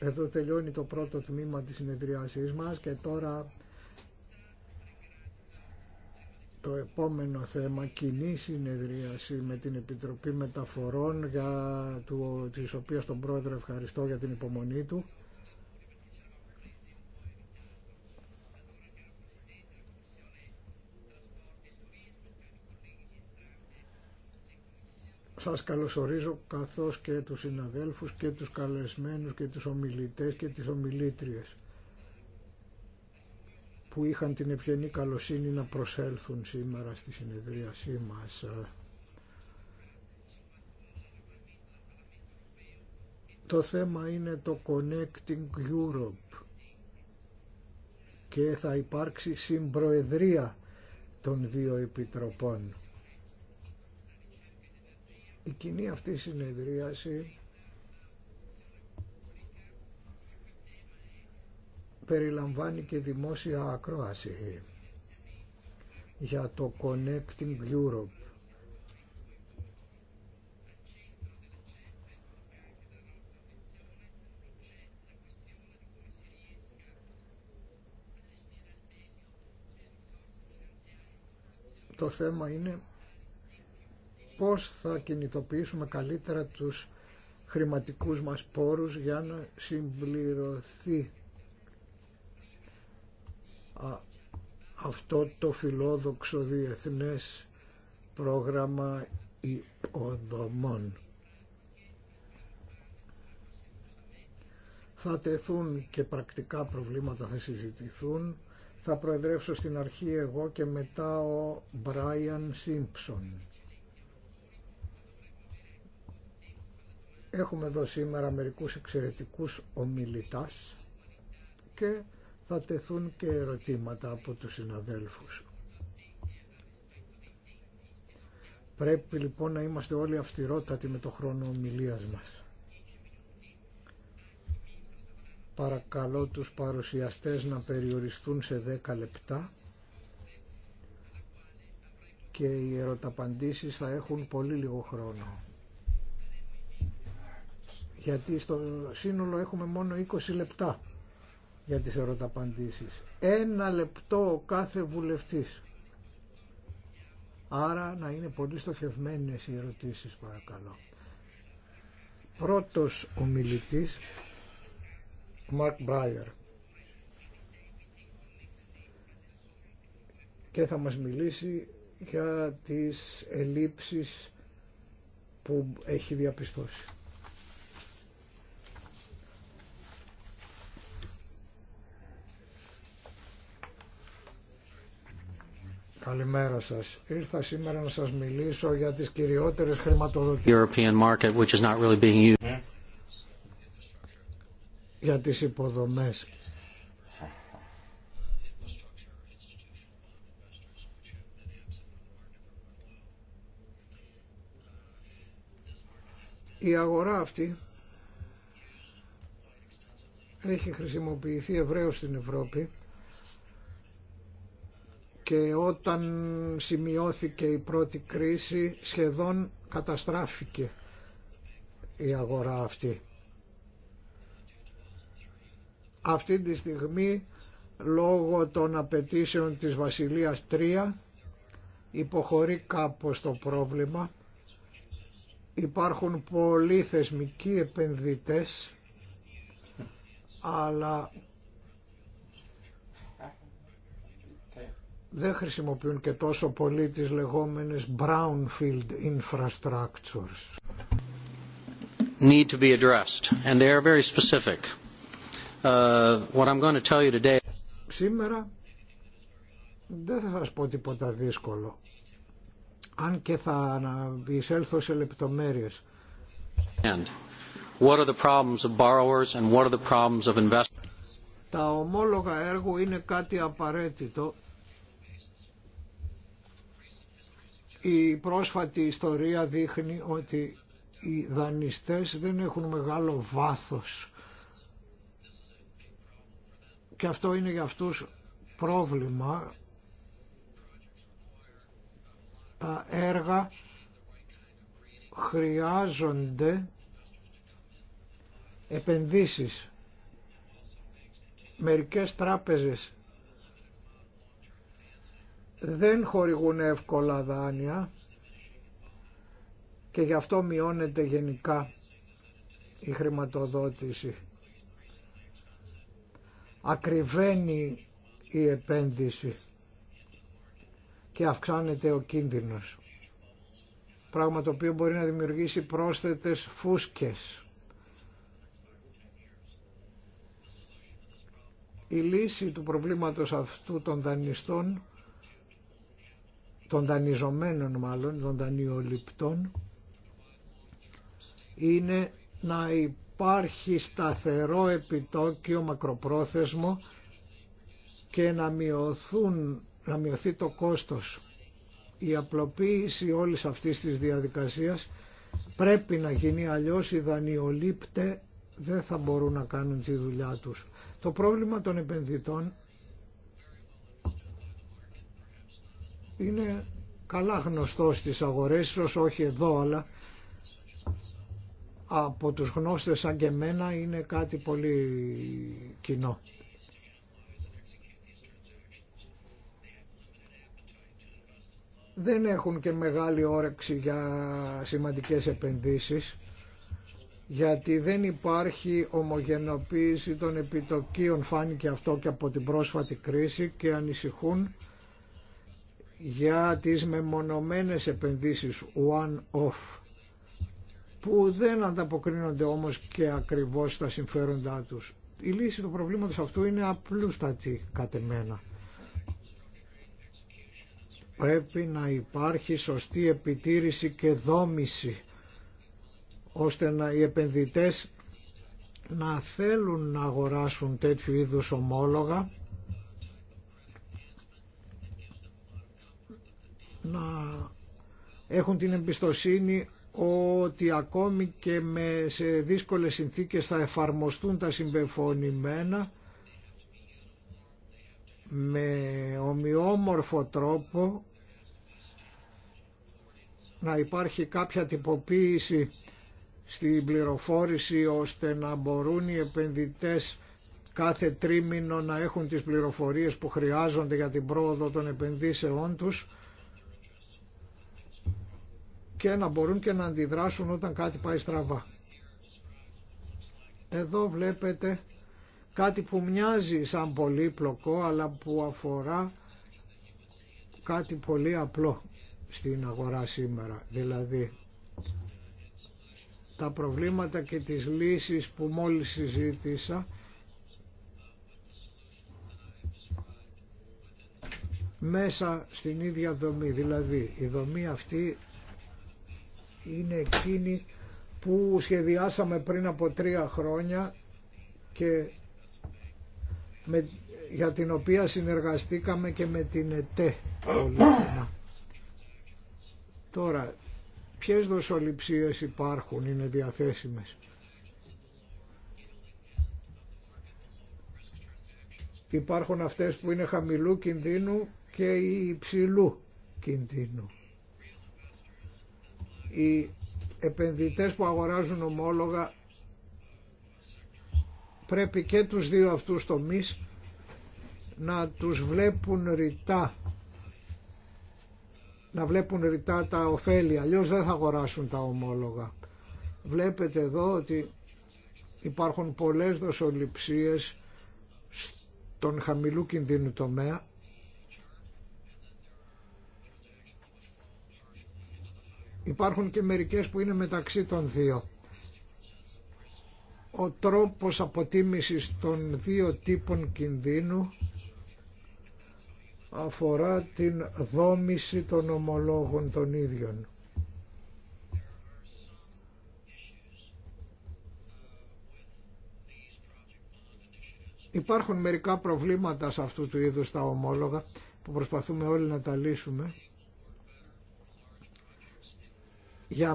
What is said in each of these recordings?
Εδώ τελειώνει το πρώτο τμήμα της συνεδριάσής μας και τώρα το επόμενο θέμα κοινή συνεδρίαση με την Επιτροπή Μεταφορών για, του, της οποίας τον πρόεδρο ευχαριστώ για την υπομονή του Σας καλωσορίζω καθώς και τους συναδέλφους και τους καλεσμένους και τους ομιλητές και τις ομιλήτριες που είχαν την ευγενή καλοσύνη να προσέλθουν σήμερα στη συνεδρίασή μας. Το θέμα είναι το Connecting Europe και θα υπάρξει συμπροεδρία των δύο επιτροπών. Η κοινή αυτή συνεδρίαση περιλαμβάνει και δημόσια ακρόαση για το Connecting Europe. Το θέμα είναι πώς θα κινητοποιήσουμε καλύτερα τους χρηματικούς μας πόρους για να συμπληρωθεί αυτό το φιλόδοξο διεθνές πρόγραμμα υποδομών. Θα τεθούν και πρακτικά προβλήματα θα συζητηθούν. Θα προεδρεύσω στην αρχή εγώ και μετά ο Μπράιαν Σίμψον. Έχουμε εδώ σήμερα μερικούς εξαιρετικούς ομιλητάς και θα τεθούν και ερωτήματα από τους συναδέλφους. Πρέπει λοιπόν να είμαστε όλοι αυστηρότατοι με το χρόνο ομιλίας μας. Παρακαλώ τους παρουσιαστές να περιοριστούν σε 10 λεπτά και οι ερωταπαντήσεις θα έχουν πολύ λίγο χρόνο γιατί στο σύνολο έχουμε μόνο 20 λεπτά για τις ερωταπαντήσεις. Ένα λεπτό κάθε βουλευτής. Άρα να είναι πολύ στοχευμένες οι ερωτήσεις παρακαλώ. Πρώτος ομιλητής, Μαρκ Μπράιερ. Και θα μας μιλήσει για τις ελλείψεις που έχει διαπιστώσει. Καλημέρα σας. Ήρθα σήμερα να σας μιλήσω για τις κυριότερες χρηματοδοτήσεις really ναι. για τις υποδομές. Η αγορά αυτή έχει χρησιμοποιηθεί ευρέως στην Ευρώπη και όταν σημειώθηκε η πρώτη κρίση σχεδόν καταστράφηκε η αγορά αυτή. Αυτή τη στιγμή λόγω των απαιτήσεων της Βασιλείας 3 υποχωρεί κάπως το πρόβλημα. Υπάρχουν πολλοί θεσμικοί επενδυτές αλλά δεν χρησιμοποιούν και τόσο πολύ τις λεγόμενες brownfield infrastructures. Need to be addressed, and they are very specific. Uh, what I'm going to tell you today. Σήμερα δεν θα σας πω τίποτα δύσκολο. Αν και θα εισέλθω σε λεπτομέρειες. And what are the problems of borrowers and what are the problems of investors? Τα ομόλογα έργου είναι κάτι απαραίτητο Η πρόσφατη ιστορία δείχνει ότι οι δανειστές δεν έχουν μεγάλο βάθος και αυτό είναι για αυτούς πρόβλημα. Τα έργα χρειάζονται επενδύσεις. Μερικές τράπεζες δεν χορηγούν εύκολα δάνεια και γι' αυτό μειώνεται γενικά η χρηματοδότηση. Ακριβένει η επένδυση και αυξάνεται ο κίνδυνος. Πράγμα το οποίο μπορεί να δημιουργήσει πρόσθετες φούσκες. Η λύση του προβλήματος αυτού των δανειστών των δανειζομένων μάλλον, των δανειοληπτών, είναι να υπάρχει σταθερό επιτόκιο μακροπρόθεσμο και να, μειωθούν, να μειωθεί το κόστος. Η απλοποίηση όλης αυτής της διαδικασίας πρέπει να γίνει, αλλιώς οι δανειολήπτε δεν θα μπορούν να κάνουν τη δουλειά τους. Το πρόβλημα των επενδυτών είναι καλά γνωστό στις αγορές, ίσως όχι εδώ, αλλά από τους γνώστες σαν και εμένα είναι κάτι πολύ κοινό. Δεν έχουν και μεγάλη όρεξη για σημαντικές επενδύσεις γιατί δεν υπάρχει ομογενοποίηση των επιτοκίων φάνηκε αυτό και από την πρόσφατη κρίση και ανησυχούν για τις μεμονωμένες επενδύσεις one-off που δεν ανταποκρίνονται όμως και ακριβώς στα συμφέροντά τους. Η λύση του προβλήματος αυτού είναι απλούστατη κατεμένα. Πρέπει να υπάρχει σωστή επιτήρηση και δόμηση ώστε να οι επενδυτές να θέλουν να αγοράσουν τέτοιου είδους ομόλογα να έχουν την εμπιστοσύνη ότι ακόμη και με σε δύσκολες συνθήκες θα εφαρμοστούν τα συμπεφωνημένα με ομοιόμορφο τρόπο να υπάρχει κάποια τυποποίηση στην πληροφόρηση ώστε να μπορούν οι επενδυτές κάθε τρίμηνο να έχουν τις πληροφορίες που χρειάζονται για την πρόοδο των επενδύσεών τους και να μπορούν και να αντιδράσουν όταν κάτι πάει στραβά. Εδώ βλέπετε κάτι που μοιάζει σαν πολύπλοκο αλλά που αφορά κάτι πολύ απλό στην αγορά σήμερα. Δηλαδή τα προβλήματα και τις λύσεις που μόλις συζήτησα μέσα στην ίδια δομή. Δηλαδή η δομή αυτή είναι εκείνη που σχεδιάσαμε πριν από τρία χρόνια και για την οποία συνεργαστήκαμε και με την ΕΤΕ. Τώρα, ποιες δοσοληψίες υπάρχουν, είναι διαθέσιμες. Υπάρχουν αυτές που είναι χαμηλού κινδύνου και υψηλού κινδύνου. Οι επενδυτές που αγοράζουν ομόλογα πρέπει και τους δύο αυτούς τομείς να τους βλέπουν ρητά να βλέπουν ρητά τα ωφέλη αλλιώς δεν θα αγοράσουν τα ομόλογα βλέπετε εδώ ότι υπάρχουν πολλές δοσοληψίες στον χαμηλού κινδύνου τομέα Υπάρχουν και μερικές που είναι μεταξύ των δύο. Ο τρόπος αποτίμησης των δύο τύπων κινδύνου αφορά την δόμηση των ομολόγων των ίδιων. Υπάρχουν μερικά προβλήματα σε αυτού του είδους τα ομόλογα που προσπαθούμε όλοι να τα λύσουμε για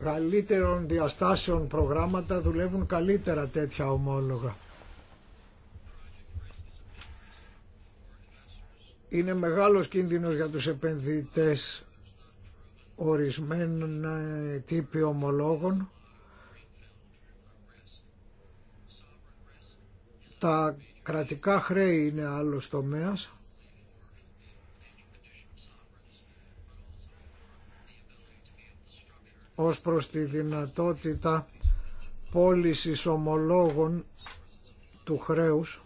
μεγαλύτερων διαστάσεων προγράμματα δουλεύουν καλύτερα τέτοια ομόλογα. Είναι μεγάλος κίνδυνος για τους επενδυτές ορισμένων ε, τύποι ομολόγων. Τα κρατικά χρέη είναι άλλος τομέας. ως προς τη δυνατότητα πώληση ομολόγων του χρέους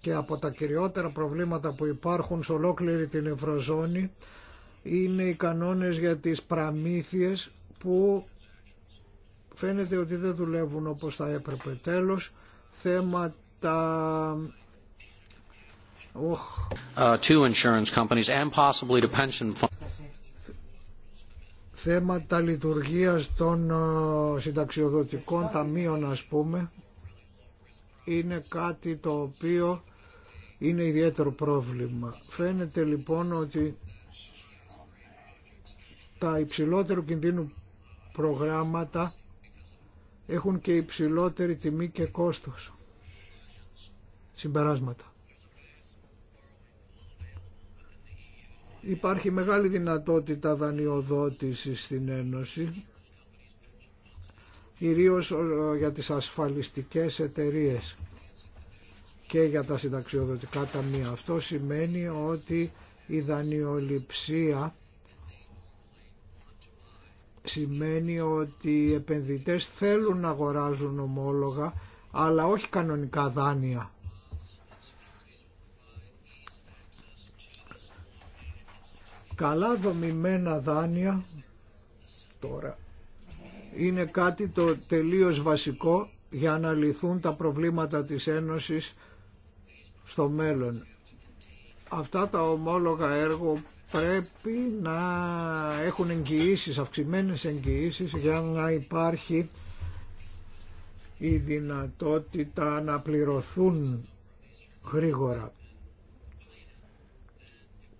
και από τα κυριότερα προβλήματα που υπάρχουν σε ολόκληρη την Ευρωζώνη είναι οι κανόνες για τις πραμήθειες που φαίνεται ότι δεν δουλεύουν όπως θα έπρεπε. Τέλος, θέματα... Uh, insurance companies and θέματα λειτουργίας των ε, συνταξιοδοτικών ταμείων ας πούμε είναι κάτι το οποίο είναι ιδιαίτερο πρόβλημα. Φαίνεται λοιπόν ότι τα υψηλότερου κινδύνου προγράμματα έχουν και υψηλότερη τιμή και κόστος. Συμπεράσματα. Υπάρχει μεγάλη δυνατότητα δανειοδότησης στην Ένωση, κυρίως ε, για τις ασφαλιστικές εταιρείες και για τα συνταξιοδοτικά ταμεία. Αυτό σημαίνει ότι η δανειοληψία σημαίνει ότι οι επενδυτές θέλουν να αγοράζουν ομόλογα αλλά όχι κανονικά δάνεια. Καλά δομημένα δάνεια τώρα είναι κάτι το τελείως βασικό για να λυθούν τα προβλήματα της Ένωσης στο μέλλον. Αυτά τα ομόλογα έργο πρέπει να έχουν εγγυήσεις, αυξημένες εγγυήσεις για να υπάρχει η δυνατότητα να πληρωθούν γρήγορα.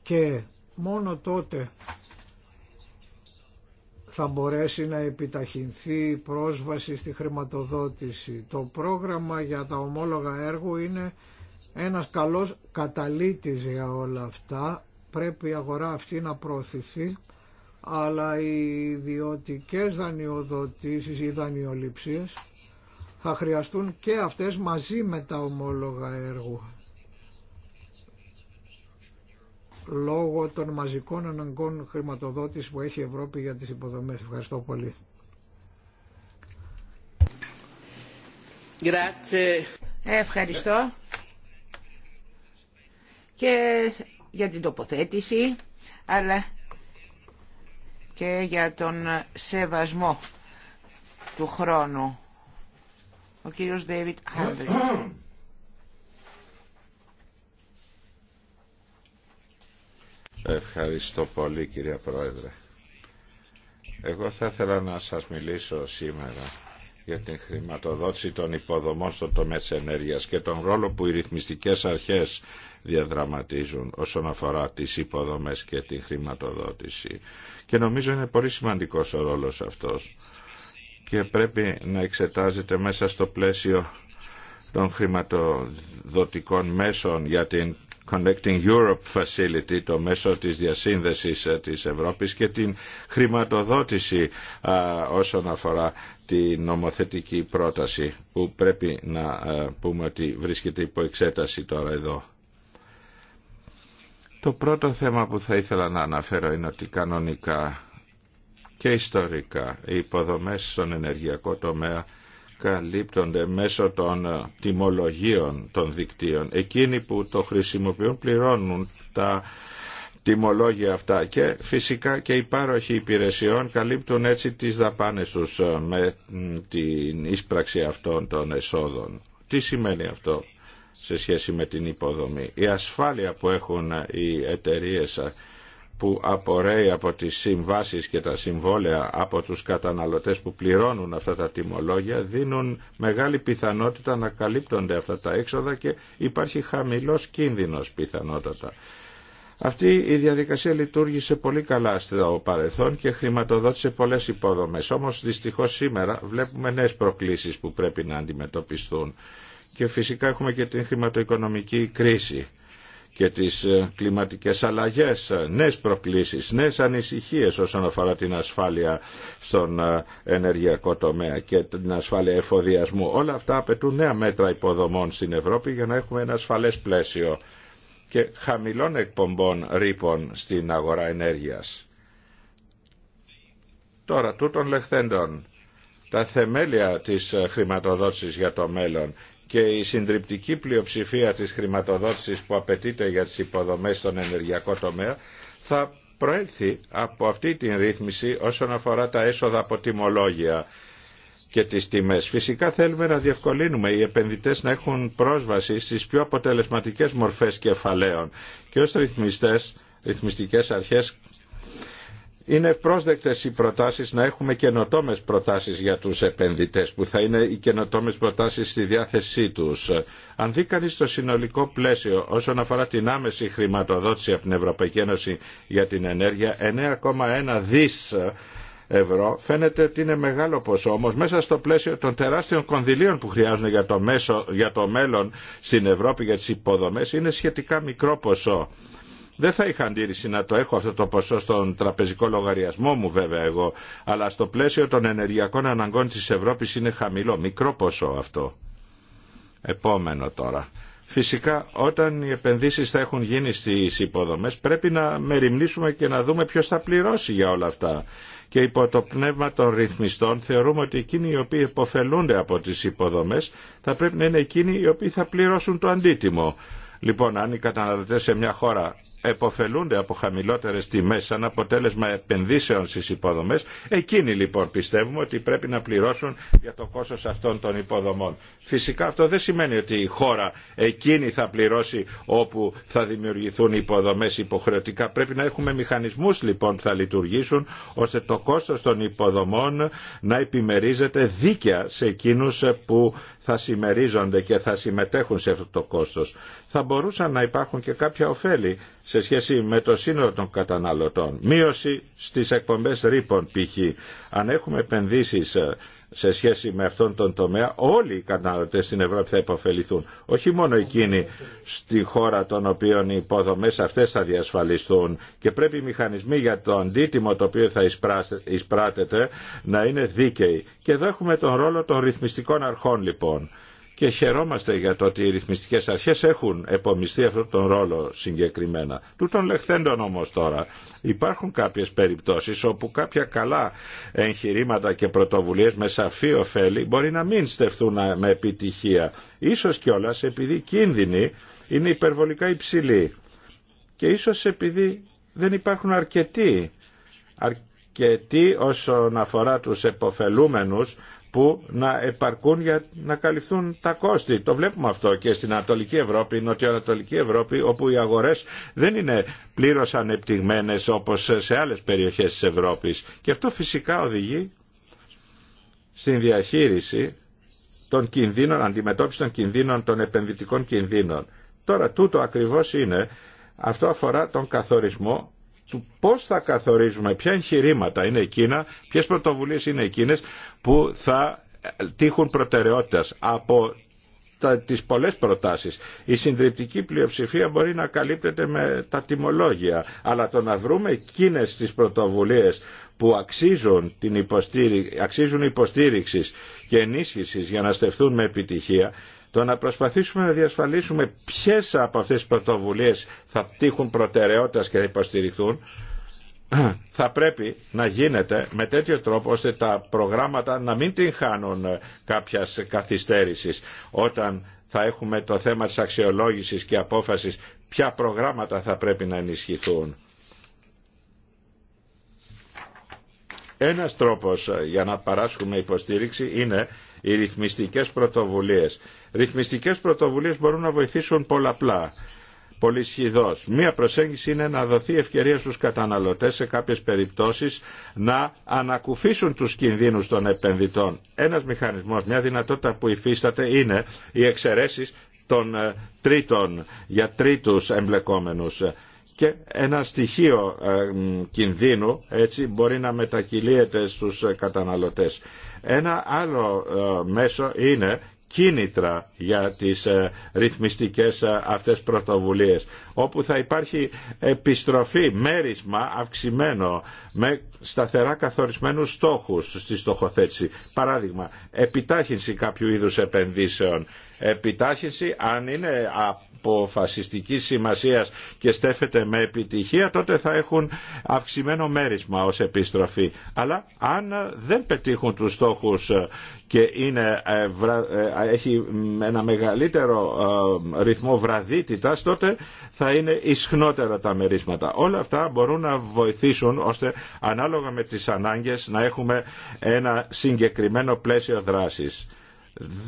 Και μόνο τότε θα μπορέσει να επιταχυνθεί η πρόσβαση στη χρηματοδότηση. Το πρόγραμμα για τα ομόλογα έργου είναι ένας καλός καταλήτης για όλα αυτά. Πρέπει η αγορά αυτή να προωθηθεί, αλλά οι ιδιωτικέ δανειοδοτήσεις ή δανειοληψίες θα χρειαστούν και αυτές μαζί με τα ομόλογα έργου. λόγω των μαζικών αναγκών χρηματοδότηση που έχει η Ευρώπη για τις υποδομές. Ευχαριστώ πολύ. Ευχαριστώ και για την τοποθέτηση αλλά και για τον σεβασμό του χρόνου. Ο κύριος Ντέιβιτ Ευχαριστώ πολύ κυρία Πρόεδρε. Εγώ θα ήθελα να σας μιλήσω σήμερα για την χρηματοδότηση των υποδομών στο τομέα της ενέργειας και τον ρόλο που οι ρυθμιστικές αρχές διαδραματίζουν όσον αφορά τις υποδομές και την χρηματοδότηση. Και νομίζω είναι πολύ σημαντικός ο ρόλος αυτός και πρέπει να εξετάζεται μέσα στο πλαίσιο των χρηματοδοτικών μέσων για την Connecting Europe Facility, το μέσο της διασύνδεσης ε, της Ευρώπης και την χρηματοδότηση όσον αφορά τη νομοθετική πρόταση που πρέπει να ε, πούμε ότι βρίσκεται υπό εξέταση τώρα εδώ. Το πρώτο θέμα που θα ήθελα να αναφέρω είναι ότι κανονικά και ιστορικά οι υποδομές στον ενεργειακό τομέα καλύπτονται μέσω των ε, τιμολογίων των δικτύων. Εκείνοι που το χρησιμοποιούν πληρώνουν τα τιμολόγια αυτά και φυσικά και οι πάροχοι υπηρεσιών καλύπτουν έτσι τις δαπάνες τους ε, με την ίσπραξη αυτών των εσόδων. Τι σημαίνει αυτό σε σχέση με την υποδομή. Η ασφάλεια που έχουν ε, οι εταιρείες που απορρέει από τις συμβάσεις και τα συμβόλαια από τους καταναλωτές που πληρώνουν αυτά τα τιμολόγια δίνουν μεγάλη πιθανότητα να καλύπτονται αυτά τα έξοδα και υπάρχει χαμηλός κίνδυνος πιθανότατα. Αυτή η διαδικασία λειτουργήσε πολύ καλά στο παρελθόν και χρηματοδότησε πολλές υπόδομες. Όμως δυστυχώς σήμερα βλέπουμε νέες προκλήσεις που πρέπει να αντιμετωπιστούν. Και φυσικά έχουμε και την χρηματοοικονομική κρίση και τις ε, κλιματικές αλλαγές, ε, νέες προκλήσεις, νέες ανησυχίες όσον αφορά την ασφάλεια στον ε, ενεργειακό τομέα και την ασφάλεια εφοδιασμού. Όλα αυτά απαιτούν νέα μέτρα υποδομών στην Ευρώπη για να έχουμε ένα ασφαλές πλαίσιο και χαμηλών εκπομπών ρήπων στην αγορά ενέργειας. Τώρα, τούτων λεχθέντων, τα θεμέλια της χρηματοδότησης για το μέλλον και η συντριπτική πλειοψηφία της χρηματοδότησης που απαιτείται για τις υποδομές στον ενεργειακό τομέα θα προέλθει από αυτή την ρύθμιση όσον αφορά τα έσοδα από τιμολόγια και τις τιμές. Φυσικά θέλουμε να διευκολύνουμε οι επενδυτές να έχουν πρόσβαση στις πιο αποτελεσματικές μορφές κεφαλαίων και ως ρυθμιστές, ρυθμιστικές αρχές είναι ευπρόσδεκτες οι προτάσεις να έχουμε καινοτόμες προτάσεις για τους επενδυτές που θα είναι οι καινοτόμες προτάσεις στη διάθεσή τους. Αν δει κανεί το συνολικό πλαίσιο όσον αφορά την άμεση χρηματοδότηση από την Ευρωπαϊκή Ένωση για την ενέργεια 9,1 δις ευρώ φαίνεται ότι είναι μεγάλο ποσό όμως μέσα στο πλαίσιο των τεράστιων κονδυλίων που χρειάζονται για το, για το μέλλον στην Ευρώπη για τις υποδομές είναι σχετικά μικρό ποσό. Δεν θα είχα αντίρρηση να το έχω αυτό το ποσό στον τραπεζικό λογαριασμό μου βέβαια εγώ, αλλά στο πλαίσιο των ενεργειακών αναγκών της Ευρώπης είναι χαμηλό, μικρό ποσό αυτό. Επόμενο τώρα. Φυσικά όταν οι επενδύσεις θα έχουν γίνει στις υποδομές πρέπει να μεριμνήσουμε και να δούμε ποιος θα πληρώσει για όλα αυτά. Και υπό το πνεύμα των ρυθμιστών θεωρούμε ότι εκείνοι οι οποίοι υποφελούνται από τις υποδομές θα πρέπει να είναι εκείνοι οι οποίοι θα πληρώσουν το αντίτιμο. Λοιπόν, αν οι καταναλωτέ σε μια χώρα εποφελούνται από χαμηλότερε τιμέ σαν αποτέλεσμα επενδύσεων στι υποδομέ, εκείνοι λοιπόν πιστεύουμε ότι πρέπει να πληρώσουν για το κόστο αυτών των υποδομών. Φυσικά αυτό δεν σημαίνει ότι η χώρα εκείνη θα πληρώσει όπου θα δημιουργηθούν υποδομέ υποχρεωτικά. Πρέπει να έχουμε μηχανισμού λοιπόν που θα λειτουργήσουν ώστε το κόστο των υποδομών να επιμερίζεται δίκαια σε εκείνου που θα συμμερίζονται και θα συμμετέχουν σε αυτό το κόστος. Θα μπορούσαν να υπάρχουν και κάποια ωφέλη σε σχέση με το σύνολο των καταναλωτών. Μείωση στις εκπομπές ρήπων π.χ. Αν έχουμε επενδύσεις ε, σε σχέση με αυτόν τον τομέα όλοι οι κατανάλωτε στην Ευρώπη θα υποφεληθούν. Όχι μόνο εκείνοι στη χώρα των οποίων οι υποδομέ αυτέ θα διασφαλιστούν και πρέπει οι μηχανισμοί για το αντίτιμο το οποίο θα εισπράτεται να είναι δίκαιοι. Και εδώ έχουμε τον ρόλο των ρυθμιστικών αρχών λοιπόν και χαιρόμαστε για το ότι οι ρυθμιστικές αρχές έχουν επομιστεί αυτόν τον ρόλο συγκεκριμένα. Τούτων λεχθέντων όμως τώρα υπάρχουν κάποιες περιπτώσεις όπου κάποια καλά εγχειρήματα και πρωτοβουλίες με σαφή ωφέλη μπορεί να μην στεφθούν με επιτυχία. Ίσως κιόλα επειδή οι κίνδυνοι είναι υπερβολικά υψηλοί και ίσως επειδή δεν υπάρχουν αρκετοί αρκετοί όσον αφορά τους εποφελούμενους που να επαρκούν για να καλυφθούν τα κόστη. Το βλέπουμε αυτό και στην Ανατολική Ευρώπη, η Νοτιοανατολική Ευρώπη, όπου οι αγορές δεν είναι πλήρως ανεπτυγμένες όπως σε άλλες περιοχές της Ευρώπης. Και αυτό φυσικά οδηγεί στην διαχείριση των κινδύνων, αντιμετώπιση των κινδύνων, των επενδυτικών κινδύνων. Τώρα τούτο ακριβώς είναι, αυτό αφορά τον καθορισμό του πώς θα καθορίζουμε, ποια εγχειρήματα είναι εκείνα, ποιες πρωτοβουλίες είναι εκείνες που θα ε, τύχουν προτεραιότητας από τι τις πολλές προτάσεις. Η συντριπτική πλειοψηφία μπορεί να καλύπτεται με τα τιμολόγια, αλλά το να βρούμε εκείνες τις πρωτοβουλίες που αξίζουν, την υποστήριξη, αξίζουν υποστήριξης και ενίσχυσης για να στεφθούν με επιτυχία το να προσπαθήσουμε να διασφαλίσουμε ποιε από αυτές τις πρωτοβουλίες θα τύχουν προτεραιότητας και θα υποστηριχθούν θα πρέπει να γίνεται με τέτοιο τρόπο ώστε τα προγράμματα να μην την χάνουν κάποιας καθυστέρησης όταν θα έχουμε το θέμα της αξιολόγησης και απόφασης ποια προγράμματα θα πρέπει να ενισχυθούν. Ένας τρόπος για να παράσχουμε υποστήριξη είναι οι ρυθμιστικές πρωτοβουλίες. Ρυθμιστικές πρωτοβουλίες μπορούν να βοηθήσουν πολλαπλά. Πολυσχηδός. Μία προσέγγιση είναι να δοθεί ευκαιρία στους καταναλωτές σε κάποιες περιπτώσεις να ανακουφίσουν τους κινδύνους των επενδυτών. Ένας μηχανισμός, μια δυνατότητα που υφίσταται είναι οι εξαιρέσεις των ε, τρίτων για τρίτους εμπλεκόμενους και ένα στοιχείο ε, κινδύνου έτσι μπορεί να μετακυλίεται στους ε, καταναλωτές. Ένα άλλο ε, μέσο είναι κίνητρα για τις ε, ρυθμιστικές ε, αυτές πρωτοβουλίες όπου θα υπάρχει επιστροφή, μέρισμα αυξημένο με σταθερά καθορισμένους στόχους στη στοχοθέτηση. Παράδειγμα, επιτάχυνση κάποιου είδους επενδύσεων. Επιτάχυνση αν είναι αποφασιστικής σημασίας και στέφεται με επιτυχία, τότε θα έχουν αυξημένο μέρισμα ως επιστροφή. Αλλά αν δεν πετύχουν τους στόχους και είναι, ε, ε, έχει ένα μεγαλύτερο ε, ρυθμό βραδύτητας, τότε θα είναι ισχνότερα τα μερίσματα. Όλα αυτά μπορούν να βοηθήσουν ώστε ανάλογα με τις ανάγκες να έχουμε ένα συγκεκριμένο πλαίσιο δράσης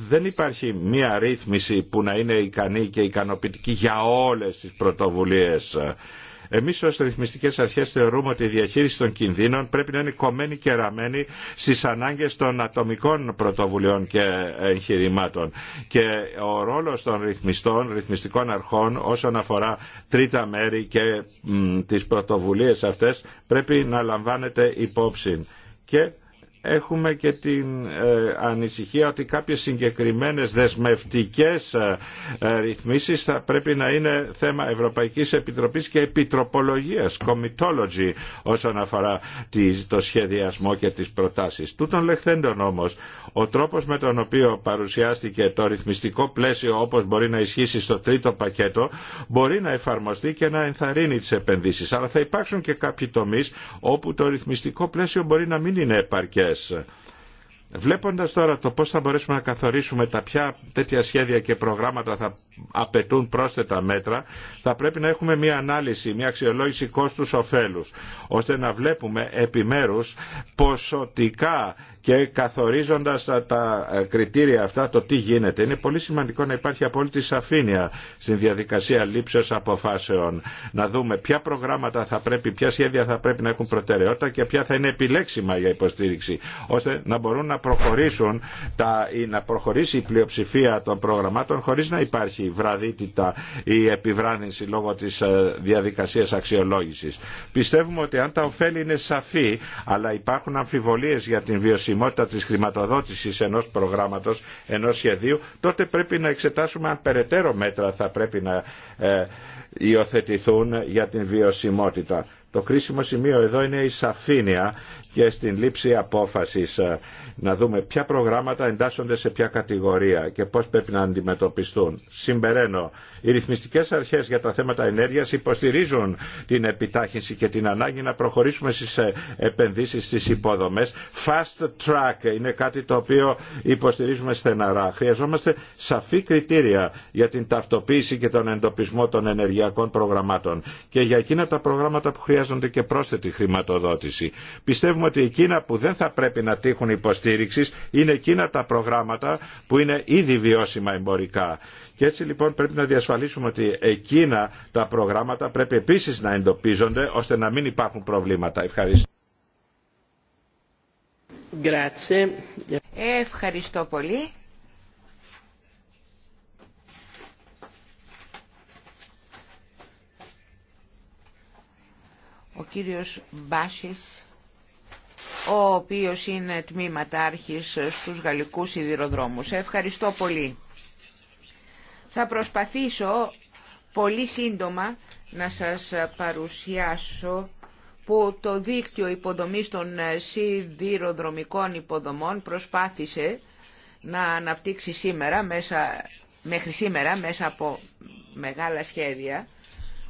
δεν υπάρχει μία ρύθμιση που να είναι ικανή και ικανοποιητική για όλες τις πρωτοβουλίες. Εμείς ως ρυθμιστικές αρχές θεωρούμε ότι η διαχείριση των κινδύνων πρέπει να είναι κομμένη και ραμμένη στις ανάγκες των ατομικών πρωτοβουλειών και εγχειρημάτων. Και ο ρόλος των ρυθμιστών, ρυθμιστικών αρχών όσον αφορά τρίτα μέρη και τι τις πρωτοβουλίες πρέπει να λαμβάνεται υπόψη. Και έχουμε και την ε, ανησυχία ότι κάποιες συγκεκριμένες δεσμευτικές ε, ε, ρυθμίσεις θα πρέπει να είναι θέμα Ευρωπαϊκής Επιτροπής και Επιτροπολογίας, Comitology, όσον αφορά τη, το σχεδιασμό και τις προτάσεις. Τούτων λεχθέντων όμως, ο τρόπος με τον οποίο παρουσιάστηκε το ρυθμιστικό πλαίσιο όπως μπορεί να ισχύσει στο τρίτο πακέτο, μπορεί να εφαρμοστεί και να ενθαρρύνει τις επενδύσεις. Αλλά θα υπάρξουν και κάποιοι τομείς όπου το ρυθμιστικό πλαίσιο μπορεί να μην είναι επαρκέ ομάδες. Βλέποντας τώρα το πώς θα μπορέσουμε να καθορίσουμε τα ποια τέτοια σχέδια και προγράμματα θα απαιτούν πρόσθετα μέτρα, θα πρέπει να έχουμε μια ανάλυση, μια αξιολόγηση κόστους-οφέλους, ώστε να βλέπουμε επιμέρους ποσοτικά και καθορίζοντας τα ε, κριτήρια αυτά το τι γίνεται. Είναι πολύ σημαντικό να υπάρχει απόλυτη σαφήνεια στην διαδικασία λήψεως αποφάσεων. Να δούμε ποια προγράμματα θα πρέπει, ποια σχέδια θα πρέπει να έχουν προτεραιότητα και ποια θα είναι επιλέξιμα για υποστήριξη, ώστε να μπορούν να προχωρήσουν τα, ή να προχωρήσει η πλειοψηφία των προγραμμάτων χωρίς να υπάρχει βραδύτητα ή επιβράδυνση λόγω της ε, διαδικασίας αξιολόγησης. Πιστεύουμε ότι αν τα ωφέλη είναι σαφή, αλλά υπάρχουν αμφιβολίες για την βιωσιμότητα χρησιμότητα της χρηματοδότησης ενός προγράμματος, ενός σχεδίου, τότε πρέπει να εξετάσουμε αν περαιτέρω μέτρα θα πρέπει να ε, υιοθετηθούν για την βιωσιμότητα. Το κρίσιμο σημείο εδώ είναι η σαφήνεια και στην λήψη απόφασης να δούμε ποια προγράμματα εντάσσονται σε ποια κατηγορία και πώς πρέπει να αντιμετωπιστούν. Συμπεραίνω, οι ρυθμιστικές αρχές για τα θέματα ενέργειας υποστηρίζουν την επιτάχυνση και την ανάγκη να προχωρήσουμε στις ε, επενδύσεις στις υποδομές. Fast track είναι κάτι το οποίο υποστηρίζουμε στεναρά. Χρειαζόμαστε σαφή κριτήρια για την ταυτοποίηση και τον εντοπισμό των ενεργειακών προγραμμάτων και για εκείνα τα προγράμματα που χρειάζονται και πρόσθετη χρηματοδότηση. Πιστεύουμε ότι εκείνα που δεν θα πρέπει να τύχουν υποστηρίζουν είναι εκείνα τα προγράμματα που είναι ήδη βιώσιμα εμπορικά. Και έτσι λοιπόν πρέπει να διασφαλίσουμε ότι εκείνα τα προγράμματα πρέπει επίσης να εντοπίζονται ώστε να μην υπάρχουν προβλήματα. Ευχαριστώ. Ευχαριστώ πολύ. Ο κύριος Μπάσης ο οποίος είναι τμήματάρχης στους γαλλικούς σιδηροδρόμους. Ευχαριστώ πολύ. Θα προσπαθήσω πολύ σύντομα να σας παρουσιάσω που το δίκτυο υποδομής των σιδηροδρομικών υποδομών προσπάθησε να αναπτύξει σήμερα, μέσα, μέχρι σήμερα μέσα από μεγάλα σχέδια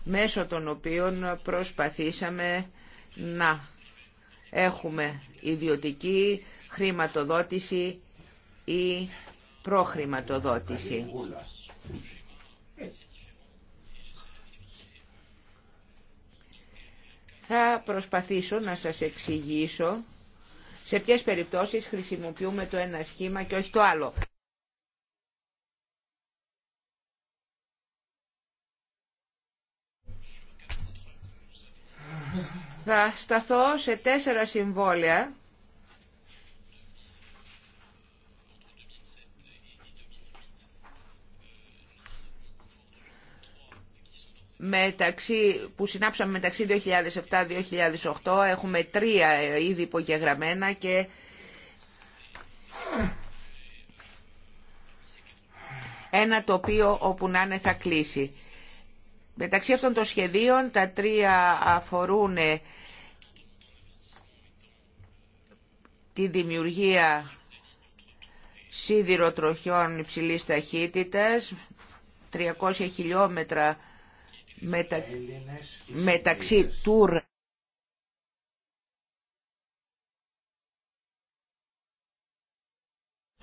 μέσω των οποίων προσπαθήσαμε να Έχουμε ιδιωτική χρηματοδότηση ή προχρηματοδότηση. Θα προσπαθήσω να σας εξηγήσω σε ποιες περιπτώσεις χρησιμοποιούμε το ένα σχήμα και όχι το άλλο. Θα σταθώ σε τέσσερα συμβόλαια μεταξύ, που συνάψαμε μεταξύ 2007-2008 έχουμε τρία ε, ήδη υπογεγραμμένα και ένα τοπίο όπου να είναι θα κλείσει. Μεταξύ αυτών των σχεδίων τα τρία αφορούν ε, τη δημιουργία σίδηροτροχιών υψηλής ταχύτητας, 300 χιλιόμετρα μεταξύ Τουρ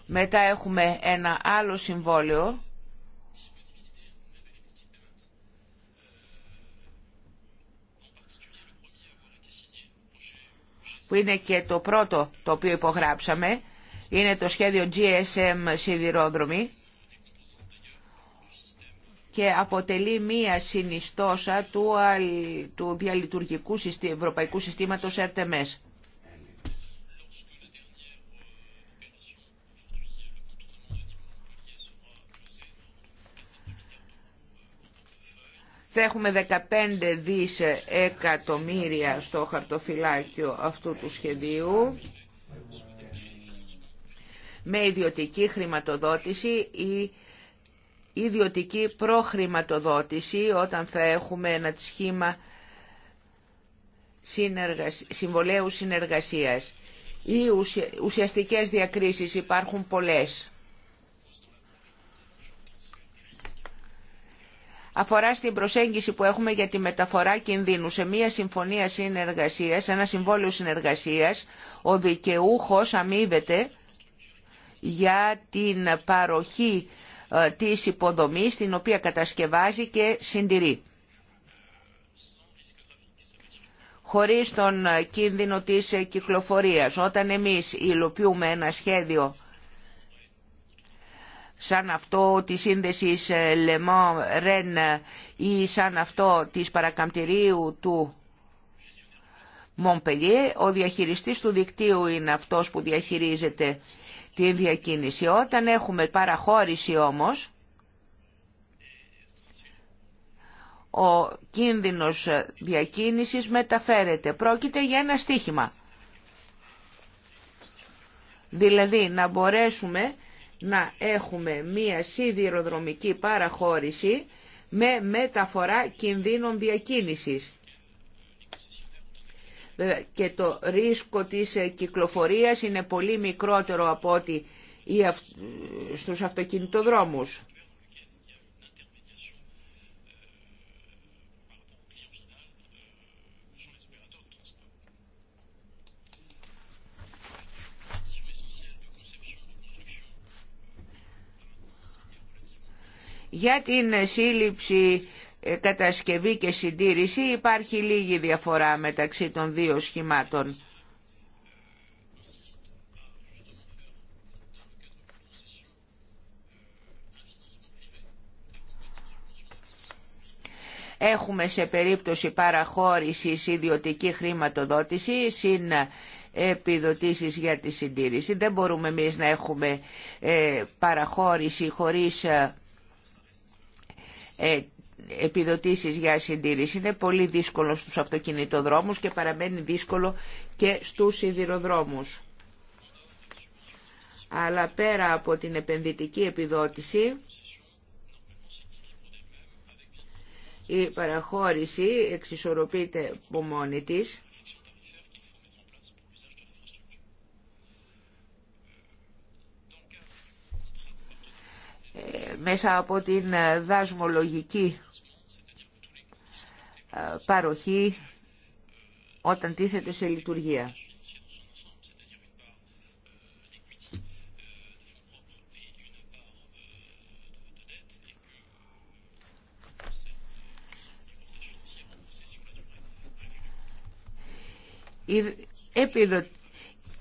Μετά έχουμε ένα άλλο συμβόλαιο που είναι και το πρώτο το οποίο υπογράψαμε, είναι το σχέδιο GSM σιδηρόδρομη και αποτελεί μία συνιστόσα του, του διαλειτουργικού ευρωπαϊκού συστήματος RTMS. Θα έχουμε 15 δισεκατομμύρια εκατομμύρια στο χαρτοφυλάκιο αυτού του σχεδίου με ιδιωτική χρηματοδότηση ή ιδιωτική προχρηματοδότηση όταν θα έχουμε ένα σχήμα συμβολέου συνεργασίας Οι ουσιαστικές διακρίσεις υπάρχουν πολλές. αφορά στην προσέγγιση που έχουμε για τη μεταφορά κινδύνου. Σε μια συμφωνία συνεργασίας, ένα συμβόλαιο συνεργασία, ο δικαιούχο αμείβεται για την παροχή ε, της υποδομής την οποία κατασκευάζει και συντηρεί. Χωρίς τον ε, κίνδυνο της ε, κυκλοφορίας, όταν εμείς υλοποιούμε ένα σχέδιο σαν αυτό τη σύνδεσης Λεμό Ρεν ή σαν αυτό της παρακαμπτηρίου του Μομπελιέ, ο διαχειριστής του δικτύου είναι αυτός που διαχειρίζεται την διακίνηση. Όταν έχουμε παραχώρηση όμως, ο κίνδυνος διακίνησης μεταφέρεται. Πρόκειται για ένα στίχημα. Δηλαδή να μπορέσουμε να έχουμε μία σιδηροδρομική παραχώρηση με μεταφορά κινδύνων διακίνησης και το ρίσκο της ε, κυκλοφορίας είναι πολύ μικρότερο από ότι στους αυτοκινητοδρόμους. Για την σύλληψη, ε, κατασκευή και συντήρηση υπάρχει λίγη διαφορά μεταξύ των δύο σχημάτων. Έχουμε σε περίπτωση παραχώρησης ιδιωτική χρηματοδότηση συν ε, επιδοτήσεις για τη συντήρηση. Δεν μπορούμε εμείς να έχουμε ε, παραχώρηση χωρίς ε, επιδοτήσεις για συντήρηση. Είναι πολύ δύσκολο στους αυτοκινητοδρόμους και παραμένει δύσκολο και στους σιδηροδρόμους. Αλλά πέρα από την επενδυτική επιδότηση, η παραχώρηση εξισορροπείται από μόνη της μέσα από την δασμολογική ε, παροχή όταν τίθεται σε λειτουργία.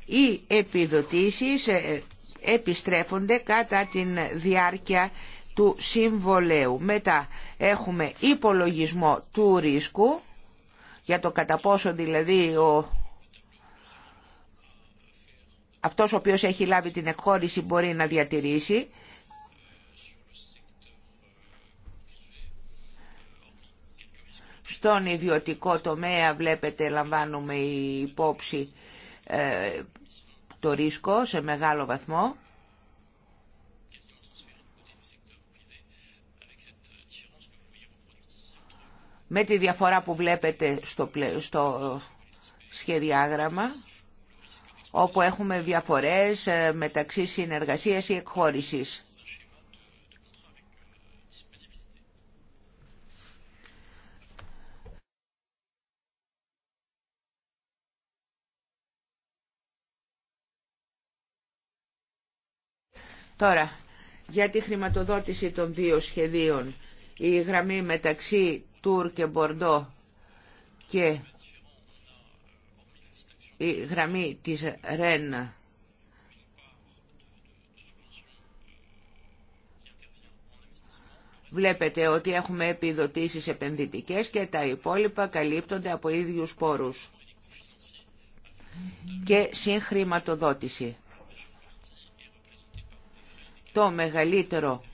Οι επιδοτήσεις ε, επιστρέφονται κατά την διάρκεια του συμβολέου. Μετά έχουμε υπολογισμό του ρίσκου, για το κατά πόσο δηλαδή ο... αυτός ο οποίος έχει λάβει την εκχώρηση μπορεί να διατηρήσει. Στον ιδιωτικό τομέα βλέπετε λαμβάνουμε υπόψη ε, το ρίσκο σε μεγάλο βαθμό. Με τη διαφορά που βλέπετε στο, στο σχεδιάγραμμα, όπου έχουμε διαφορές ε, μεταξύ συνεργασίας ή εκχώρησης. Τώρα, για τη χρηματοδότηση των δύο σχεδίων, η γραμμή μεταξύ Τουρ και Μπορντό και η γραμμή της Ρένα Βλέπετε ότι έχουμε επιδοτήσεις επενδυτικές και τα υπόλοιπα καλύπτονται από ίδιους πόρους και συγχρηματοδότηση το μεγαλύτερο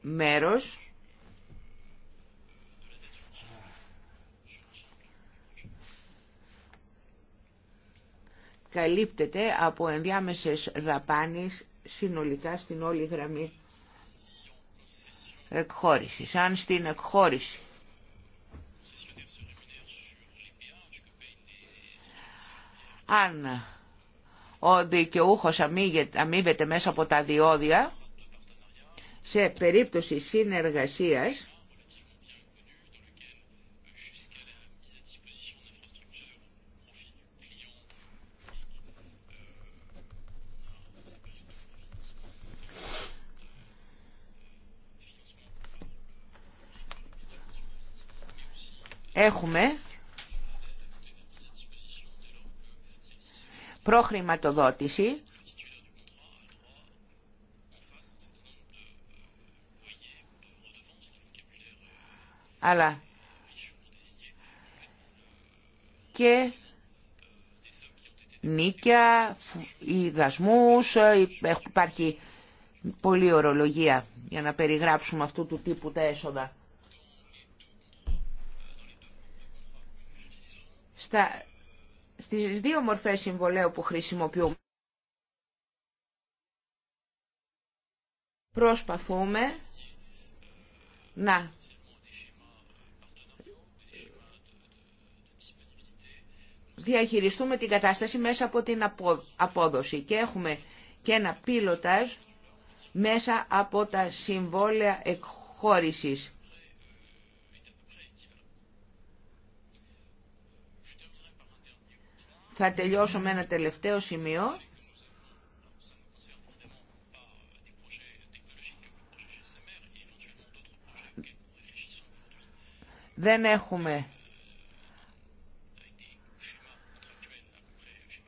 μέρος καλύπτεται από ενδιάμεσες δαπάνες συνολικά στην όλη γραμμή εκχώρησης. Αν στην εκχώρηση αν ο δικαιούχος αμείβεται μέσα από τα διόδια σε περίπτωση συνεργασίας έχουμε προχρηματοδότηση αλλά και νίκια, ή δασμούς, υπάρχει πολλή ορολογία για να περιγράψουμε αυτού του τύπου τα έσοδα. Στα στις δύο μορφές συμβολέου που χρησιμοποιούμε. Προσπαθούμε να διαχειριστούμε την κατάσταση μέσα από την απόδοση και έχουμε και ένα πίλοταζ μέσα από τα συμβόλαια εκχώρησης. Θα τελειώσω με ένα τελευταίο σημείο. Δεν έχουμε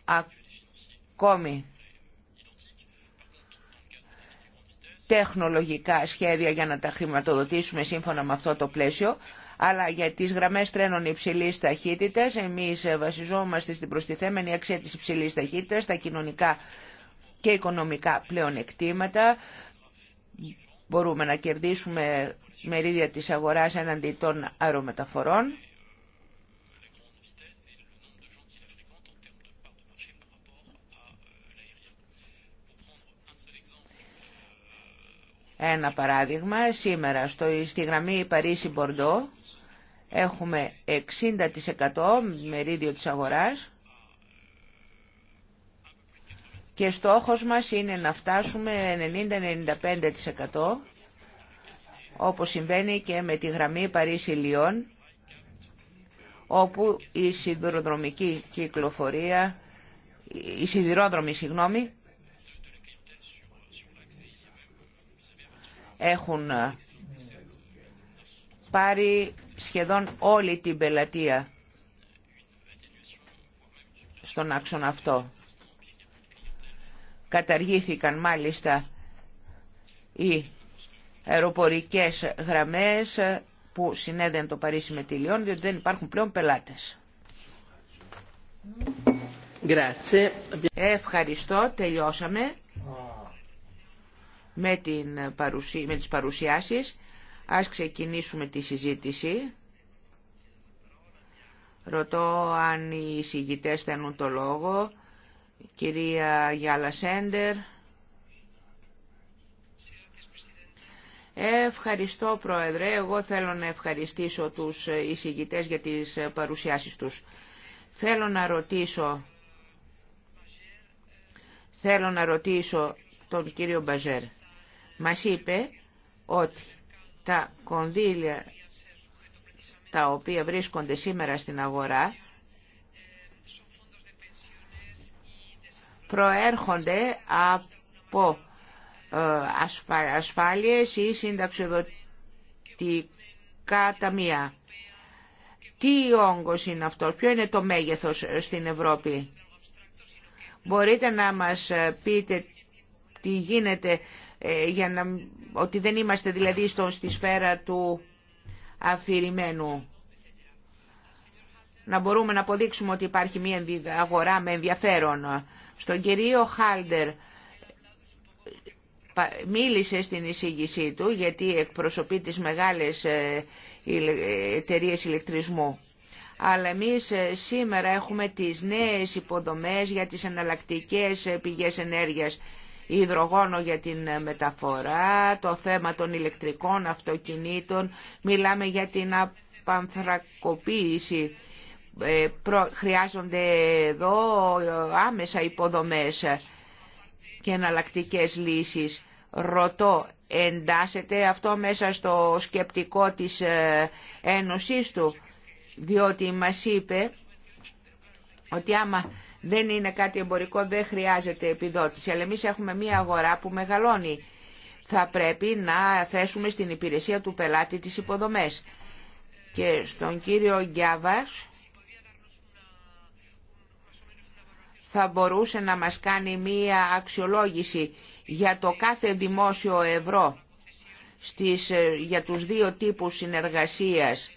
ακόμη τεχνολογικά σχέδια για να τα χρηματοδοτήσουμε σύμφωνα με αυτό το πλαίσιο, αλλά για τις γραμμές τρένων υψηλής ταχύτητας εμείς ε, βασιζόμαστε στην προστιθέμενη αξία της υψηλής ταχύτητας, τα κοινωνικά και οικονομικά πλεονεκτήματα. Μπορούμε να κερδίσουμε μερίδια της αγοράς εναντί των αερομεταφορών. Ένα παράδειγμα, σήμερα στο, στη γραμμή Παρίσι-Μπορντό έχουμε 60% μερίδιο της αγοράς και στόχος μας είναι να φτάσουμε 90-95% όπως συμβαίνει και με τη γραμμή Παρίσι-Λιόν όπου η σιδηροδρομική κυκλοφορία, η σιδηρόδρομη συγγνώμη, έχουν ε, πάρει σχεδόν όλη την πελατεία στον άξονα αυτό. Καταργήθηκαν μάλιστα οι αεροπορικές γραμμές που συνέδεν το Παρίσι με τη Λιόν, διότι δεν υπάρχουν πλέον πελάτες. Ευχαριστώ, τελειώσαμε με, την παρουσία, με τις παρουσιάσεις. Ας ξεκινήσουμε τη συζήτηση. Ρωτώ αν οι συγγητές θέλουν το λόγο. Κυρία Γιάλα Σέντερ. Ευχαριστώ Πρόεδρε. Εγώ θέλω να ευχαριστήσω τους εισηγητές για τις παρουσιάσεις τους. Θέλω να ρωτήσω, θέλω να ρωτήσω τον κύριο Μπαζέρ μας είπε ότι τα κονδύλια τα οποία βρίσκονται σήμερα στην αγορά προέρχονται από ε, ασφάλειες ή συνταξιοδοτικά ταμεία. Τι όγκος είναι αυτός, ποιο είναι το μέγεθος στην Ευρώπη. Μπορείτε να μας πείτε τι γίνεται ε, για να, ότι δεν είμαστε δηλαδή στο, στη σφαίρα του αφηρημένου. Να μπορούμε να αποδείξουμε ότι υπάρχει μια αγορά με ενδιαφέρον. Στον κυρίο Χάλτερ μίλησε στην εισήγησή του γιατί εκπροσωπεί τις μεγάλες ε, εταιρείες ηλεκτρισμού. Αλλά εμείς ε, σήμερα έχουμε τις νέες υποδομές για τις εναλλακτικές πηγές ενέργειας υδρογόνο για την ε, μεταφορά, το θέμα των ηλεκτρικών αυτοκινήτων, μιλάμε για την απανθρακοποίηση. Ε, χρειάζονται εδώ ε, άμεσα υποδομές και εναλλακτικέ λύσεις. Ρωτώ, εντάσσεται αυτό μέσα στο σκεπτικό της Ένωσής του, διότι μας είπε ότι άμα δεν είναι κάτι εμπορικό, δεν χρειάζεται επιδότηση. Αλλά εμείς έχουμε μία αγορά που μεγαλώνει. Θα πρέπει να θέσουμε στην υπηρεσία του πελάτη τις υποδομές. Και στον κύριο Γκιάβας θα μπορούσε να μας κάνει μία αξιολόγηση για το κάθε δημόσιο ευρώ στις, ε, για τους δύο τύπους συνεργασίας.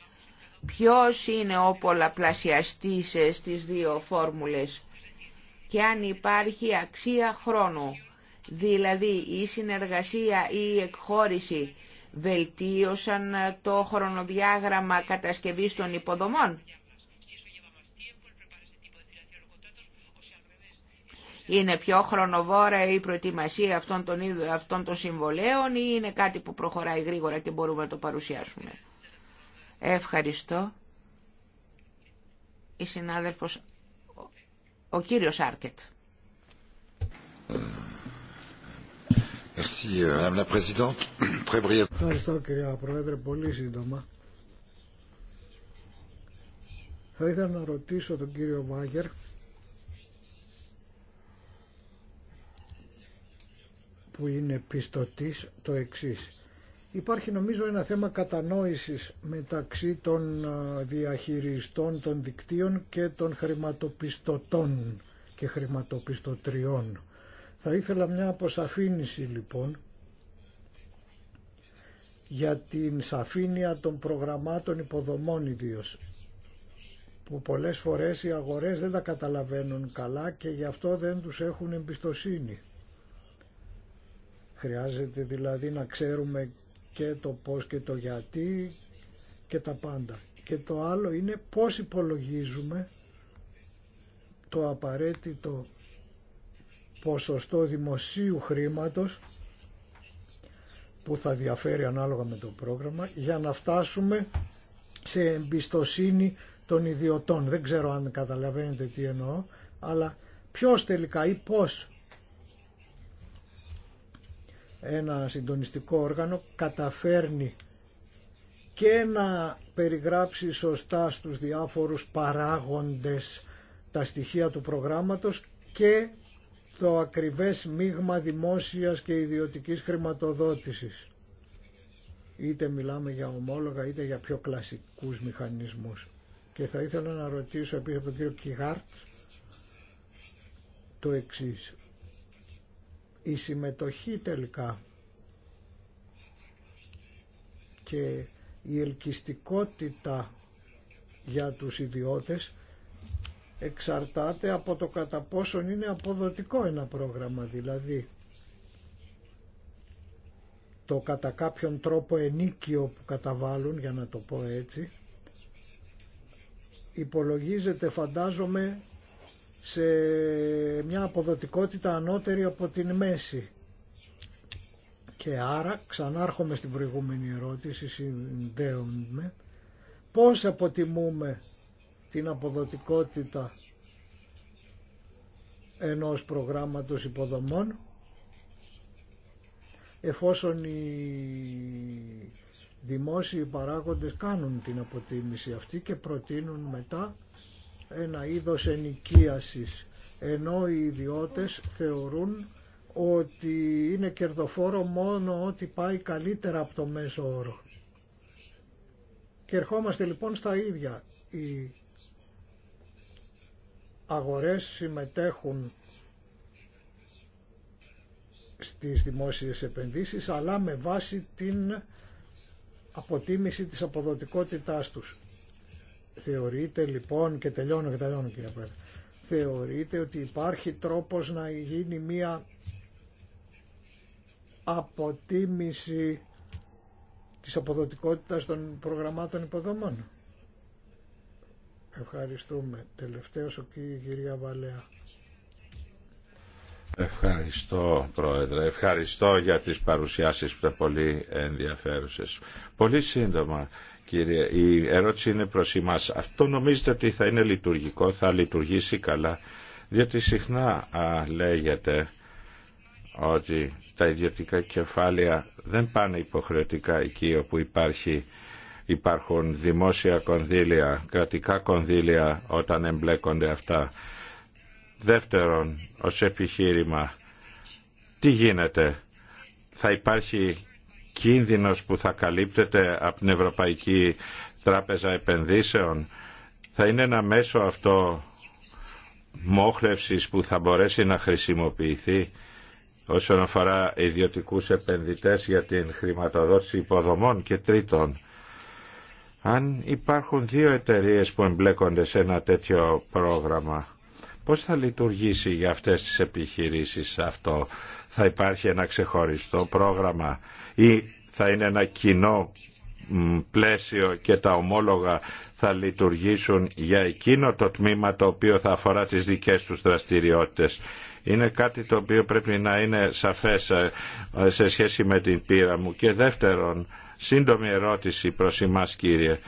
Ποιος είναι ο πολλαπλασιαστής ε, στις δύο φόρμουλες και αν υπάρχει αξία χρόνου. Δηλαδή η συνεργασία ή η εκχώρηση βελτίωσαν το χρονοδιάγραμμα κατασκευής των υποδομών. Είναι πιο χρονοβόρα η προετοιμασία αυτών των, αυτών των συμβολέων ή είναι κάτι που προχωράει γρήγορα και μπορούμε να το παρουσιάσουμε. Ευχαριστώ. Η συνάδελφος ο κύριος Άρκετ. Euh, Ευχαριστώ κυρία Πρόεδρε, πολύ σύντομα. Θα ήθελα να ρωτήσω τον κύριο Μάγερ που είναι πιστωτής το εξής. Υπάρχει νομίζω ένα θέμα κατανόησης μεταξύ των διαχειριστών των δικτύων και των χρηματοπιστωτών και χρηματοπιστωτριών. Θα ήθελα μια αποσαφήνιση λοιπόν για την σαφήνεια των προγραμμάτων υποδομών ιδίως που πολλές φορές οι αγορές δεν τα καταλαβαίνουν καλά και γι' αυτό δεν τους έχουν εμπιστοσύνη. Χρειάζεται δηλαδή να ξέρουμε και το πώς και το γιατί και τα πάντα. Και το άλλο είναι πώς υπολογίζουμε το απαραίτητο ποσοστό δημοσίου χρήματος που θα διαφέρει ανάλογα με το πρόγραμμα για να φτάσουμε σε εμπιστοσύνη των ιδιωτών. Δεν ξέρω αν καταλαβαίνετε τι εννοώ, αλλά ποιος τελικά ή πώς ένα συντονιστικό όργανο καταφέρνει και να περιγράψει σωστά στους διάφορους παράγοντες τα στοιχεία του προγράμματος και το ακριβές μείγμα δημόσιας και ιδιωτικής χρηματοδότησης. Είτε μιλάμε για ομόλογα είτε για πιο κλασικούς μηχανισμούς. Και θα ήθελα να ρωτήσω επίσης από τον κύριο Κιγάρτ το εξής η συμμετοχή τελικά και η ελκυστικότητα για τους ιδιώτες εξαρτάται από το κατά πόσον είναι αποδοτικό ένα πρόγραμμα δηλαδή το κατά κάποιον τρόπο ενίκιο που καταβάλουν για να το πω έτσι υπολογίζεται φαντάζομαι σε μια αποδοτικότητα ανώτερη από την μέση. Και άρα, ξανάρχομαι στην προηγούμενη ερώτηση, συνδέομαι, πώς αποτιμούμε την αποδοτικότητα ενός προγράμματος υποδομών εφόσον οι δημόσιοι παράγοντες κάνουν την αποτίμηση αυτή και προτείνουν μετά ένα είδος ενοικίασης ενώ οι ιδιώτες θεωρούν ότι είναι κερδοφόρο μόνο ότι πάει καλύτερα από το μέσο όρο. Και ερχόμαστε λοιπόν στα ίδια. Οι αγορές συμμετέχουν στις δημόσιες επενδύσεις αλλά με βάση την αποτίμηση της αποδοτικότητάς τους. Θεωρείτε λοιπόν, και τελειώνω και τελειώνω κύριε Πρόεδρε, θεωρείτε ότι υπάρχει τρόπος να γίνει μία αποτίμηση της αποδοτικότητας των προγραμμάτων υποδομών. Ευχαριστούμε. Τελευταίος ο κυρία Βαλέα. Ευχαριστώ Πρόεδρε, ευχαριστώ για τις παρουσιάσεις που ήταν πολύ ενδιαφέρουσες. Πολύ σύντομα κύριε. Η ερώτηση είναι προς εμάς. Αυτό νομίζετε ότι θα είναι λειτουργικό, θα λειτουργήσει καλά. Διότι συχνά α, λέγεται ότι τα ιδιωτικά κεφάλαια δεν πάνε υποχρεωτικά εκεί όπου υπάρχει, υπάρχουν δημόσια κονδύλια, κρατικά κονδύλια όταν εμπλέκονται αυτά. Δεύτερον, ως επιχείρημα, τι γίνεται, θα υπάρχει κίνδυνος που θα καλύπτεται από την Ευρωπαϊκή Τράπεζα Επενδύσεων. Θα είναι ένα μέσο αυτό μόχλευσης που θα μπορέσει να χρησιμοποιηθεί όσον αφορά ιδιωτικούς επενδυτές για την χρηματοδότηση υποδομών και τρίτων. Αν υπάρχουν δύο εταιρείες που εμπλέκονται σε ένα τέτοιο πρόγραμμα, Πώς θα λειτουργήσει για αυτές τις επιχειρήσεις αυτό. Θα υπάρχει ένα ξεχωριστό πρόγραμμα ή θα είναι ένα κοινό πλαίσιο και τα ομόλογα θα λειτουργήσουν για εκείνο το τμήμα το οποίο θα αφορά τις δικές τους δραστηριότητες. Είναι κάτι το οποίο πρέπει να είναι σαφές ε, σε σχέση με την πείρα μου. Και δεύτερον, σύντομη ερώτηση προς εμάς κύριε.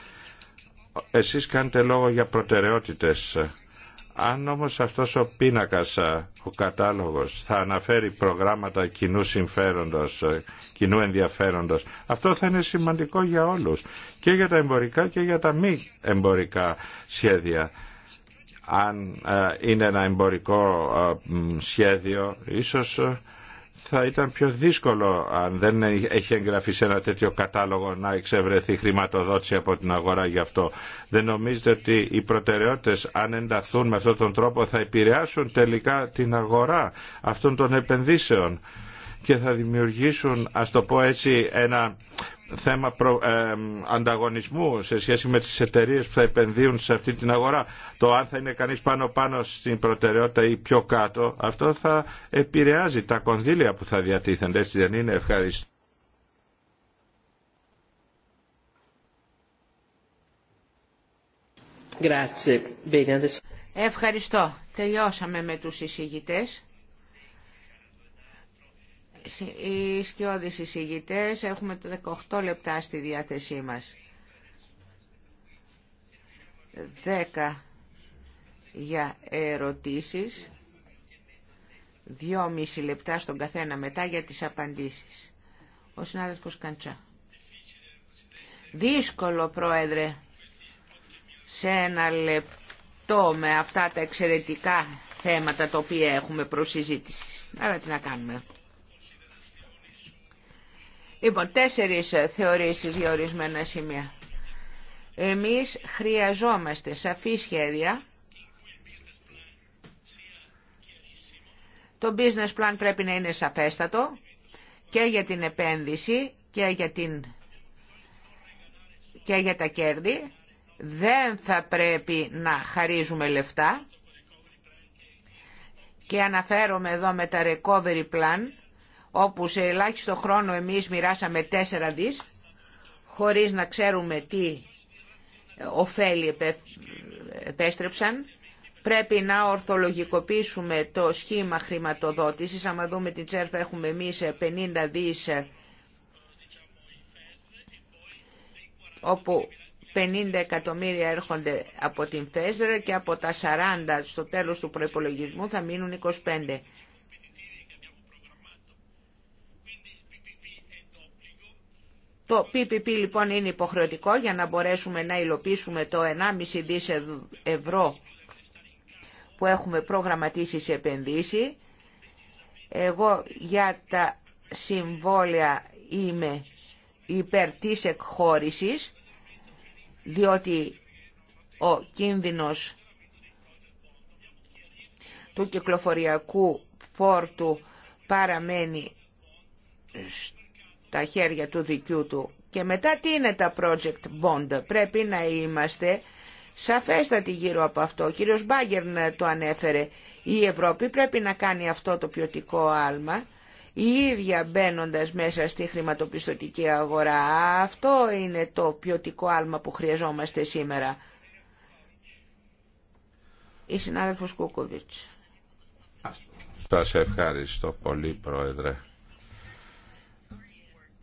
Εσείς κάνετε λόγο για προτεραιότητες αν όμως αυτός ο πίνακας, ο κατάλογος, θα αναφέρει προγράμματα κοινού συμφέροντος, κοινού ενδιαφέροντος, αυτό θα είναι σημαντικό για όλους, και για τα εμπορικά και για τα μη εμπορικά σχέδια. Αν είναι ένα εμπορικό σχέδιο, ίσως θα ήταν πιο δύσκολο αν δεν έχει εγγραφεί σε ένα τέτοιο κατάλογο να εξευρεθεί χρηματοδότηση από την αγορά γι' αυτό. Δεν νομίζετε ότι οι προτεραιότητες αν ενταθούν με αυτόν τον τρόπο θα επηρεάσουν τελικά την αγορά αυτών των επενδύσεων και θα δημιουργήσουν, ας το πω έτσι, ένα θέμα προ, ε, ανταγωνισμού σε σχέση με τις εταιρείες που θα επενδύουν σε αυτή την αγορά. Το αν θα είναι κανείς πάνω-πάνω στην προτεραιότητα ή πιο κάτω, αυτό θα επηρεάζει τα κονδύλια που θα διατίθενται. Έτσι δεν είναι ευχαριστώ. Ευχαριστώ. Τελειώσαμε με τους εισηγητές οι σκιώδεις εισηγητές έχουμε 18 λεπτά στη διάθεσή μας 10 για ερωτήσεις 2,5 λεπτά στον καθένα μετά για τις απαντήσεις ο συνάδελφος Καντσά δύσκολο πρόεδρε σε ένα λεπτό με αυτά τα εξαιρετικά θέματα τα οποία έχουμε προσυζήτηση. Άρα τι να κάνουμε. Λοιπόν, τέσσερι ε, θεωρήσει για ορισμένα σημεία. Εμείς χρειαζόμαστε σαφή σχέδια. Το business plan πρέπει να είναι σαφέστατο και για την επένδυση και για, την... και για τα κέρδη. Δεν θα πρέπει να χαρίζουμε λεφτά. Και αναφέρομαι εδώ με τα recovery plan όπου σε ελάχιστο χρόνο εμείς μοιράσαμε 4 δις, χωρίς να ξέρουμε τι ωφέλη επέστρεψαν, πρέπει να ορθολογικοποιήσουμε το σχήμα χρηματοδότησης. Αν δούμε την τσέρφα έχουμε εμείς 50 δις, όπου 50 εκατομμύρια έρχονται από την ΦΕΣΡ και από τα 40 στο τέλος του προϋπολογισμού θα μείνουν 25. Το PPP λοιπόν είναι υποχρεωτικό για να μπορέσουμε να υλοποιήσουμε το 1,5 δις ευρώ που έχουμε προγραμματίσει σε επενδύσει. Εγώ για τα συμβόλαια είμαι υπέρ της εκχώρησης, διότι ο κίνδυνος του κυκλοφοριακού φόρτου παραμένει στο τα χέρια του δικιού του. Και μετά τι είναι τα project bond. Πρέπει να είμαστε σαφέστατοι γύρω από αυτό. Ο κύριος Μπάγκερν το ανέφερε. Η Ευρώπη πρέπει να κάνει αυτό το ποιοτικό άλμα η ίδια μπαίνοντας μέσα στη χρηματοπιστωτική αγορά. Αυτό είναι το ποιοτικό άλμα που χρειαζόμαστε σήμερα. Η συνάδελφος Κούκοβιτς. Σας ευχαριστώ πολύ, Πρόεδρε.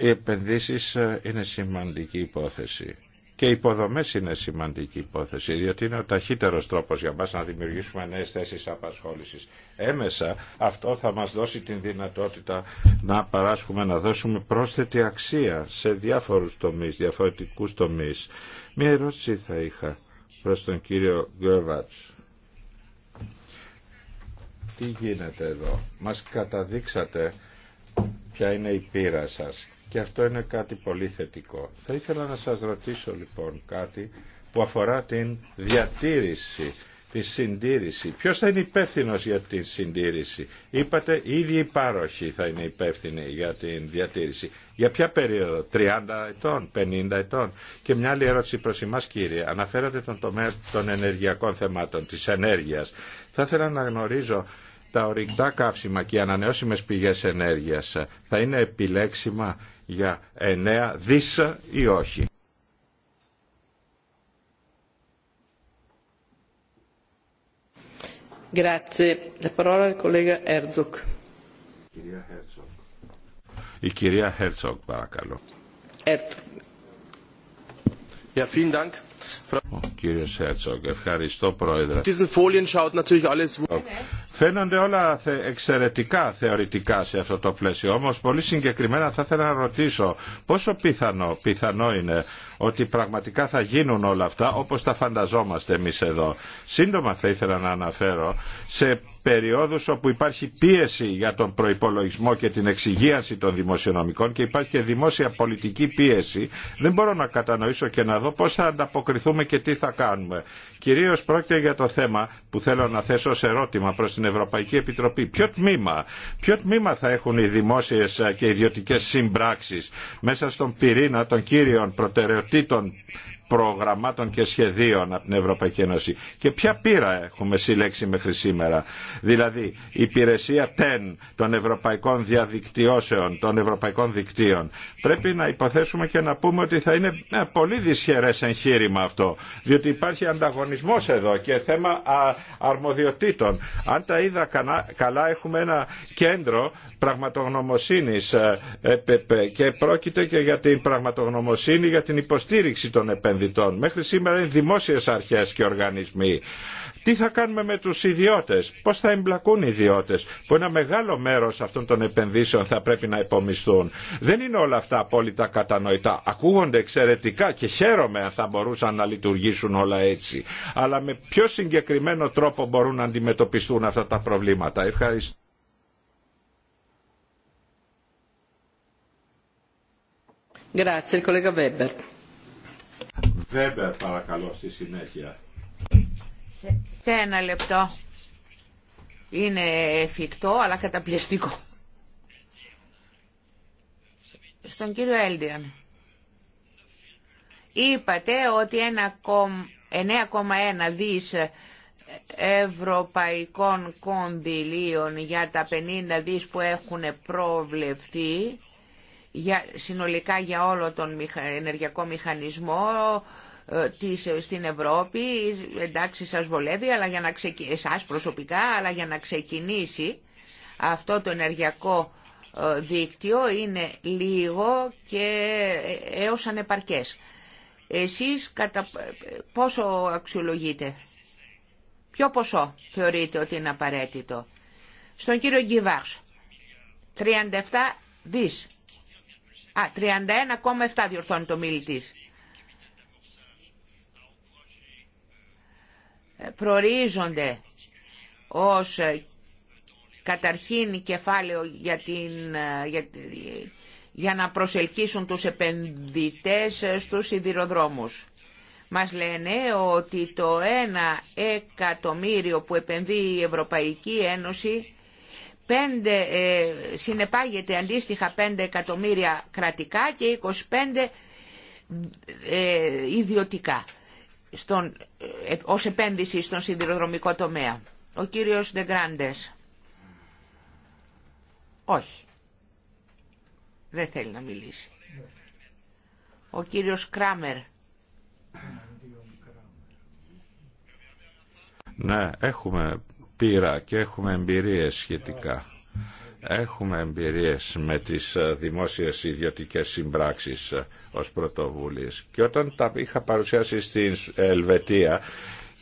Οι επενδύσεις ε, είναι σημαντική υπόθεση. Και οι υποδομέ είναι σημαντική υπόθεση, διότι είναι ο ταχύτερο τρόπο για μα να δημιουργήσουμε νέε θέσει απασχόληση. Έμεσα αυτό θα μα δώσει την δυνατότητα να παράσχουμε, να δώσουμε πρόσθετη αξία σε διάφορου τομεί, διαφορετικού τομεί. Μία ερώτηση θα είχα προ τον κύριο Γκέρβατ. Τι γίνεται εδώ. Μας καταδείξατε ποια είναι η πείρα σας και αυτό είναι κάτι πολύ θετικό. Θα ήθελα να σας ρωτήσω λοιπόν κάτι που αφορά την διατήρηση, τη συντήρηση. Ποιος θα είναι υπεύθυνο για την συντήρηση. Είπατε οι ίδιοι υπάροχοι θα είναι υπεύθυνοι για την διατήρηση. Για ποια περίοδο, 30 ετών, 50 ετών. Και μια άλλη ερώτηση προς εμάς κύριε. Αναφέρατε τον τομέα των ενεργειακών θεμάτων, της ενέργειας. Θα ήθελα να γνωρίζω τα ορυκτά καύσιμα και οι ανανεώσιμες πηγές ενέργειας θα είναι επιλέξιμα για 9 δίσσα Η κυρία Herzog, παρακαλώ. Κύριε ευχαριστώ πρόεδρε. Φαίνονται όλα εξαιρετικά θεωρητικά σε αυτό το πλαίσιο, όμως πολύ συγκεκριμένα θα ήθελα να ρωτήσω πόσο πιθανό, πιθανό είναι ότι πραγματικά θα γίνουν όλα αυτά όπως τα φανταζόμαστε εμείς εδώ. Σύντομα θα ήθελα να αναφέρω σε περιόδους όπου υπάρχει πίεση για τον προϋπολογισμό και την εξυγίανση των δημοσιονομικών και υπάρχει και δημόσια πολιτική πίεση, δεν μπορώ να κατανοήσω και να δω πώς θα ανταποκριθούμε και και τι θα κάνουμε. Κυρίως πρόκειται για το θέμα που θέλω να θέσω σε ερώτημα προς την Ευρωπαϊκή Επιτροπή. Ποιο τμήμα, ποιο τμήμα θα έχουν οι δημόσιες και ιδιωτικές συμπράξεις μέσα στον πυρήνα των κύριων προτεραιοτήτων προγραμμάτων και σχεδίων από την Ευρωπαϊκή Ένωση. Και ποια πείρα έχουμε συλλέξει μέχρι σήμερα. Δηλαδή, η υπηρεσία TEN των ευρωπαϊκών διαδικτυώσεων, των ευρωπαϊκών δικτύων. Πρέπει να υποθέσουμε και να πούμε ότι θα είναι πολύ δυσχερές εγχείρημα αυτό. Διότι υπάρχει ανταγωνισμό εδώ και θέμα αρμοδιοτήτων. Αν τα είδα καλά, έχουμε ένα κέντρο πραγματογνωμοσύνης ε, ε, ε, και πρόκειται και για την πραγματογνωμοσύνη για την υποστήριξη των επενδύσεων Μέχρι σήμερα είναι δημόσιες αρχές και οργανισμοί. Τι θα κάνουμε με τους ιδιώτες, πώς θα εμπλακούν οι ιδιώτες, που ένα μεγάλο μέρος αυτών των επενδύσεων θα πρέπει να υπομισθούν. Δεν είναι όλα αυτά απόλυτα κατανοητά. Ακούγονται εξαιρετικά και χαίρομαι αν θα μπορούσαν να λειτουργήσουν όλα έτσι. Αλλά με ποιο συγκεκριμένο τρόπο μπορούν να αντιμετωπιστούν αυτά τα προβλήματα. Ευχαριστώ. Grazie, il collega Weber. Βέμπερ παρακαλώ στη συνέχεια. Σε, ένα λεπτό. Είναι εφικτό αλλά καταπληστικό. Στον κύριο Έλντιαν. Είπατε ότι 9,1 δις ευρωπαϊκών κονδυλίων για τα 50 δις που έχουν προβλεφθεί για, συνολικά για όλο τον ενεργειακό μηχανισμό ε, της, ε, στην Ευρώπη, εντάξει σας βολεύει, αλλά για να ξεκι... εσάς προσωπικά, αλλά για να ξεκινήσει αυτό το ενεργειακό ε, δίκτυο είναι λίγο και έως ανεπαρκές. Εσείς κατα... πόσο αξιολογείτε, ποιο ποσό θεωρείτε ότι είναι απαραίτητο. Στον κύριο Γκιβάρς, 37 δις Α, 31,7 διορθώνει το της. Ε, προορίζονται ως ε, καταρχήν κεφάλαιο για, την, ε, για, για να προσελκύσουν τους επενδυτές στους σιδηροδρόμους. Μας λένε ότι το 1 εκατομμύριο που επενδύει η Ευρωπαϊκή Ένωση ε, συνεπάγεται αντίστοιχα 5 εκατομμύρια κρατικά και 25 ε, ιδιωτικά στον, ε, ως επένδυση στον σιδηροδρομικό τομέα. Ο κύριος Ντεγκράντες. Όχι. Δεν θέλει να μιλήσει. Ο κύριος Κράμερ. Ναι, έχουμε πείρα και έχουμε εμπειρίες σχετικά. Έχουμε εμπειρίες με τις ε, δημόσιες ιδιωτικές συμπράξεις ε, ως πρωτοβουλίες. Και όταν τα είχα παρουσιάσει στην Ελβετία,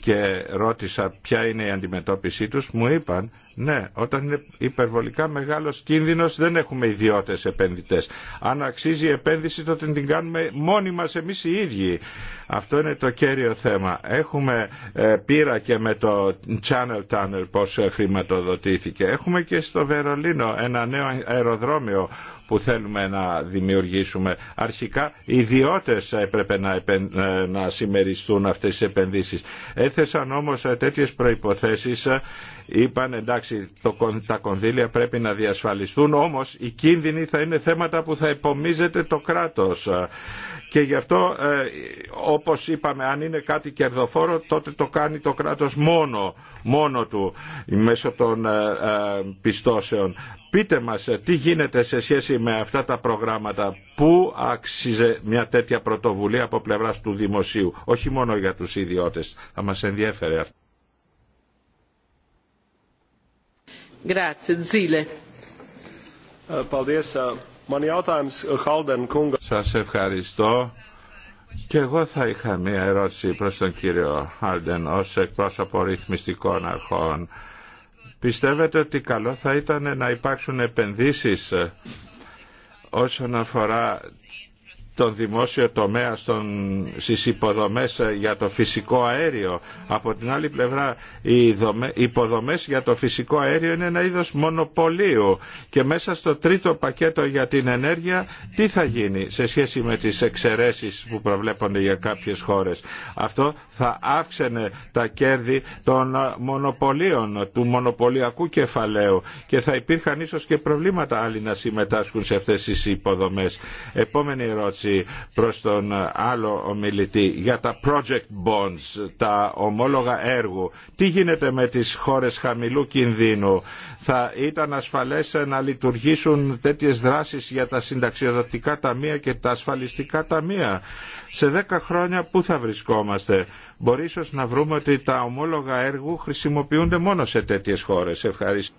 και ρώτησα ποια είναι η αντιμετώπιση τους, μου είπαν ναι, όταν είναι υπερβολικά μεγάλος κίνδυνος δεν έχουμε ιδιώτες επενδυτές. Αν αξίζει η επένδυση τότε την κάνουμε μόνοι μας εμείς οι ίδιοι. Αυτό είναι το κέριο θέμα. Έχουμε ε, πείρα και με το Channel Tunnel πώς χρηματοδοτήθηκε. Έχουμε και στο Βερολίνο ένα νέο αεροδρόμιο που θέλουμε να δημιουργήσουμε. Αρχικά οι ιδιώτες έπρεπε να, ε, συμμεριστούν αυτές τις επενδύσεις. Έθεσαν όμως ε, τέτοιες προϋποθέσεις ε, είπαν εντάξει το, τα κονδύλια πρέπει να διασφαλιστούν όμως οι κίνδυνοι θα είναι θέματα που θα υπομίζεται το κράτος και γι' αυτό ε, όπως είπαμε αν είναι κάτι κερδοφόρο τότε το κάνει το κράτος μόνο, μόνο του μέσω των ε, ε, πιστώσεων. Πείτε μας τι γίνεται σε σχέση με αυτά τα προγράμματα που αξίζει μια τέτοια πρωτοβουλία από πλευράς του δημοσίου όχι μόνο για τους ιδιώτες θα μας ενδιέφερε αυτό. Grazie, σας ευχαριστώ. Και εγώ θα είχα μία ερώτηση προς τον κύριο Χάλντεν ως εκπρόσωπο ρυθμιστικών αρχών. Πιστεύετε ότι καλό θα ήταν να υπάρξουν επενδύσεις ε, όσον αφορά τον δημόσιο τομέα στον, στις υποδομές ε, για το φυσικό αέριο. Από την άλλη πλευρά οι υποδομές για το φυσικό αέριο είναι ένα είδος μονοπωλίου και μέσα στο τρίτο πακέτο για την ενέργεια τι θα γίνει σε σχέση με τις εξαιρέσεις που προβλέπονται για κάποιες χώρες. Αυτό θα αύξενε τα κέρδη των μονοπωλίων, του μονοπωλιακού κεφαλαίου και θα υπήρχαν ίσως και προβλήματα άλλοι να συμμετάσχουν σε αυτές τις υποδομές. Επόμενη ερώτηση ερώτηση προς τον άλλο ομιλητή για τα project bonds, τα ομόλογα έργου. Τι γίνεται με τις χώρες χαμηλού κινδύνου. Θα ήταν ασφαλές να λειτουργήσουν τέτοιες δράσεις για τα συνταξιοδοτικά ταμεία και τα ασφαλιστικά ταμεία. Σε δέκα χρόνια πού θα βρισκόμαστε. Μπορεί ίσως να βρούμε ότι τα ομόλογα έργου χρησιμοποιούνται μόνο σε τέτοιες χώρες. Ευχαριστώ.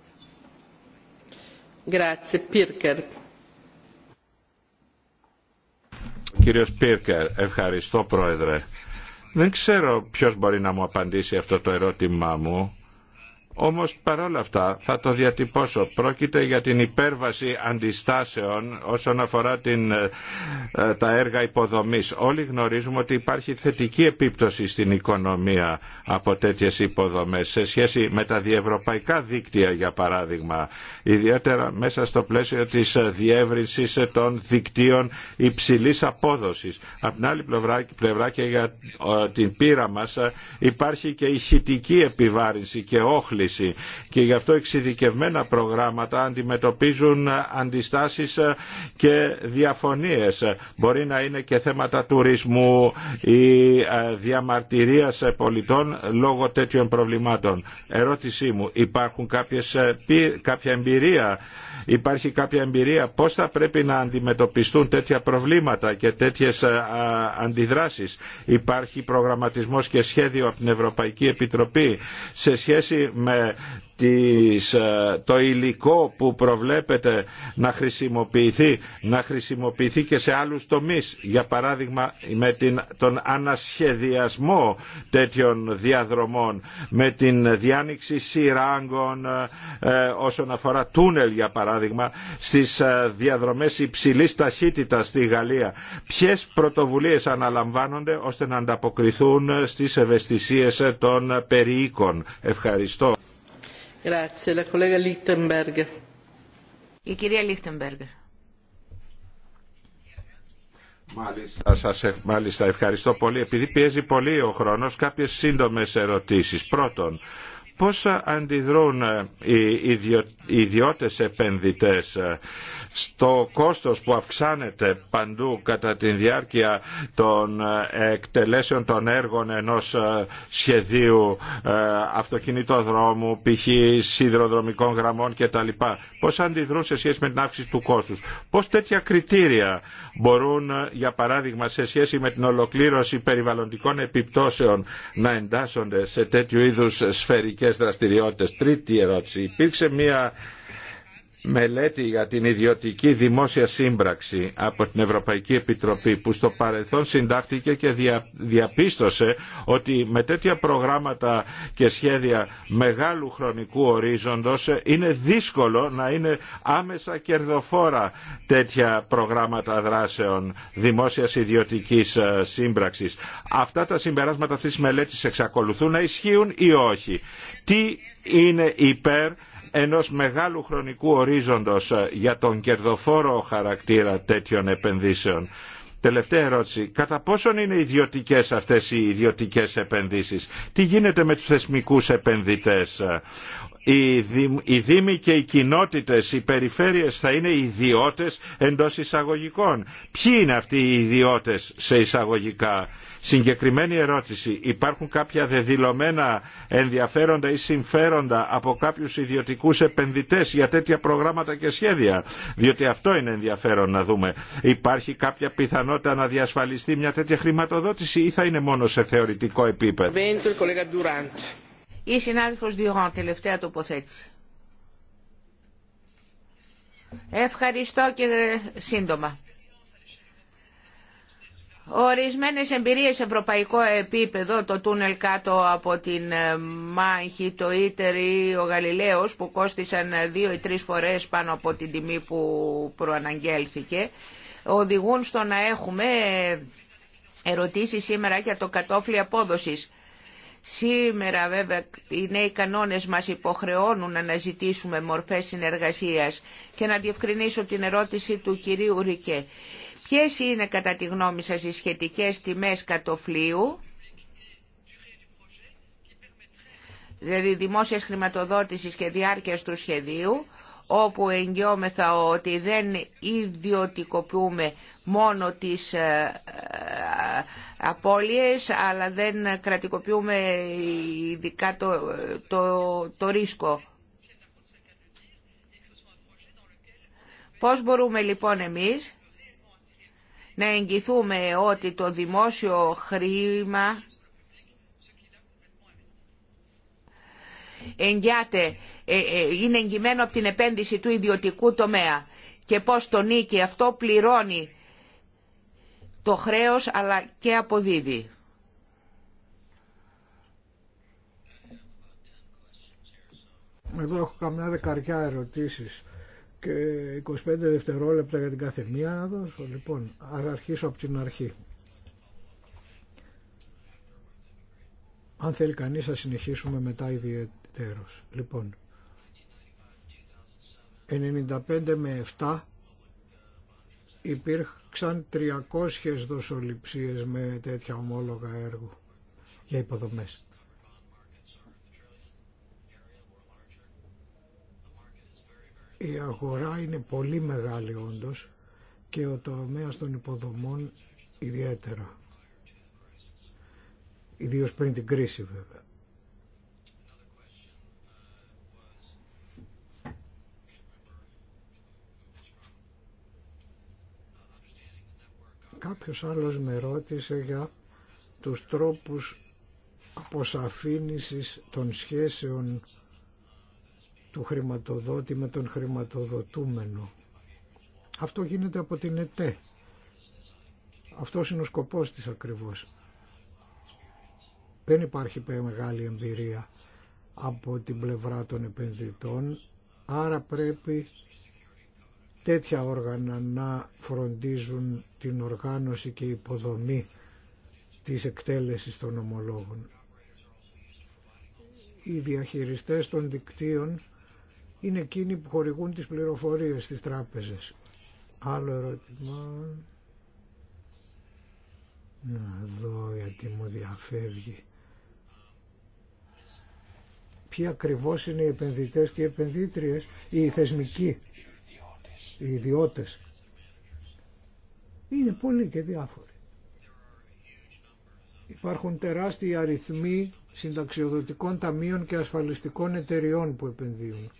κύριος Πίρκερ. Ευχαριστώ πρόεδρε. Δεν ξέρω ποιος μπορεί να μου απαντήσει αυτό το ερώτημά μου όμως παρόλα αυτά θα το διατυπώσω. Πρόκειται για την υπέρβαση αντιστάσεων όσον αφορά την, ε, ε, τα έργα υποδομής. Όλοι γνωρίζουμε ότι υπάρχει θετική επίπτωση στην οικονομία από τέτοιες υποδομές σε σχέση με τα διευρωπαϊκά δίκτυα για παράδειγμα. Ιδιαίτερα μέσα στο πλαίσιο της ε, διεύρυνσης των δικτύων υψηλής απόδοσης. Από την άλλη πλευρά και για την πείρα μας υπάρχει και ηχητική επιβάρυνση και όχλη και γι' αυτό εξειδικευμένα προγράμματα αντιμετωπίζουν αντιστάσεις και διαφωνίες. Μπορεί να είναι και θέματα τουρισμού ή ε, διαμαρτυρίας πολιτών λόγω τέτοιων προβλημάτων. Ερώτησή μου, υπάρχουν κάποιες, ε, κάποια εμπειρία, υπάρχει κάποια εμπειρία πώς θα πρέπει να αντιμετωπιστούν τέτοια προβλήματα και τέτοιες ε, αντιδράσεις. Υπάρχει προγραμματισμός και σχέδιο από την Ευρωπαϊκή Επιτροπή σε σχέση με ε, το υλικό που προβλέπεται να χρησιμοποιηθεί να χρησιμοποιηθεί και σε άλλους τομείς για παράδειγμα με την, τον ανασχεδιασμό τέτοιων διαδρομών με την διάνοιξη σειράγκων ε, ε, όσον αφορά τούνελ για παράδειγμα στις διαδρομές υψηλής ταχύτητας στη Γαλλία ποιες πρωτοβουλίες αναλαμβάνονται ώστε να ανταποκριθούν στις ευαισθησίες των περιοίκων. Ευχαριστώ. Η κυρία ε, Μάλιστα, ευχαριστώ πολύ. Επειδή πιέζει πολύ ο χρόνος, κάποιες σύντομες ερωτήσεις. Πρώτον, πώς αντιδρούν ε, οι ιδιώτες επενδυτές ε, στο κόστος που αυξάνεται παντού κατά τη διάρκεια των ε, εκτελέσεων των έργων ενός ε, σχεδίου ε, αυτοκινητοδρόμου, π.χ. σιδηροδρομικών γραμμών κτλ. Πώς αντιδρούν σε σχέση με την αύξηση του κόστους. Πώς τέτοια κριτήρια μπορούν, για παράδειγμα, σε σχέση με την ολοκλήρωση περιβαλλοντικών επιπτώσεων να εντάσσονται σε τέτοιου είδους σφαιρικές δραστηριότητες. Τρίτη ερώτηση. Υπήρξε μια μελέτη για την ιδιωτική δημόσια σύμπραξη από την Ευρωπαϊκή Επιτροπή που στο παρελθόν συντάχθηκε και διαπίστωσε ότι με τέτοια προγράμματα και σχέδια μεγάλου χρονικού ορίζοντος ε, είναι δύσκολο να είναι άμεσα κερδοφόρα τέτοια προγράμματα δράσεων δημόσιας ιδιωτικής ε, σύμπραξης. Αυτά τα συμπεράσματα αυτής της μελέτης εξακολουθούν να ισχύουν ή όχι. Τι είναι υπέρ ενός μεγάλου χρονικού ορίζοντος ε, για τον κερδοφόρο χαρακτήρα τέτοιων επενδύσεων. Τελευταία ερώτηση. Κατά πόσον είναι ιδιωτικές αυτές οι ιδιωτικές επενδύσεις. Τι γίνεται με τους θεσμικούς επενδυτές. Ε, οι δήμοι και οι κοινότητες, οι περιφέρειες θα είναι ιδιώτες εντός εισαγωγικών. Ποιοι είναι αυτοί οι ιδιώτες σε εισαγωγικά Συγκεκριμένη ερώτηση. Υπάρχουν κάποια δεδηλωμένα ενδιαφέροντα ή συμφέροντα από κάποιους ιδιωτικούς επενδυτές για τέτοια προγράμματα και σχέδια. Διότι αυτό είναι ενδιαφέρον να δούμε. Υπάρχει κάποια πιθανότητα να διασφαλιστεί μια τέτοια χρηματοδότηση ή θα είναι μόνο σε θεωρητικό επίπεδο. Η συνάδελφος Διογόν, τελευταία τοποθέτηση. Ευχαριστώ και σχεδια διοτι αυτο ειναι ενδιαφερον να δουμε υπαρχει καποια πιθανοτητα να διασφαλιστει μια τετοια χρηματοδοτηση η θα ειναι μονο σε θεωρητικο επιπεδο η τελευταια τοποθετηση ευχαριστω και συντομα Ορισμένες εμπειρίες σε ευρωπαϊκό επίπεδο, το τούνελ κάτω από την ε, Μάχη, το Ίτερ ή ο Γαλιλαίος που κόστησαν δύο ή τρεις φορές πάνω από την τιμή που προαναγγέλθηκε, οδηγούν στο να έχουμε ε, ερωτήσεις σήμερα για το κατόφλι απόδοσης. Σήμερα βέβαια οι νέοι κανόνες μας υποχρεώνουν να αναζητήσουμε μορφές συνεργασίας και να διευκρινίσω την ερώτηση του κυρίου Ρικέ. Ποιες είναι κατά τη γνώμη σας οι σχετικές τιμές κατοφλίου, δηλαδή δημόσιας χρηματοδότησης και διάρκειας του σχεδίου, όπου εγγυόμεθα ότι δεν ιδιωτικοποιούμε μόνο τις ε, ε, απώλειες, αλλά δεν κρατικοποιούμε ειδικά το, το, ρίσκο. Πώς μπορούμε λοιπόν εμείς να εγγυθούμε ότι το δημόσιο χρήμα εγγυάται, ε, ε, είναι εγγυμένο από την επένδυση του ιδιωτικού τομέα και πώς το νίκη αυτό πληρώνει το χρέος αλλά και αποδίδει. Εδώ έχω καμιά δεκαριά ερωτήσεις και 25 δευτερόλεπτα για την κάθε μία να δώσω. Λοιπόν, αρχίσω από την αρχή. Αν θέλει κανείς θα συνεχίσουμε μετά ιδιαίτερος. Λοιπόν, 95 με 7 υπήρξαν 300 δοσοληψίες με τέτοια ομόλογα έργου για υποδομές. Η αγορά είναι πολύ μεγάλη όντως και ο τομέας των υποδομών ιδιαίτερα. Ιδίως πριν την κρίση βέβαια. Κάποιος άλλος με ρώτησε για τους τρόπους αποσαφήνισης των σχέσεων του χρηματοδότη με τον χρηματοδοτούμενο. Αυτό γίνεται από την ΕΤΕ. Αυτός είναι ο σκοπός της ακριβώς. Δεν υπάρχει μεγάλη εμπειρία από την πλευρά των επενδυτών, άρα πρέπει τέτοια όργανα να φροντίζουν την οργάνωση και υποδομή της εκτέλεσης των ομολόγων. Οι διαχειριστές των δικτύων είναι εκείνοι που χορηγούν τις πληροφορίες στις τράπεζες. Άλλο ερώτημα. Να δω γιατί μου διαφεύγει. Ποιοι ακριβώς είναι οι επενδυτές και οι επενδύτριες, οι θεσμικοί, οι ιδιώτες. Είναι πολλοί και διάφοροι. Υπάρχουν τεράστιοι αριθμοί συνταξιοδοτικών ταμείων και ασφαλιστικών εταιριών που επενδύουν.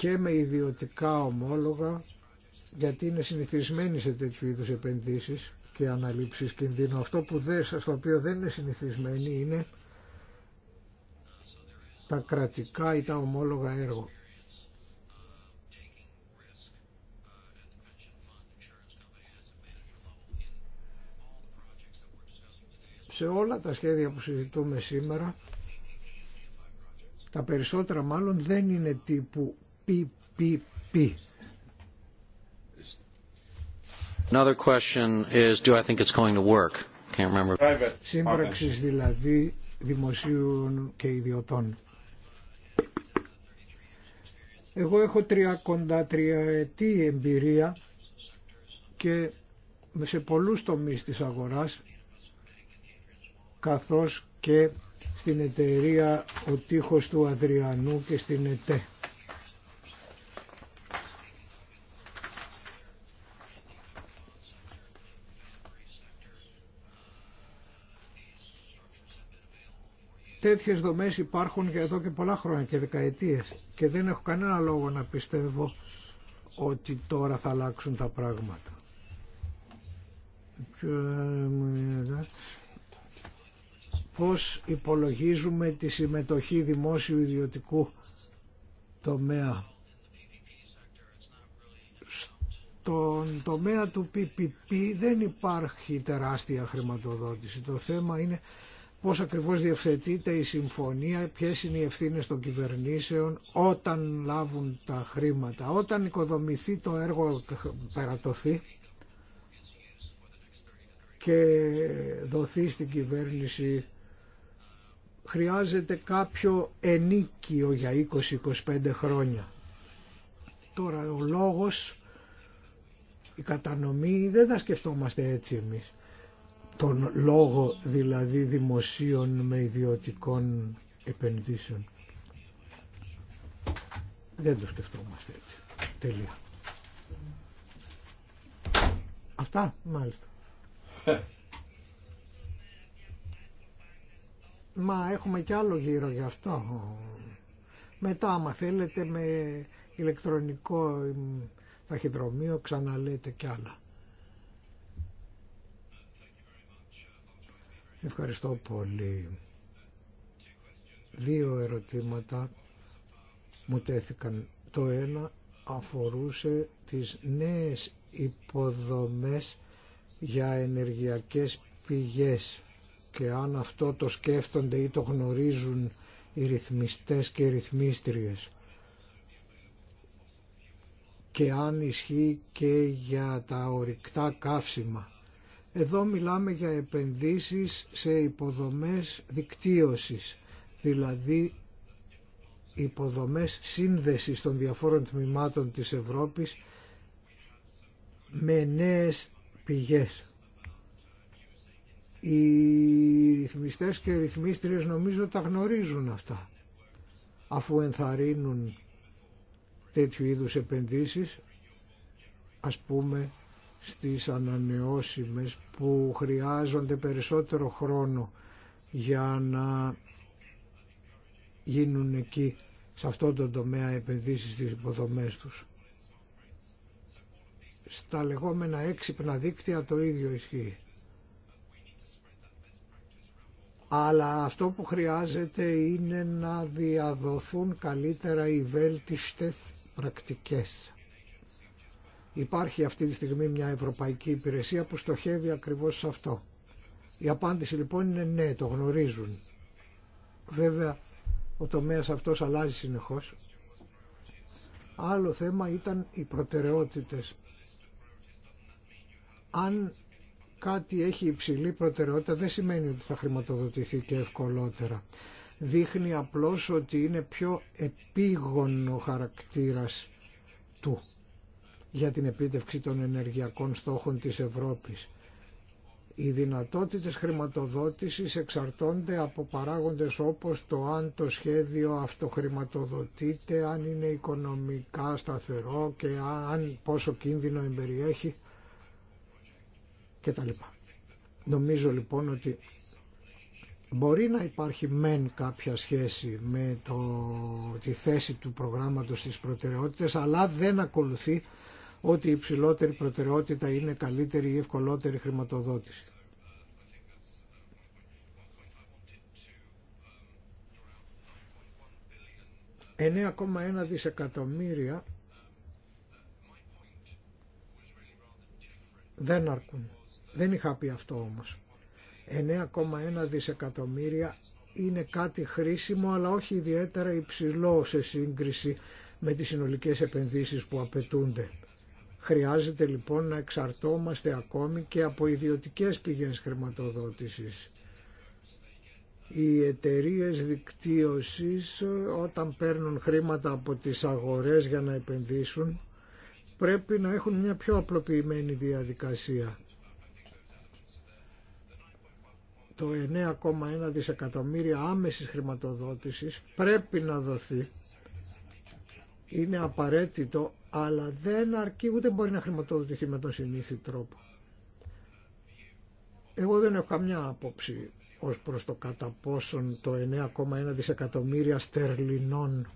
και με ιδιωτικά ομόλογα γιατί είναι συνηθισμένοι σε τέτοιου είδου επενδύσει και αναλήψει κινδύνου. Αυτό που δεν, στο οποίο δεν είναι συνηθισμένοι είναι τα κρατικά ή τα ομόλογα έργο. Σε όλα τα σχέδια που συζητούμε σήμερα, τα περισσότερα μάλλον δεν είναι τύπου πι. Another question is, do I think it's going to work? Can't remember. Σύμπραξης δηλαδή δημοσίων και ιδιωτών. Εγώ έχω 33 ετή εμπειρία και σε πολλούς τομείς της αγοράς καθώς και στην εταιρεία ο τείχος του Αδριανού και στην ΕΤΕ. Τέτοιες δομές υπάρχουν για εδώ και πολλά χρόνια και δεκαετίες και δεν έχω κανένα λόγο να πιστεύω ότι τώρα θα αλλάξουν τα πράγματα. Ε, πώς υπολογίζουμε τη συμμετοχή δημόσιου ιδιωτικού τομέα. Στον τομέα του PPP δεν υπάρχει τεράστια χρηματοδότηση. Το θέμα είναι πώς ακριβώς διευθετείται η συμφωνία, ποιες είναι οι ευθύνες των κυβερνήσεων όταν λάβουν τα χρήματα. Όταν οικοδομηθεί το έργο περατωθεί και δοθεί στην κυβέρνηση χρειάζεται κάποιο ενίκιο για 20-25 χρόνια. Τώρα ο λόγος, η κατανομή δεν θα σκεφτόμαστε έτσι εμείς τον λόγο δηλαδή δημοσίων με ιδιωτικών επενδύσεων. Δεν το σκεφτόμαστε έτσι. Τελεία. Αυτά, μάλιστα. Μα έχουμε και άλλο γύρο γι' αυτό. Μετά, άμα θέλετε, με ηλεκτρονικό ταχυδρομείο ξαναλέτε κι άλλα. Ευχαριστώ πολύ. Δύο ερωτήματα μου τέθηκαν. Το ένα αφορούσε τις νέες υποδομές για ενεργειακές πηγές και αν αυτό το σκέφτονται ή το γνωρίζουν οι ρυθμιστές και οι ρυθμίστριες και αν ισχύει και για τα ορυκτά καύσιμα εδώ μιλάμε για επενδύσεις σε υποδομές δικτύωσης, δηλαδή υποδομές σύνδεσης των διαφόρων τμήματων της Ευρώπης με νέες πηγές. Οι ρυθμιστές και οι ρυθμίστριες νομίζω τα γνωρίζουν αυτά, αφού ενθαρρύνουν τέτοιου είδους επενδύσεις, ας πούμε στις ανανεώσιμες που χρειάζονται περισσότερο χρόνο για να γίνουν εκεί σε αυτό το τομέα επενδύσεις στις υποδομές τους. Στα λεγόμενα έξυπνα δίκτυα το ίδιο ισχύει. Αλλά αυτό που χρειάζεται είναι να διαδοθούν καλύτερα οι βέλτιστες πρακτικές. Υπάρχει αυτή τη στιγμή μια ευρωπαϊκή υπηρεσία που στοχεύει ακριβώς σε αυτό. Η απάντηση λοιπόν είναι ναι, το γνωρίζουν. Βέβαια ο τομέας αυτός αλλάζει συνεχώς. Άλλο θέμα ήταν οι προτεραιότητες. Αν κάτι έχει υψηλή προτεραιότητα δεν σημαίνει ότι θα χρηματοδοτηθεί και ευκολότερα. Δείχνει απλώς ότι είναι πιο επίγονο χαρακτήρας του για την επίτευξη των ενεργειακών στόχων της Ευρώπης. Οι δυνατότητες χρηματοδότησης εξαρτώνται από παράγοντες όπως το αν το σχέδιο αυτοχρηματοδοτείται, αν είναι οικονομικά σταθερό και αν πόσο κίνδυνο εμπεριέχει κτλ. Νομίζω λοιπόν ότι μπορεί να υπάρχει μεν κάποια σχέση με το, τη θέση του προγράμματος στις προτεραιότητες αλλά δεν ακολουθεί ότι η υψηλότερη προτεραιότητα είναι καλύτερη ή ευκολότερη χρηματοδότηση. ...9,1 δισεκατομμύρια δεν αρκούν. Δεν είχα πει αυτό όμως. 9,1 δισεκατομμύρια είναι κάτι χρήσιμο αλλά όχι ιδιαίτερα υψηλό σε σύγκριση με τις συνολικές επενδύσεις που απαιτούνται. Χρειάζεται λοιπόν να εξαρτώμαστε ακόμη και από ιδιωτικές πηγές χρηματοδότησης. Οι εταιρείε δικτύωσης όταν παίρνουν χρήματα από τις αγορές για να επενδύσουν πρέπει να έχουν μια πιο απλοποιημένη διαδικασία. Το 9,1 δισεκατομμύρια άμεσης χρηματοδότησης πρέπει να δοθεί. Είναι απαραίτητο αλλά δεν αρκεί ούτε μπορεί να χρηματοδοτηθεί με τον συνήθι τρόπο. Εγώ δεν έχω καμιά άποψη ως προς το κατά πόσον το 9,1 δισεκατομμύρια στερλινών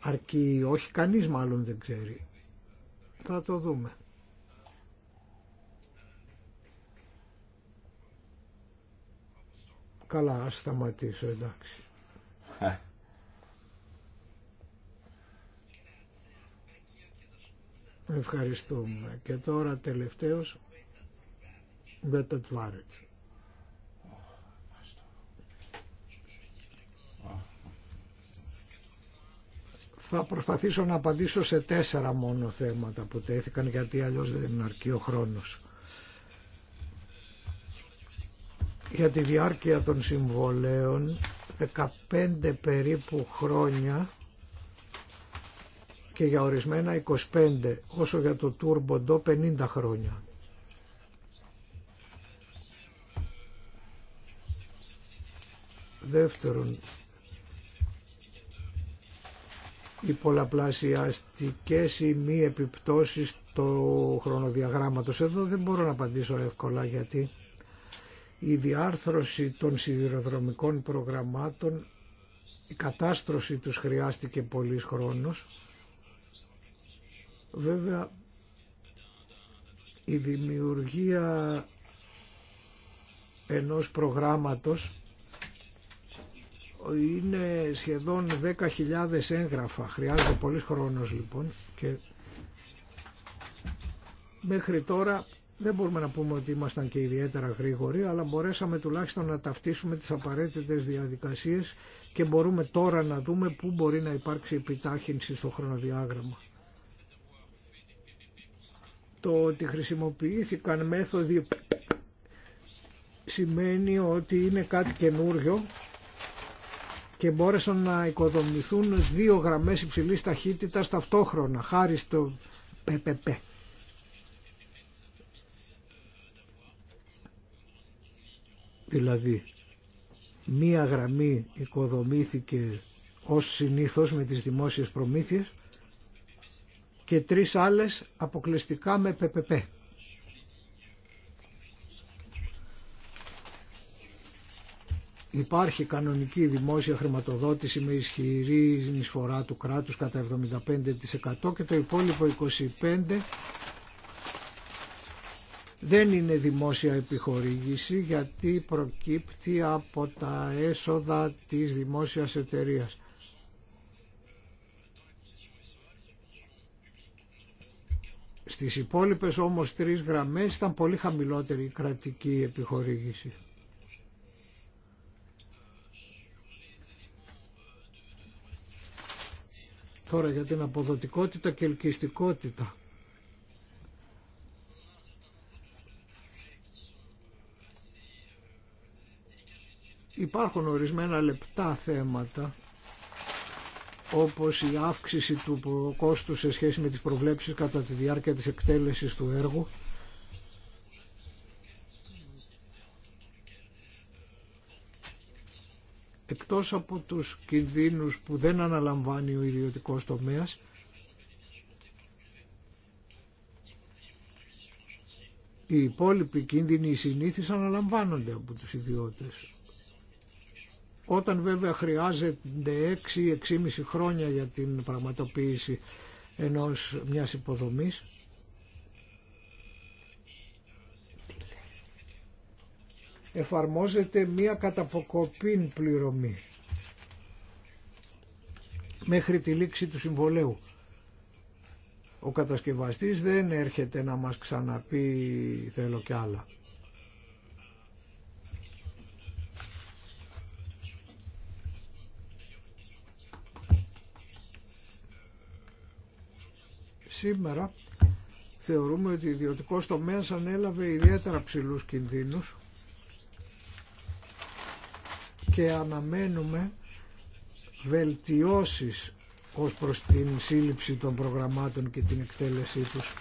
αρκεί όχι, κανείς μάλλον δεν ξέρει. Θα το δούμε. Καλά, ας σταματήσω, εντάξει. Ε. Ευχαριστούμε. Και τώρα τελευταίος το Τβάρετ. Θα προσπαθήσω να απαντήσω σε τέσσερα μόνο θέματα που τέθηκαν γιατί αλλιώς δεν αρκεί ο χρόνος. Για τη διάρκεια των συμβολέων 15 περίπου χρόνια και για ορισμένα 25, όσο για το Turbo Do 50 χρόνια. Δεύτερον, οι πολλαπλασιαστικές ή μη επιπτώσεις του χρονοδιαγράμματος. Εδώ δεν μπορώ να απαντήσω εύκολα γιατί η διάρθρωση των σιδηροδρομικών προγραμμάτων, η κατάστρωση τους χρειάστηκε πολύς χρόνος Βέβαια η δημιουργία ενός προγράμματος είναι σχεδόν 10.000 έγγραφα. Χρειάζεται πολύ χρόνος λοιπόν και μέχρι τώρα δεν μπορούμε να πούμε ότι ήμασταν και ιδιαίτερα γρήγοροι, αλλά μπορέσαμε τουλάχιστον να ταυτίσουμε τις απαραίτητες διαδικασίες και μπορούμε τώρα να δούμε πού μπορεί να υπάρξει επιτάχυνση στο χρονοδιάγραμμα το ότι χρησιμοποιήθηκαν μέθοδοι σημαίνει ότι είναι κάτι καινούριο και μπόρεσαν να οικοδομηθούν δύο γραμμές υψηλής ταχύτητας ταυτόχρονα χάρη στο ΠΠΠ. Δηλαδή, μία γραμμή οικοδομήθηκε ως συνήθως με τις δημόσιες προμήθειες και τρεις άλλες αποκλειστικά με ΠΠΠ. Υπάρχει κανονική δημόσια χρηματοδότηση με ισχυρή εισφορά του κράτους κατά 75% και το υπόλοιπο 25% δεν είναι δημόσια επιχορήγηση γιατί προκύπτει από τα έσοδα της δημόσιας εταιρείας. Στις υπόλοιπες όμως τρεις γραμμές ήταν πολύ χαμηλότερη η κρατική επιχορήγηση. Τώρα για την αποδοτικότητα και ελκυστικότητα. Υπάρχουν ορισμένα λεπτά θέματα όπως η αύξηση του κόστου σε σχέση με τις προβλέψεις κατά τη διάρκεια της εκτέλεσης του έργου εκτός από τους κινδύνους που δεν αναλαμβάνει ο ιδιωτικός τομέας οι υπόλοιποι κίνδυνοι συνήθως αναλαμβάνονται από τους ιδιώτες. Όταν βέβαια χρειάζεται 6-6,5 χρόνια για την πραγματοποίηση ενός μιας υποδομής, εφαρμόζεται μία καταποκοπήν πληρωμή μέχρι τη λήξη του συμβολέου. Ο κατασκευαστής δεν έρχεται να μας ξαναπεί θέλω κι άλλα. Σήμερα θεωρούμε ότι ο ιδιωτικό τομέα ανέλαβε ιδιαίτερα ψηλούς κινδύνους και αναμένουμε βελτιώσεις ως προς την σύλληψη των προγραμμάτων και την εκτέλεσή τους.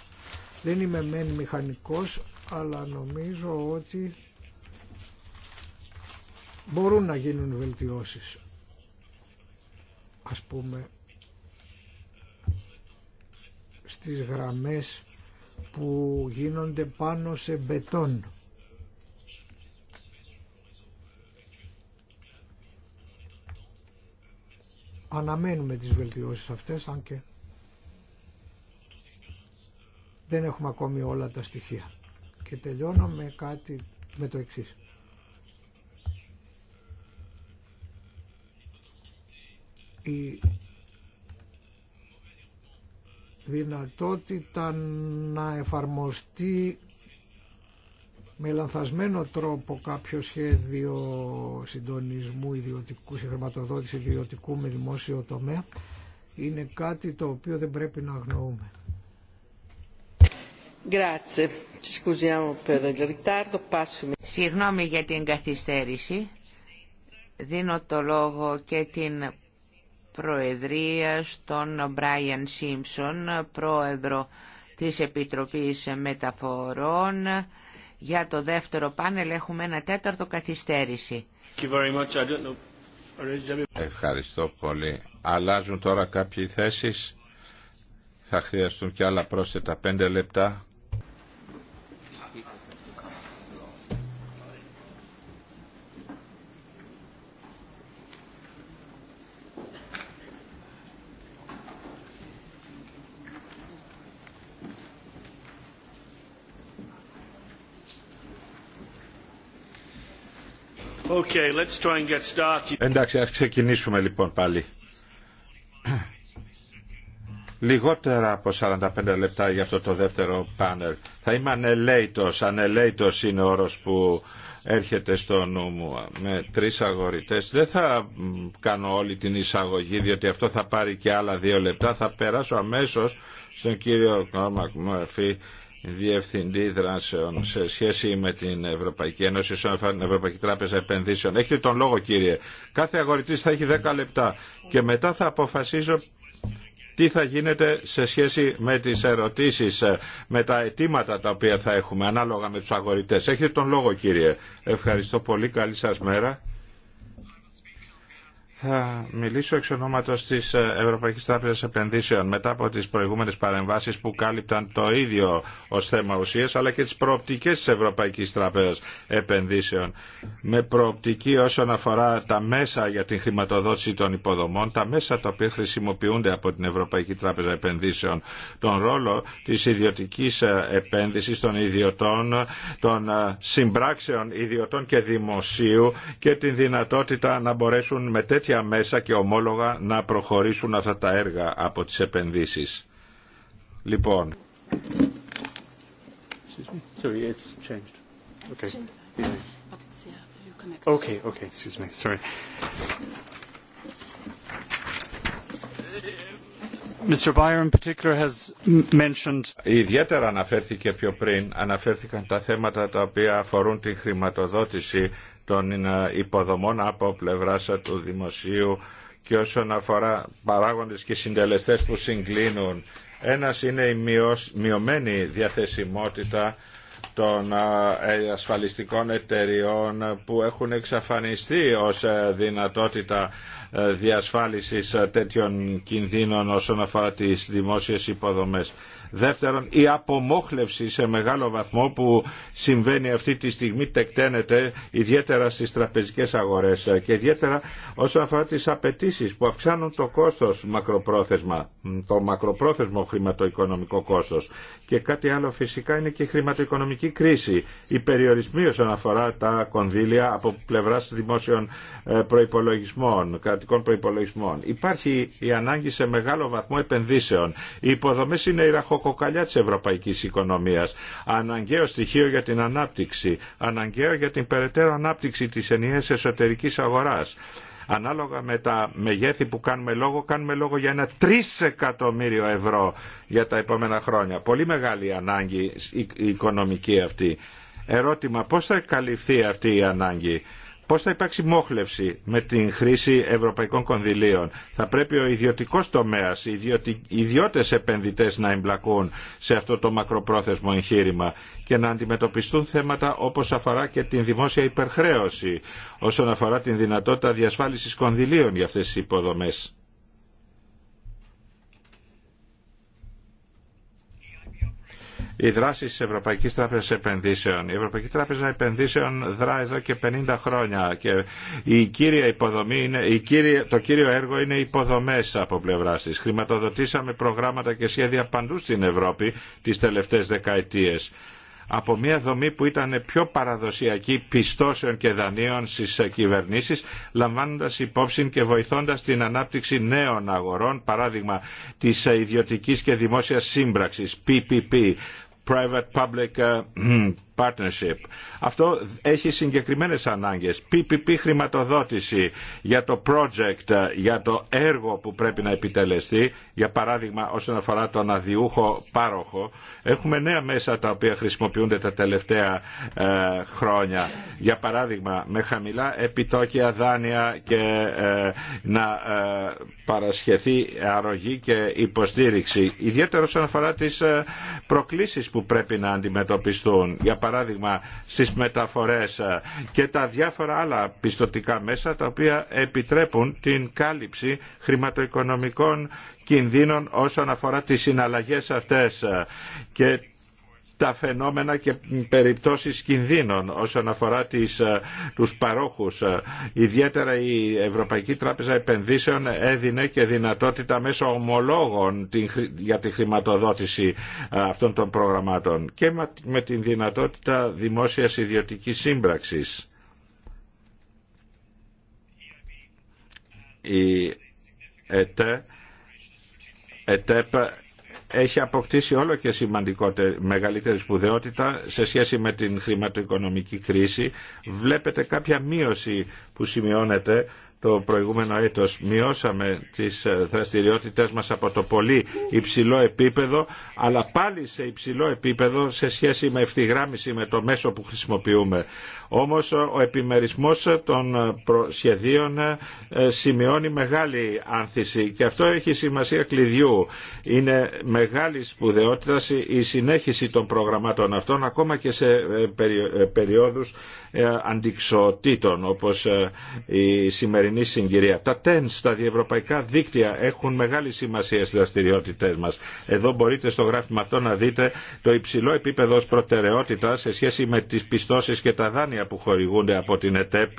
Δεν είμαι μεν μηχανικός, αλλά νομίζω ότι μπορούν να γίνουν βελτιώσεις. Ας πούμε, στις γραμμές που γίνονται πάνω σε μπετόν. Αναμένουμε τις βελτιώσεις αυτές, αν και δεν έχουμε ακόμη όλα τα στοιχεία. Και τελειώνω με κάτι με το εξής δυνατότητα να εφαρμοστεί με λανθασμένο τρόπο κάποιο σχέδιο συντονισμού ιδιωτικού, συγχρηματοδότηση ιδιωτικού με δημόσιο τομέα είναι κάτι το οποίο δεν πρέπει να αγνοούμε. Συγγνώμη για την καθυστέρηση. Δίνω το λόγο και την Προεδρία στον Μπράιαν Σίμψον, πρόεδρο της Επιτροπής Μεταφορών. Για το δεύτερο πάνελ έχουμε ένα τέταρτο καθυστέρηση. Ευχαριστώ πολύ. Αλλάζουν τώρα κάποιοι θέσεις. Θα χρειαστούν και άλλα πρόσθετα πέντε λεπτά. Okay, let's try and get started. Εντάξει, ας ξεκινήσουμε λοιπόν πάλι. Λιγότερα από 45 λεπτά για αυτό το δεύτερο πάνελ. Θα είμαι ανελέητος. Ανελέητος είναι ο όρος που έρχεται στο νου μου με τρεις αγορητές. Δεν θα κάνω όλη την εισαγωγή, διότι αυτό θα πάρει και άλλα δύο λεπτά. Θα περάσω αμέσως στον κύριο Κόμακ Μορφή Διευθυντή Δράσεων σε σχέση με την Ευρωπαϊκή Ένωση, την Ευρωπαϊκή Τράπεζα Επενδύσεων. Έχετε τον λόγο κύριε. Κάθε αγορητή θα έχει 10 λεπτά και μετά θα αποφασίζω τι θα γίνεται σε σχέση με τις ερωτήσεις, με τα αιτήματα τα οποία θα έχουμε ανάλογα με τους αγορητές. Έχετε τον λόγο κύριε. Ευχαριστώ πολύ. Καλή σας μέρα. Θα μιλήσω εξ ονόματο τη ε, Ευρωπαϊκή Τράπεζα Επενδύσεων μετά από τι προηγούμενε παρεμβάσει που κάλυπταν το ίδιο ως θέμα ουσία, αλλά και τι προοπτικές τη Ευρωπαϊκή Τράπεζα Επενδύσεων με προοπτική όσον αφορά τα μέσα για την χρηματοδότηση των υποδομών, τα μέσα τα οποία χρησιμοποιούνται από την Ευρωπαϊκή Τράπεζα Επενδύσεων, τον ρόλο τη ιδιωτική ε, επένδυση των ιδιωτών, των ε, συμπράξεων ιδιωτών και δημοσίου και την δυνατότητα να μπορέσουν με τέτοια μέσα και ομόλογα να προχωρήσουν αυτά τα έργα από τις επενδύσεις. Λοιπόν. Okay. Okay, excuse me. Sorry. Mr. in particular has mentioned... Ιδιαίτερα αναφέρθηκε πιο πριν, αναφέρθηκαν τα θέματα τα οποία αφορούν τη χρηματοδότηση των υποδομών από πλευρά του δημοσίου και όσον αφορά παράγοντες και συντελεστές που συγκλίνουν. Ένας είναι η μειωμένη διαθεσιμότητα των ε, ασφαλιστικών εταιριών που έχουν εξαφανιστεί ως ε, δυνατότητα ε, διασφάλισης τέτοιων κινδύνων όσον αφορά τις δημόσιες υποδομές. Δεύτερον, η απομόχλευση σε μεγάλο βαθμό που συμβαίνει αυτή τη στιγμή τεκταίνεται ιδιαίτερα στις τραπεζικές αγορές και ιδιαίτερα όσο αφορά τις απαιτήσει που αυξάνουν το κόστος μακροπρόθεσμα, το μακροπρόθεσμο χρηματοοικονομικό κόστος. Και κάτι άλλο φυσικά είναι και η χρηματοοικονομική κρίση. η περιορισμοί όσον αφορά τα κονδύλια από πλευρά δημόσιων ε, προϋπολογισμών, κρατικών προϋπολογισμών. Υπάρχει η ανάγκη σε μεγάλο βαθμό επενδύσεων. Οι υποδομές είναι η κοκαλιά της ευρωπαϊκής οικονομίας. Αναγκαίο στοιχείο για την ανάπτυξη. Αναγκαίο για την περαιτέρω ανάπτυξη της ενιαίας εσωτερικής αγοράς. Ανάλογα με τα μεγέθη που κάνουμε λόγο, κάνουμε λόγο για ένα 3 εκατομμύριο ευρώ για τα επόμενα χρόνια. Πολύ μεγάλη ανάγκη η οικονομική αυτή. Ερώτημα, πώς θα καλυφθεί αυτή η ανάγκη Πώς θα υπάρξει μόχλευση με την χρήση ευρωπαϊκών κονδυλίων. Θα πρέπει ο ιδιωτικός τομέας, οι ιδιώτες επενδυτές να εμπλακούν σε αυτό το μακροπρόθεσμο εγχείρημα και να αντιμετωπιστούν θέματα όπως αφορά και την δημόσια υπερχρέωση όσον αφορά την δυνατότητα διασφάλισης κονδυλίων για αυτές τις υποδομέ. οι δράσει τη Ευρωπαϊκή Τράπεζα Επενδύσεων. Η Ευρωπαϊκή Τράπεζα Επενδύσεων δράει εδώ και 50 χρόνια και η κύρια υποδομή είναι, η κύρια, το κύριο έργο είναι υποδομέ από πλευρά τη. Χρηματοδοτήσαμε προγράμματα και σχέδια παντού στην Ευρώπη τι τελευταίε δεκαετίε από μια δομή που ήταν πιο παραδοσιακή πιστώσεων και δανείων στι κυβερνήσει, λαμβάνοντα υπόψη και βοηθώντα την ανάπτυξη νέων αγορών, παράδειγμα τη ιδιωτική και δημόσια σύμπραξη, PPP, private public Partnership. Αυτό έχει συγκεκριμένες ανάγκες. PPP χρηματοδότηση για το project, για το έργο που πρέπει να επιτελεστεί, για παράδειγμα όσον αφορά τον αδιούχο πάροχο. Έχουμε νέα μέσα τα οποία χρησιμοποιούνται τα τελευταία ε, χρόνια. Για παράδειγμα με χαμηλά επιτόκια δάνεια και ε, να ε, παρασχεθεί αρρωγή και υποστήριξη. Ιδιαίτερα όσον αφορά τις ε, προκλήσεις που πρέπει να αντιμετωπιστούν. Για παράδειγμα στις μεταφορές ε, και τα διάφορα άλλα πιστοτικά μέσα τα οποία επιτρέπουν την κάλυψη χρηματοοικονομικών κινδύνων όσον αφορά τις συναλλαγές αυτές ε, και τα φαινόμενα και περιπτώσεις κινδύνων όσον αφορά τις, ε, τους παρόχους. Ε, ιδιαίτερα η Ευρωπαϊκή Τράπεζα Επενδύσεων έδινε και δυνατότητα μέσω ομολόγων για τη χρηματοδότηση ε, αυτών των προγραμμάτων και με την δυνατότητα δημόσιας ιδιωτικής σύμπραξης. Η ΕΤΕ, ΕΤΕΠ έχει αποκτήσει όλο και σημαντικότερη, μεγαλύτερη σπουδαιότητα σε σχέση με την χρηματοοικονομική κρίση. Βλέπετε κάποια μείωση που σημειώνεται το προηγούμενο έτος μειώσαμε τις δραστηριότητες μας από το πολύ υψηλό επίπεδο αλλά πάλι σε υψηλό επίπεδο σε σχέση με ευθυγράμμιση με το μέσο που χρησιμοποιούμε. Όμως ο επιμερισμός των ε, σχεδίων ε, σημειώνει μεγάλη άνθηση και αυτό έχει σημασία κλειδιού. Είναι μεγάλη σπουδαιότητα η συνέχιση των προγραμμάτων αυτών ακόμα και σε ε, περιόδους αντικσοτήτων όπως η σημερινή συγκυρία. Τα TENS, τα διευρωπαϊκά δίκτυα έχουν μεγάλη σημασία στις δραστηριότητες μας. Εδώ μπορείτε στο γράφημα αυτό να δείτε το υψηλό επίπεδο προτεραιότητα σε σχέση με τις πιστώσεις και τα δάνεια δάνεια που χορηγούνται από την ΕΤΕΠ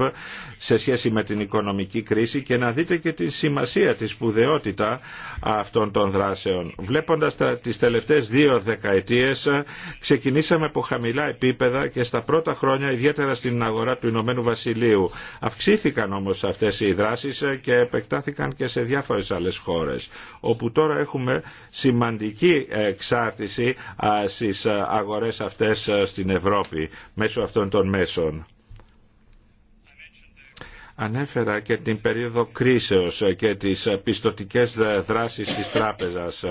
σε σχέση με την οικονομική κρίση και να δείτε και τη σημασία, τη σπουδαιότητα αυτών των δράσεων. Βλέποντας τα, τις τελευταίες δύο δεκαετίες ξεκινήσαμε από χαμηλά επίπεδα και στα πρώτα χρόνια ιδιαίτερα στην αγορά του Ηνωμένου Βασιλείου. Αυξήθηκαν όμως αυτές οι δράσεις και επεκτάθηκαν και σε διάφορες άλλες χώρες όπου τώρα έχουμε σημαντική εξάρτηση στις ε, αγορές αυτές ε, στην Ευρώπη μέσω αυτών των μέσων. Ανέφερα και την περίοδο κρίσεως και τις πιστοτικές δράσεις της τράπεζας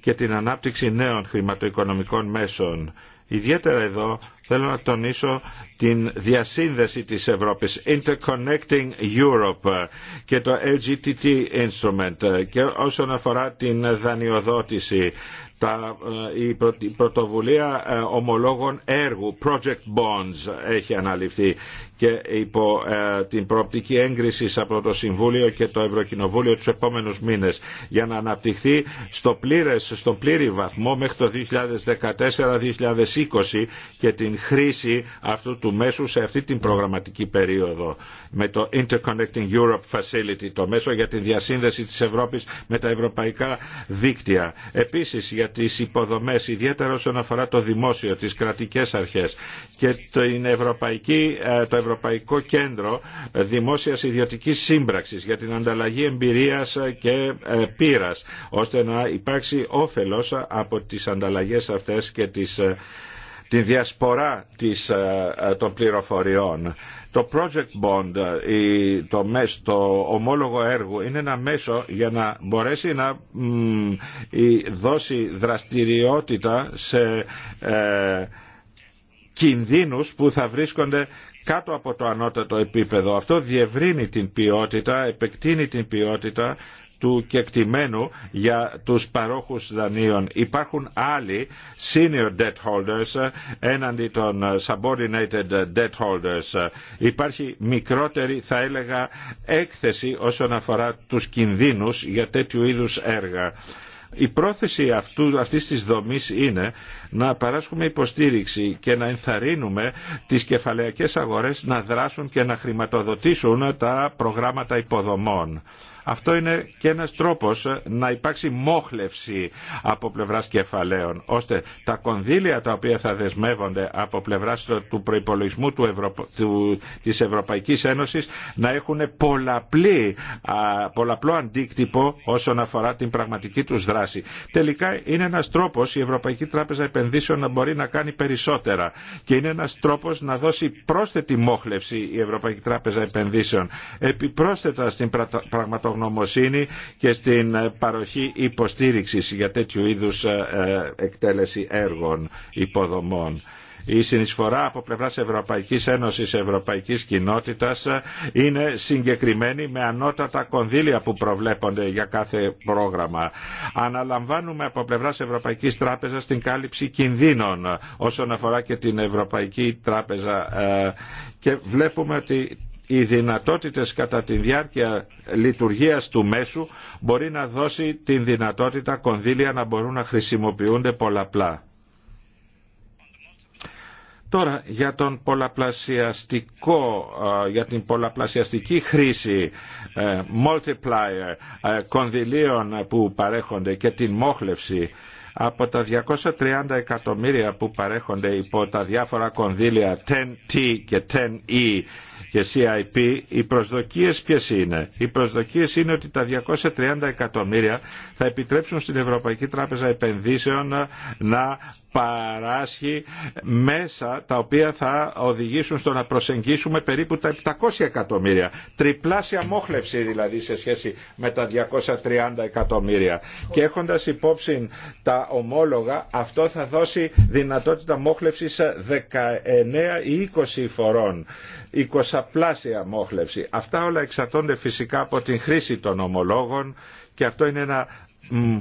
και την ανάπτυξη νέων χρηματοοικονομικών μέσων. Ιδιαίτερα εδώ θέλω να τονίσω την διασύνδεση της Ευρώπης, Interconnecting Europe και το LGTT Instrument και όσον αφορά την δανειοδότηση, τα, ε, η πρωτοβουλία ε, ομολόγων έργου, Project Bonds, έχει αναλυφθεί και υπό ε, την προοπτική έγκριση από το Συμβούλιο και το Ευρωκοινοβούλιο του επόμενου μήνε για να αναπτυχθεί στο πλήρες, στον πλήρη βαθμό μέχρι το 2014-2020 και την χρήση αυτού του μέσου σε αυτή την προγραμματική περίοδο με το Interconnecting Europe Facility, το μέσο για τη διασύνδεση τη Ευρώπη με τα ευρωπαϊκά δίκτυα. Επίση, για τι υποδομέ, ιδιαίτερα όσον αφορά το δημόσιο, τι κρατικέ αρχέ και την ευρωπαϊκή, ε, Ευρωπαϊκό Κέντρο Δημόσιας Ιδιωτικής Σύμπραξης για την ανταλλαγή εμπειρίας και ε, πείρας, ώστε να υπάρξει όφελος από τις ανταλλαγές αυτές και τις ε, τη διασπορά της, ε, των πληροφοριών. Το Project Bond, το, το ομόλογο έργο είναι ένα μέσο για να μπορέσει να δώσει δραστηριότητα σε κινδύνους που θα βρίσκονται κάτω από το ανώτατο επίπεδο. Αυτό διευρύνει την ποιότητα, επεκτείνει την ποιότητα του κεκτημένου για τους παρόχους δανείων. Υπάρχουν άλλοι senior debt holders ε, έναντι των ε, subordinated debt holders. Υπάρχει μικρότερη θα έλεγα έκθεση όσον αφορά τους κινδύνους για τέτοιου είδους έργα. Η πρόθεση αυτού, αυτής της δομής είναι να παράσχουμε υποστήριξη και να ενθαρρύνουμε τις κεφαλαιακές αγορές να δράσουν και να χρηματοδοτήσουν τα προγράμματα υποδομών. Αυτό είναι και ένας τρόπος να υπάρξει μόχλευση από πλευράς κεφαλαίων, ώστε τα κονδύλια τα οποία θα δεσμεύονται από πλευράς του προϋπολογισμού του Ευρω... του... της Ευρωπαϊκής Ένωσης να έχουν πολλαπλή, πολλαπλό αντίκτυπο όσον αφορά την πραγματική τους δράση. Τελικά είναι ένας τρόπος η Ευρωπαϊκή Τράπεζα Επενδύσεων να μπορεί να κάνει περισσότερα και είναι ένας τρόπος να δώσει πρόσθετη μόχλευση η Ευρωπαϊκή Τράπεζα Επενδύσεων επιπρόσθετα στην πραγματοποίηση και στην παροχή υποστήριξης για τέτοιου είδους ε, ε, εκτέλεση έργων υποδομών. Η συνεισφορά από πλευράς Ευρωπαϊκής Ένωσης Ευρωπαϊκής Κοινότητας ε, είναι συγκεκριμένη με ανώτατα κονδύλια που προβλέπονται για κάθε πρόγραμμα. Αναλαμβάνουμε από πλευράς Ευρωπαϊκής Τράπεζας την κάλυψη κινδύνων όσον αφορά και την Ευρωπαϊκή Τράπεζα και βλέπουμε ότι οι δυνατότητες κατά τη διάρκεια λειτουργίας του μέσου μπορεί να δώσει την δυνατότητα κονδύλια να μπορούν να χρησιμοποιούνται πολλαπλά. Τώρα για, τον πολλαπλασιαστικό, για την πολλαπλασιαστική χρήση ε, multiplier ε, κονδυλίων που παρέχονται και την μόχλευση από τα 230 εκατομμύρια που παρέχονται υπό τα διάφορα κονδύλια 10T και 10E και CIP, οι προσδοκίες ποιες είναι. Οι προσδοκίες είναι ότι τα 230 εκατομμύρια θα επιτρέψουν στην Ευρωπαϊκή Τράπεζα Επενδύσεων να παράσχει μέσα τα οποία θα οδηγήσουν στο να προσεγγίσουμε περίπου τα 700 εκατομμύρια. Τριπλάσια μόχλευση δηλαδή σε σχέση με τα 230 εκατομμύρια. Και έχοντας υπόψη τα ομόλογα αυτό θα δώσει δυνατότητα μόχλευσης 19 ή 20 φορών. 20 πλάσια μόχλευση. Αυτά όλα εξαρτώνται φυσικά από την χρήση των ομολόγων και αυτό είναι ένα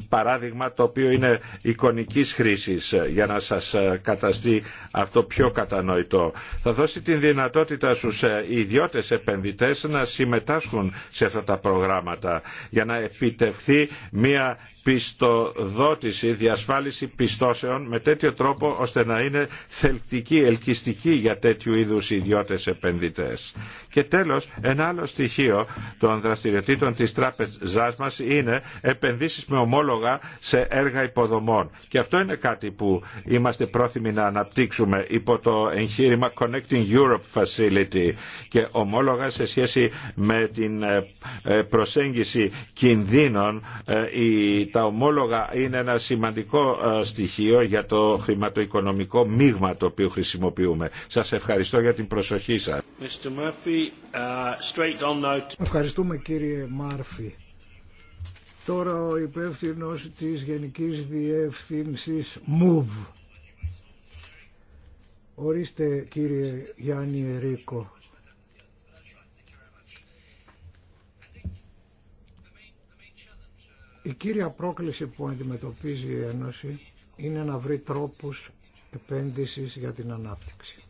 παράδειγμα το οποίο είναι εικονικής χρήσης ε, για να σας ε, καταστεί αυτό πιο κατανοητό. Θα δώσει την δυνατότητα στους ε, ιδιώτες επενδυτές να συμμετάσχουν σε αυτά τα προγράμματα για να επιτευχθεί μια πιστοδότηση, διασφάλιση πιστώσεων με τέτοιο τρόπο ώστε να είναι θελκτική, ελκυστική για τέτοιου είδους ιδιώτες επενδυτές. Και τέλος, ένα άλλο στοιχείο των δραστηριοτήτων της τράπεζάς μας είναι επενδύσεις με ομόλογα σε έργα υποδομών. Και αυτό είναι κάτι που είμαστε πρόθυμοι να αναπτύξουμε υπό το εγχείρημα Connecting Europe Facility και ομόλογα σε σχέση με την ε, ε, προσέγγιση κινδύνων ε, η τα ομόλογα είναι ένα σημαντικό ε, στοιχείο για το χρηματοοικονομικό μείγμα το οποίο χρησιμοποιούμε. Σας ευχαριστώ για την προσοχή σας. Uh, Ευχαριστούμε κύριε Μάρφη. Τώρα ο υπεύθυνο της Γενικής Διεύθυνσης MOVE. Ορίστε κύριε Γιάννη Ερίκο. Η κύρια πρόκληση που αντιμετωπίζει η Ένωση είναι να βρει τρόπους επένδυσης για την ανάπτυξη.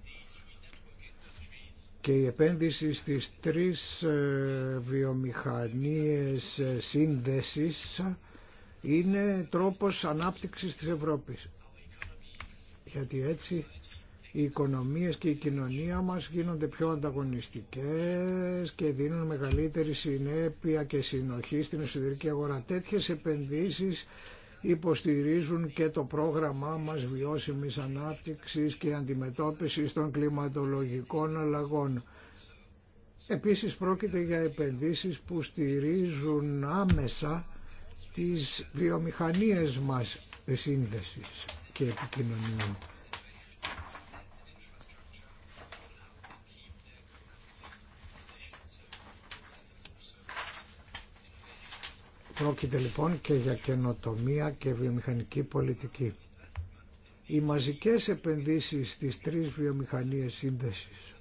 Και η επένδυση στις τρεις ε, βιομηχανίες ε, σύνδεσης είναι τρόπος ανάπτυξης της Ευρώπης. Γιατί έτσι οι οικονομίες και η κοινωνία μας γίνονται πιο ανταγωνιστικές και δίνουν μεγαλύτερη συνέπεια και συνοχή στην εσωτερική αγορά. Τέτοιες επενδύσεις υποστηρίζουν και το πρόγραμμά μας βιώσιμης ανάπτυξης και αντιμετώπισης των κλιματολογικών αλλαγών. Επίσης πρόκειται για επενδύσεις που στηρίζουν άμεσα τις βιομηχανίες μας σύνδεσης και επικοινωνία. Πρόκειται λοιπόν και για καινοτομία και βιομηχανική πολιτική. Οι μαζικές επενδύσεις στις τρεις βιομηχανίες σύνδεσης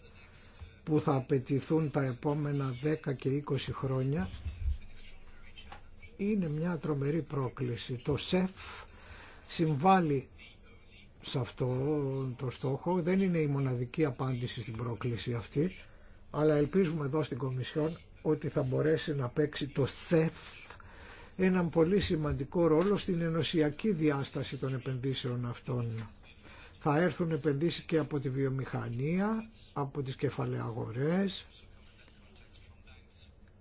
που θα απαιτηθούν τα επόμενα 10 και 20 χρόνια είναι μια τρομερή πρόκληση. Το ΣΕΦ συμβάλλει σε αυτό το στόχο. Δεν είναι η μοναδική απάντηση στην πρόκληση αυτή, αλλά ελπίζουμε εδώ στην Κομισιόν ότι θα μπορέσει να παίξει το ΣΕΦ έναν πολύ σημαντικό ρόλο στην ενωσιακή διάσταση των επενδύσεων αυτών. Θα έρθουν επενδύσεις και από τη βιομηχανία, από τις κεφαλαιαγορές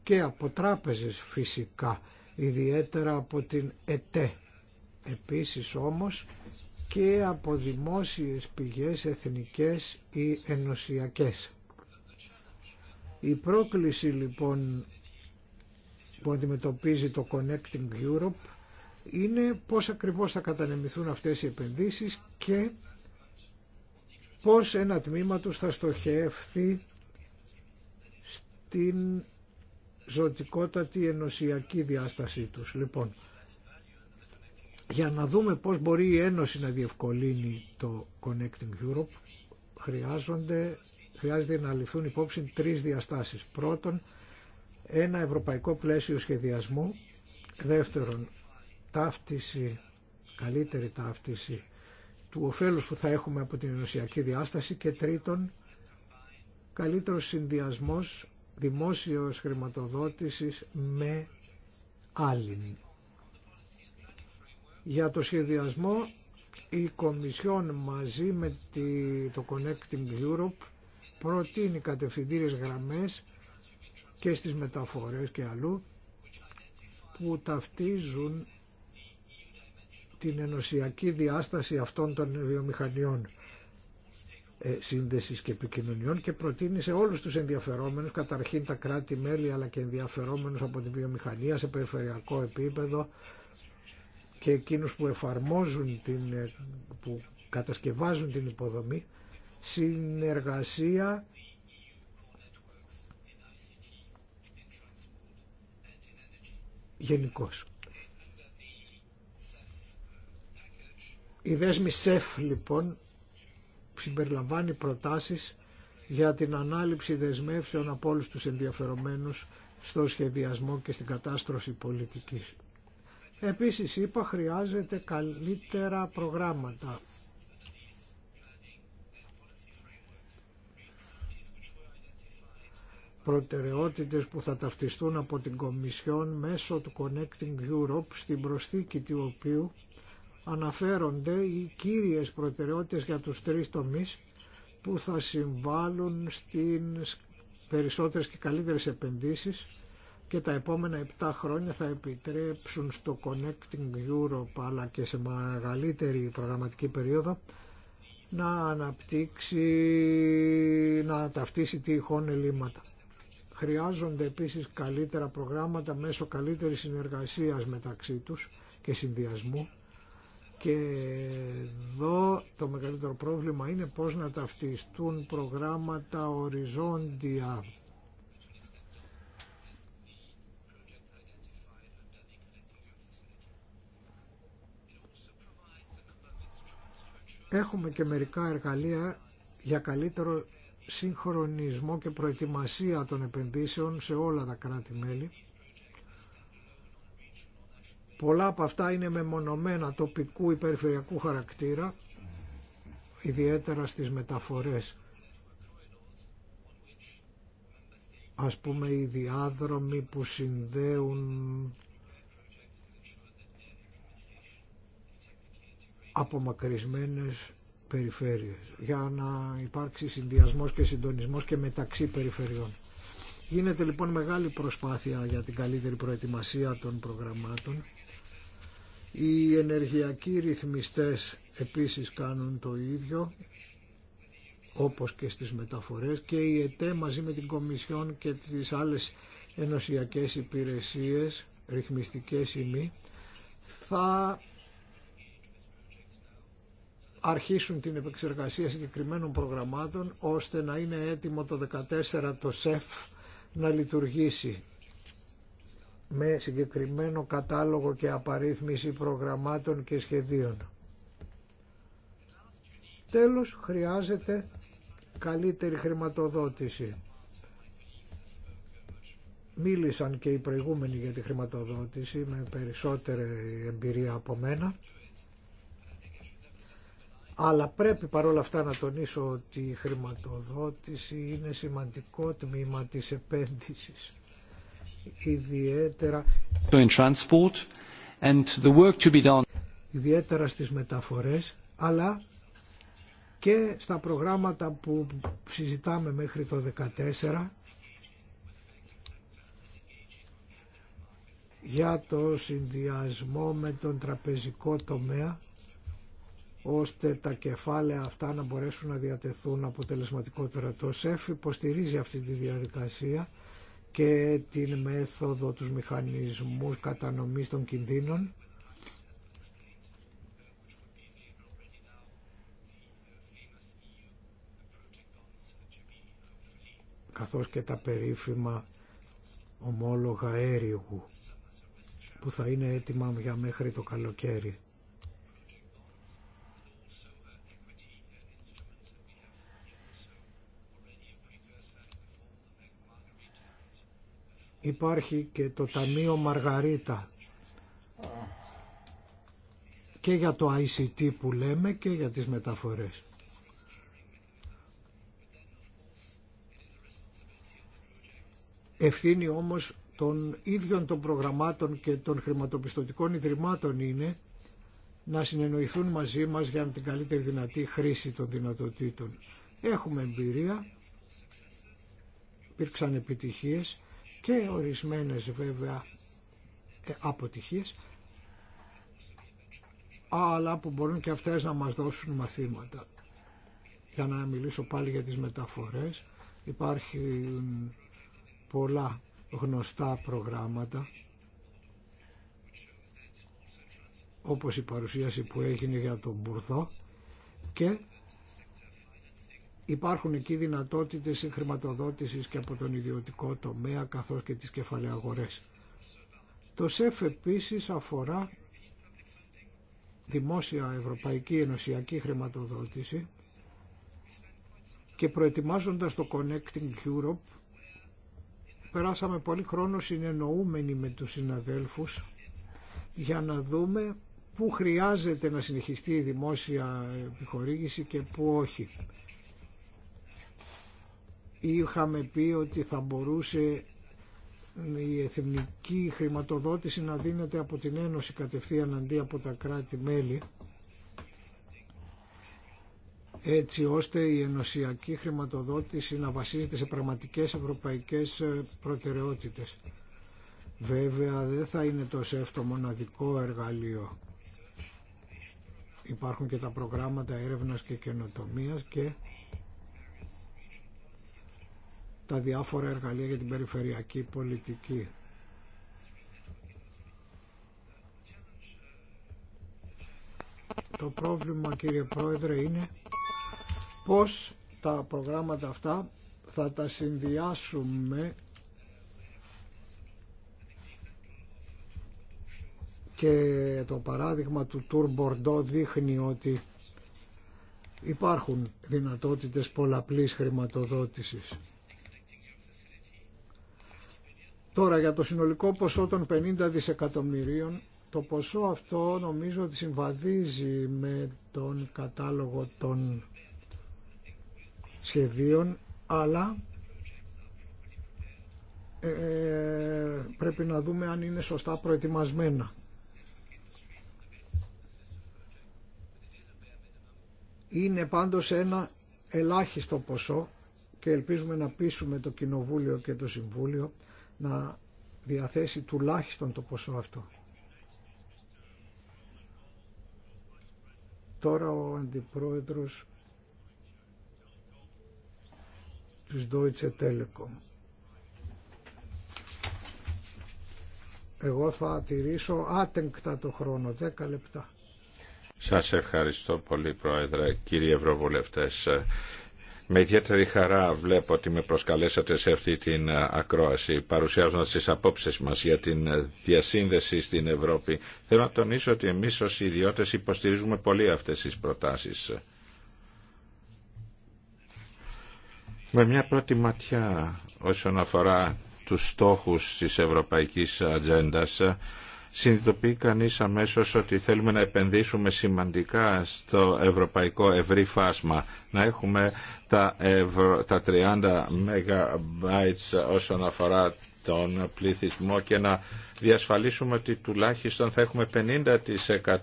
και από τράπεζες φυσικά, ιδιαίτερα από την ΕΤΕ. Επίσης όμως και από δημόσιες πηγές εθνικές ή ενωσιακές. Η πρόκληση λοιπόν που αντιμετωπίζει το Connecting Europe είναι πώς ακριβώς θα κατανεμηθούν αυτές οι επενδύσεις και πώς ένα τμήμα τους θα στοχεύθει στην ζωτικότατη ενωσιακή διάστασή τους. Λοιπόν, για να δούμε πώς μπορεί η Ένωση να διευκολύνει το Connecting Europe, χρειάζονται, χρειάζεται να ληφθούν υπόψη τρεις διαστάσεις. Πρώτον, ένα ευρωπαϊκό πλαίσιο σχεδιασμού, δεύτερον ταύτιση, καλύτερη ταύτιση του ωφέλους που θα έχουμε από την ενωσιακή διάσταση και τρίτον καλύτερος συνδυασμός δημόσιος χρηματοδότησης με άλλη. Για το σχεδιασμό η Κομισιόν μαζί με το Connecting Europe προτείνει κατευθυντήριες γραμμές και στις μεταφορές και αλλού που ταυτίζουν την ενωσιακή διάσταση αυτών των βιομηχανιών ε, σύνδεσης και επικοινωνιών και προτείνει σε όλους τους ενδιαφερόμενους, καταρχήν τα κράτη-μέλη αλλά και ενδιαφερόμενους από την βιομηχανία σε περιφερειακό επίπεδο και εκείνους που εφαρμόζουν, την, ε, που κατασκευάζουν την υποδομή, συνεργασία γενικώ. Η δέσμη ΣΕΦ λοιπόν συμπεριλαμβάνει προτάσεις για την ανάληψη δεσμεύσεων από όλους τους ενδιαφερομένους στο σχεδιασμό και στην κατάστρωση πολιτικής. Επίσης είπα χρειάζεται καλύτερα προγράμματα προτεραιότητες που θα ταυτιστούν από την Κομισιόν μέσω του Connecting Europe στην προσθήκη του οποίου αναφέρονται οι κύριες προτεραιότητες για τους τρεις τομείς που θα συμβάλλουν στην περισσότερες και καλύτερες επενδύσεις και τα επόμενα 7 χρόνια θα επιτρέψουν στο Connecting Europe αλλά και σε μεγαλύτερη προγραμματική περίοδο να αναπτύξει, να ταυτίσει τυχόν ελλείμματα. Χρειάζονται επίσης καλύτερα προγράμματα μέσω καλύτερης συνεργασίας μεταξύ τους και συνδυασμού και εδώ το μεγαλύτερο πρόβλημα είναι πώς να ταυτιστούν προγράμματα οριζόντια Έχουμε και μερικά εργαλεία για καλύτερο συγχρονισμό και προετοιμασία των επενδύσεων σε όλα τα κράτη-μέλη. Πολλά από αυτά είναι μεμονωμένα τοπικού ή περιφερειακού χαρακτήρα, ιδιαίτερα στις μεταφορές. Ας πούμε οι διάδρομοι που συνδέουν απομακρυσμένες περιφέρειες για να υπάρξει συνδυασμός και συντονισμός και μεταξύ περιφερειών. Γίνεται λοιπόν μεγάλη προσπάθεια για την καλύτερη προετοιμασία των προγραμμάτων. Οι ενεργειακοί ρυθμιστές επίσης κάνουν το ίδιο όπως και στις μεταφορές και η ΕΤΕ μαζί με την Κομισιόν και τις άλλες ενωσιακές υπηρεσίες, ρυθμιστικές ή μη, θα αρχίσουν την επεξεργασία συγκεκριμένων προγραμμάτων ώστε να είναι έτοιμο το 14 το ΣΕΦ να λειτουργήσει με συγκεκριμένο κατάλογο και απαρίθμηση προγραμμάτων και σχεδίων. Τέλος, χρειάζεται καλύτερη χρηματοδότηση. Μίλησαν και οι προηγούμενοι για τη χρηματοδότηση με περισσότερη εμπειρία από μένα αλλά πρέπει παρόλα αυτά να τονίσω ότι η χρηματοδότηση είναι σημαντικό τμήμα της επένδυσης. Ιδιαίτερα, in transport and the work to be done. ιδιαίτερα στις μεταφορές, αλλά και στα προγράμματα που συζητάμε μέχρι το 2014 για το συνδυασμό με τον τραπεζικό τομέα ώστε τα κεφάλαια αυτά να μπορέσουν να διατεθούν αποτελεσματικότερα. Το ΣΕΦ υποστηρίζει αυτή τη διαδικασία και την μέθοδο τους μηχανισμούς κατανομής των κινδύνων καθώς και τα περίφημα ομόλογα έριγου που θα είναι έτοιμα για μέχρι το καλοκαίρι. υπάρχει και το Ταμείο Μαργαρίτα και για το ICT που λέμε και για τις μεταφορές. Ευθύνη όμως των ίδιων των προγραμμάτων και των χρηματοπιστωτικών ιδρυμάτων είναι να συνεννοηθούν μαζί μας για την καλύτερη δυνατή χρήση των δυνατοτήτων. Έχουμε εμπειρία, υπήρξαν επιτυχίες, και ορισμένες βέβαια ε, αποτυχίες αλλά που μπορούν και αυτές να μας δώσουν μαθήματα. Για να μιλήσω πάλι για τις μεταφορές υπάρχει πολλά γνωστά προγράμματα όπως η παρουσίαση που έγινε για τον Μπουρδό και Υπάρχουν εκεί δυνατότητες χρηματοδότησης και από τον ιδιωτικό τομέα καθώς και τις κεφαλαιαγορές. Το ΣΕΦ επίσης αφορά δημόσια ευρωπαϊκή ενωσιακή χρηματοδότηση και προετοιμάζοντας το Connecting Europe περάσαμε πολύ χρόνο συνεννοούμενοι με τους συναδέλφους για να δούμε πού χρειάζεται να συνεχιστεί η δημόσια επιχορήγηση και πού όχι είχαμε πει ότι θα μπορούσε η εθνική χρηματοδότηση να δίνεται από την Ένωση κατευθείαν αντί από τα κράτη-μέλη έτσι ώστε η ενωσιακή χρηματοδότηση να βασίζεται σε πραγματικές ευρωπαϊκές ε, προτεραιότητες. Βέβαια δεν θα είναι το εύτο μοναδικό εργαλείο. Υπάρχουν και τα προγράμματα έρευνας και καινοτομίας και τα διάφορα εργαλεία για την περιφερειακή πολιτική. Το πρόβλημα κύριε Πρόεδρε είναι πώς τα προγράμματα αυτά θα τα συνδυάσουμε και το παράδειγμα του Τουρ Μπορντό δείχνει ότι υπάρχουν δυνατότητες πολλαπλής χρηματοδότησης. Τώρα για το συνολικό ποσό των 50 δισεκατομμυρίων, το ποσό αυτό νομίζω ότι συμβαδίζει με τον κατάλογο των σχεδίων, αλλά ε, πρέπει να δούμε αν είναι σωστά προετοιμασμένα. Είναι πάντως ένα ελάχιστο ποσό και ελπίζουμε να πείσουμε το Κοινοβούλιο και το Συμβούλιο να διαθέσει τουλάχιστον το ποσό αυτό. Τώρα ο αντιπρόεδρος της Deutsche Telekom. Εγώ θα τηρήσω άτεγκτα το χρόνο, 10 λεπτά. Σας ευχαριστώ πολύ Πρόεδρε, κύριοι Ευρωβουλευτές. Με ιδιαίτερη χαρά βλέπω ότι με προσκαλέσατε σε αυτή την ε, ακρόαση παρουσιάζοντας τις απόψεις μας για την ε, διασύνδεση στην Ευρώπη. Θέλω να τονίσω ότι εμείς ως ιδιώτες υποστηρίζουμε πολύ αυτές τις προτάσεις. Με μια πρώτη ματιά όσον αφορά τους στόχους της Ευρωπαϊκής Ατζέντας συνειδητοποιεί κανείς αμέσως ότι θέλουμε να επενδύσουμε σημαντικά στο ευρωπαϊκό ευρύ φάσμα, να έχουμε τα, τα 30 MB όσον αφορά τον πληθυσμό και να διασφαλίσουμε ότι τουλάχιστον θα έχουμε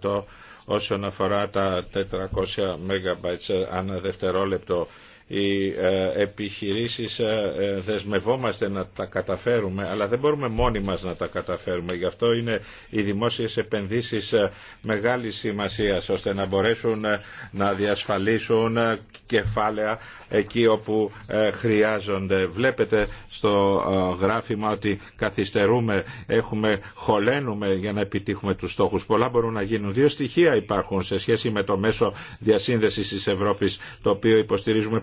50% όσον αφορά τα 400 MB ανά δευτερόλεπτο οι ε, επιχειρήσεις ε, ε, δεσμευόμαστε να τα καταφέρουμε, αλλά δεν μπορούμε μόνοι μας να τα καταφέρουμε. Γι' αυτό είναι οι δημόσιες επενδύσεις μεγάλη σημασία, ώστε να μπορέσουν να διασφαλίσουν κεφάλαια εκεί όπου χρειάζονται. Βλέπετε στο γράφημα ότι καθυστερούμε, έχουμε, χωλένουμε για να επιτύχουμε τους στόχους. Πολλά μπορούν να γίνουν. Δύο στοιχεία υπάρχουν σε σχέση με το μέσο διασύνδεσης της Ευρώπης, το οποίο υποστηρίζουμε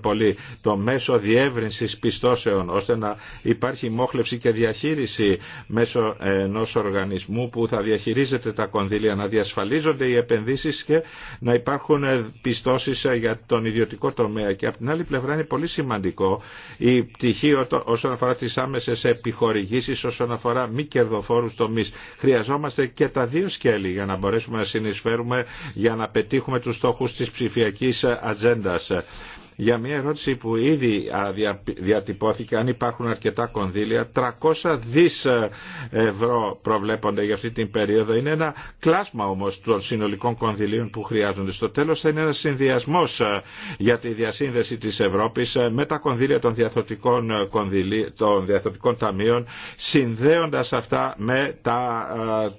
το μέσο διεύρυνσης πιστώσεων ώστε να υπάρχει μόχλευση και διαχείριση μέσω ενό οργανισμού που θα διαχειρίζεται τα κονδύλια, να διασφαλίζονται οι επενδύσεις και να υπάρχουν πιστώσεις για τον ιδιωτικό τομέα. Και από την άλλη πλευρά είναι πολύ σημαντικό η πτυχή όσον αφορά τις άμεσες επιχορηγήσεις, όσον αφορά μη κερδοφόρους τομείς. Χρειαζόμαστε και τα δύο σκέλη για να μπορέσουμε να συνεισφέρουμε για να πετύχουμε τους στόχους της ψηφιακής ατζέντα για μια ερώτηση που ήδη διατυπώθηκε αν υπάρχουν αρκετά κονδύλια 300 δις ε, ευρώ προβλέπονται για αυτή την περίοδο είναι ένα κλάσμα όμως των συνολικών κονδυλίων που χρειάζονται στο τέλος θα είναι ένας συνδυασμός ε, για τη διασύνδεση της Ευρώπης ε, με τα κονδύλια των διαθωτικών, κονδυλί, των ταμείων συνδέοντας αυτά με τα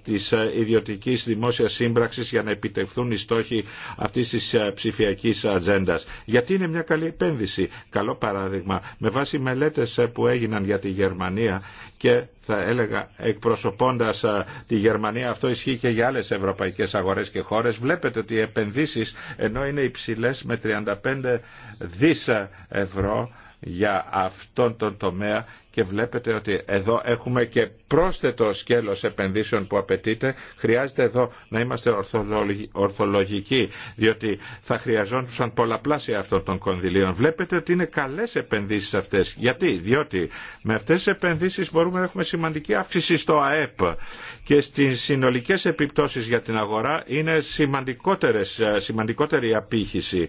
της ιδιωτικής δημόσιας σύμπραξης για να επιτευχθούν οι στόχοι αυτής της ψηφιακής ατζέντα. Γιατί είναι μια καλή επένδυση. Καλό παράδειγμα. Με βάση μελέτες ε, που έγιναν για τη Γερμανία και θα έλεγα εκπροσωπώντας ε, τη Γερμανία, αυτό ισχύει και για άλλες ευρωπαϊκές αγορές και χώρες, βλέπετε ότι οι επενδύσεις ενώ είναι υψηλές με 35 δις ευρώ για αυτόν τον τομέα και βλέπετε ότι εδώ έχουμε και πρόσθετο σκέλος επενδύσεων που απαιτείται. Χρειάζεται εδώ να είμαστε ορθολογικοί, διότι θα χρειαζόντουσαν πολλαπλάσια αυτών των κονδυλίων. Βλέπετε ότι είναι καλές επενδύσεις αυτές. Γιατί, διότι με αυτές τις επενδύσεις μπορούμε να έχουμε σημαντική αύξηση στο ΑΕΠ και στις συνολικές επιπτώσεις για την αγορά είναι σημαντικότερη απήχηση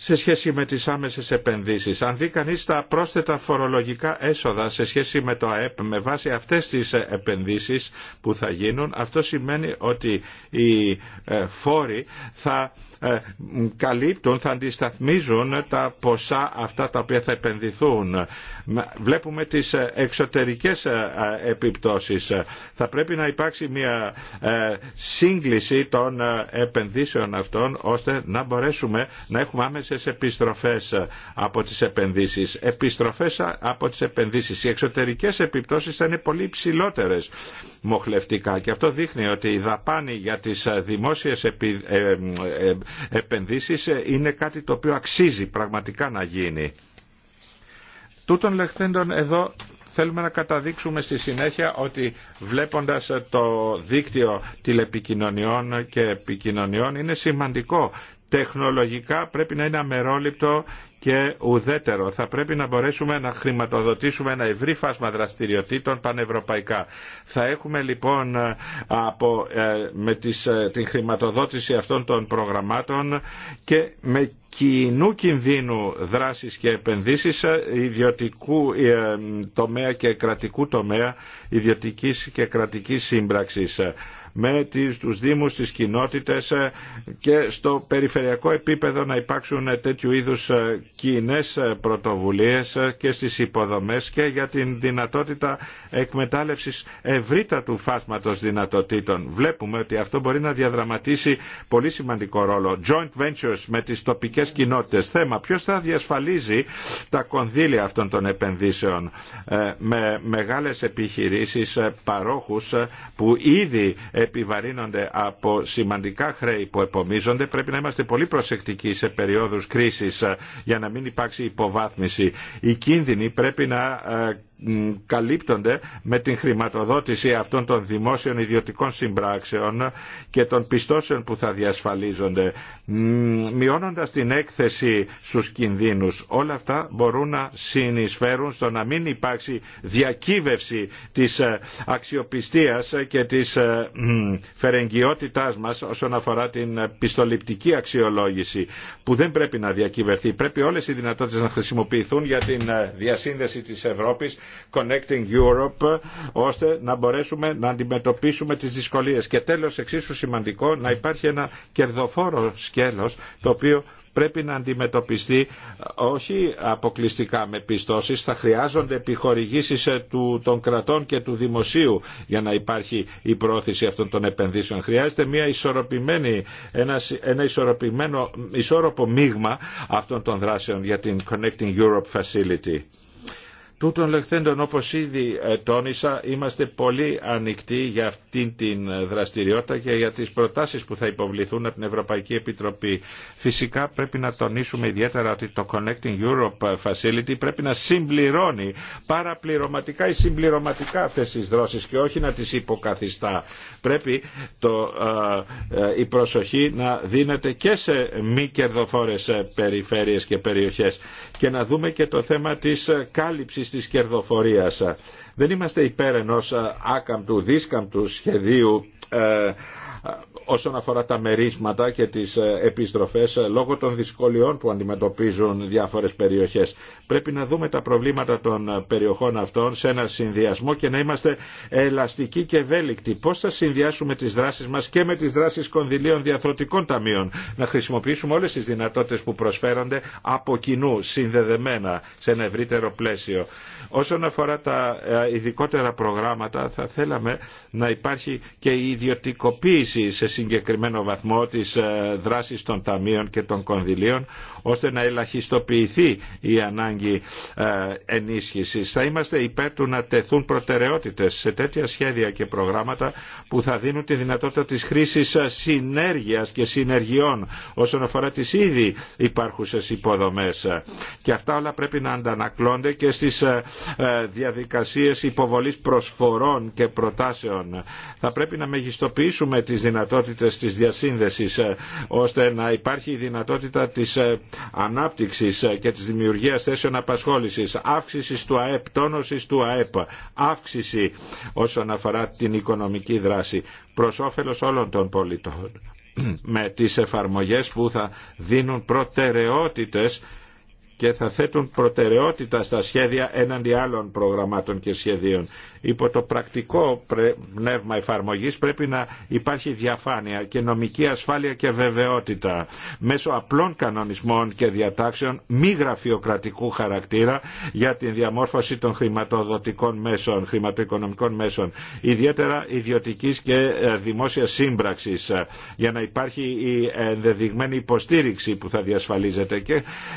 σε σχέση με τις άμεσες επενδύσεις. Αν δει κανείς τα πρόσθετα φορολογικά έσοδα σε σχέση με το ΑΕΠ με βάση αυτές τις ε, επενδύσεις που θα γίνουν, αυτό σημαίνει ότι οι ε, φόροι θα ε, καλύπτουν, θα αντισταθμίζουν τα ποσά αυτά τα οποία θα επενδυθούν βλέπουμε τις ε, εξωτερικές ε, ε, επιπτώσεις. Θα πρέπει να υπάρξει μια σύγκληση των επενδύσεων αυτών ώστε να μπορέσουμε να έχουμε άμεσες επιστροφές από τις επενδύσεις. Επιστροφές από τις επενδύσεις. Οι εξωτερικές επιπτώσεις θα είναι πολύ ψηλότερες μοχλευτικά και αυτό δείχνει ότι η δαπάνη για τις δημόσιες επενδύσεις είναι κάτι το οποίο αξίζει πραγματικά να γίνει. Τούτων λεχθέντων εδώ θέλουμε να καταδείξουμε στη συνέχεια ότι βλέποντας το δίκτυο τηλεπικοινωνιών και επικοινωνιών είναι σημαντικό τεχνολογικά πρέπει να είναι αμερόληπτο και ουδέτερο. Θα πρέπει να μπορέσουμε να χρηματοδοτήσουμε ένα ευρύ φάσμα δραστηριοτήτων πανευρωπαϊκά. Θα έχουμε λοιπόν ε, από, ε, με τις, ε, την χρηματοδότηση αυτών των προγραμμάτων και με κοινού κινδύνου δράσεις και επενδύσεις ιδιωτικού τομέα και κρατικού τομέα, ιδιωτικής και κρατικής σύμπραξης με τους Δήμους, τις κοινότητες ε, και στο περιφερειακό επίπεδο να υπάρξουν τέτοιου είδους ε, κοινέ ε, πρωτοβουλίες και στις υποδομές και για την δυνατότητα εκμετάλλευσης ευρύτα του φάσματος δυνατοτήτων. Βλέπουμε ότι αυτό μπορεί να διαδραματίσει πολύ σημαντικό ρόλο. Joint ventures με τις τοπικές κοινότητες. Θέμα ποιος θα διασφαλίζει τα κονδύλια αυτών των επενδύσεων με μεγάλες επιχειρήσεις παρόχους που ήδη επιβαρύνονται από σημαντικά χρέη που επομίζονται, πρέπει να είμαστε πολύ προσεκτικοί σε περιόδους κρίσης ε, για να μην υπάρξει υποβάθμιση. Οι κίνδυνοι πρέπει να ε, καλύπτονται με την χρηματοδότηση αυτών των δημόσιων ιδιωτικών συμπράξεων και των πιστώσεων που θα διασφαλίζονται, μειώνοντας την έκθεση στους κινδύνους. Όλα αυτά μπορούν να συνεισφέρουν στο να μην υπάρξει διακύβευση της ε, αξιοπιστίας και της ε, φερεγγιότητάς μας όσον αφορά την πιστοληπτική αξιολόγηση που δεν πρέπει να διακυβευτεί. Πρέπει όλες οι δυνατότητες να χρησιμοποιηθούν για την ε, διασύνδεση της Ευρώπης Connecting Europe ώστε να μπορέσουμε να αντιμετωπίσουμε τις δυσκολίες. Και τέλος εξίσου σημαντικό να υπάρχει ένα κερδοφόρο σκέλος το οποίο πρέπει να αντιμετωπιστεί όχι αποκλειστικά με πιστώσεις, θα χρειάζονται επιχορηγήσεις ε, των κρατών και του δημοσίου για να υπάρχει η πρόθεση αυτών των επενδύσεων. Χρειάζεται μια ένα, ένα ισορροπημένο, ισόρροπο μείγμα αυτών των δράσεων για την Connecting Europe Facility. Τούτων λεχθέντων όπως ήδη ε, τόνισα είμαστε πολύ ανοιχτοί για αυτήν την ε, δραστηριότητα και για τις προτάσεις που θα υποβληθούν από την Ευρωπαϊκή Επιτροπή. Φυσικά πρέπει να τονίσουμε ιδιαίτερα ότι το Connecting Europe Facility πρέπει να συμπληρώνει παραπληρωματικά ή συμπληρωματικά αυτές τις δρόσεις και όχι να τις υποκαθιστά. Πρέπει ε, η προσοχή να δίνεται και σε μη κερδοφόρες περιφέρειες και περιοχές και να δούμε και το θέμα τη κάλυψης Τη της κερδοφορίας. Δεν είμαστε υπέρ ενός άκαμπτου, δίσκαμπτου σχεδίου ε, όσον αφορά τα μερίσματα και τις ε, επιστροφές ε, λόγω των δυσκολιών που αντιμετωπίζουν διάφορες περιοχές. Πρέπει να δούμε τα προβλήματα των ε, περιοχών αυτών σε ένα συνδυασμό και να είμαστε ελαστικοί και ευέλικτοι. Πώς θα συνδυάσουμε τις δράσεις μας και με τις δράσεις κονδυλίων διαθροτικών ταμείων. Να χρησιμοποιήσουμε όλες τις δυνατότητες που προσφέρονται από κοινού, συνδεδεμένα, σε ένα ευρύτερο πλαίσιο. Όσον αφορά τα ειδικότερα προγράμματα, θα θέλαμε να υπάρχει και η ιδιωτικοποίηση σε συγκεκριμένο βαθμό της ε, δράσης των ταμείων και των κονδυλίων ώστε να ελαχιστοποιηθεί η ανάγκη ε, ενίσχυσης. Θα είμαστε υπέρ του να τεθούν προτεραιότητες σε τέτοια σχέδια και προγράμματα που θα δίνουν τη δυνατότητα της χρήσης ε, συνέργειας και συνεργειών όσον αφορά τις ήδη υπάρχουσες υποδομές. Και αυτά όλα πρέπει να αντανακλώνται και στις διαδικασίες υποβολής προσφορών και προτάσεων. Θα πρέπει να μεγιστοποιήσουμε τις δυνατότητες δυνατότητες της διασύνδεσης ε, ώστε να υπάρχει η δυνατότητα της ε, ανάπτυξης ε, και της δημιουργίας θέσεων απασχόλησης, αύξησης του ΑΕΠ, τόνωσης του ΑΕΠ, αύξηση όσον αφορά την οικονομική δράση προς όφελος όλων των πολιτών με τις εφαρμογές που θα δίνουν προτεραιότητες και θα θέτουν προτεραιότητα στα σχέδια έναντι άλλων προγραμμάτων και σχεδίων υπό το πρακτικό πνεύμα εφαρμογής πρέπει να υπάρχει διαφάνεια και νομική ασφάλεια και βεβαιότητα μέσω απλών κανονισμών και διατάξεων μη γραφειοκρατικού χαρακτήρα για την διαμόρφωση των χρηματοδοτικών μέσων, χρηματοοικονομικών μέσων, ιδιαίτερα ιδιωτικής και ε, δημόσιας σύμπραξης ε, για να υπάρχει η ενδεδειγμένη υποστήριξη που θα διασφαλίζεται και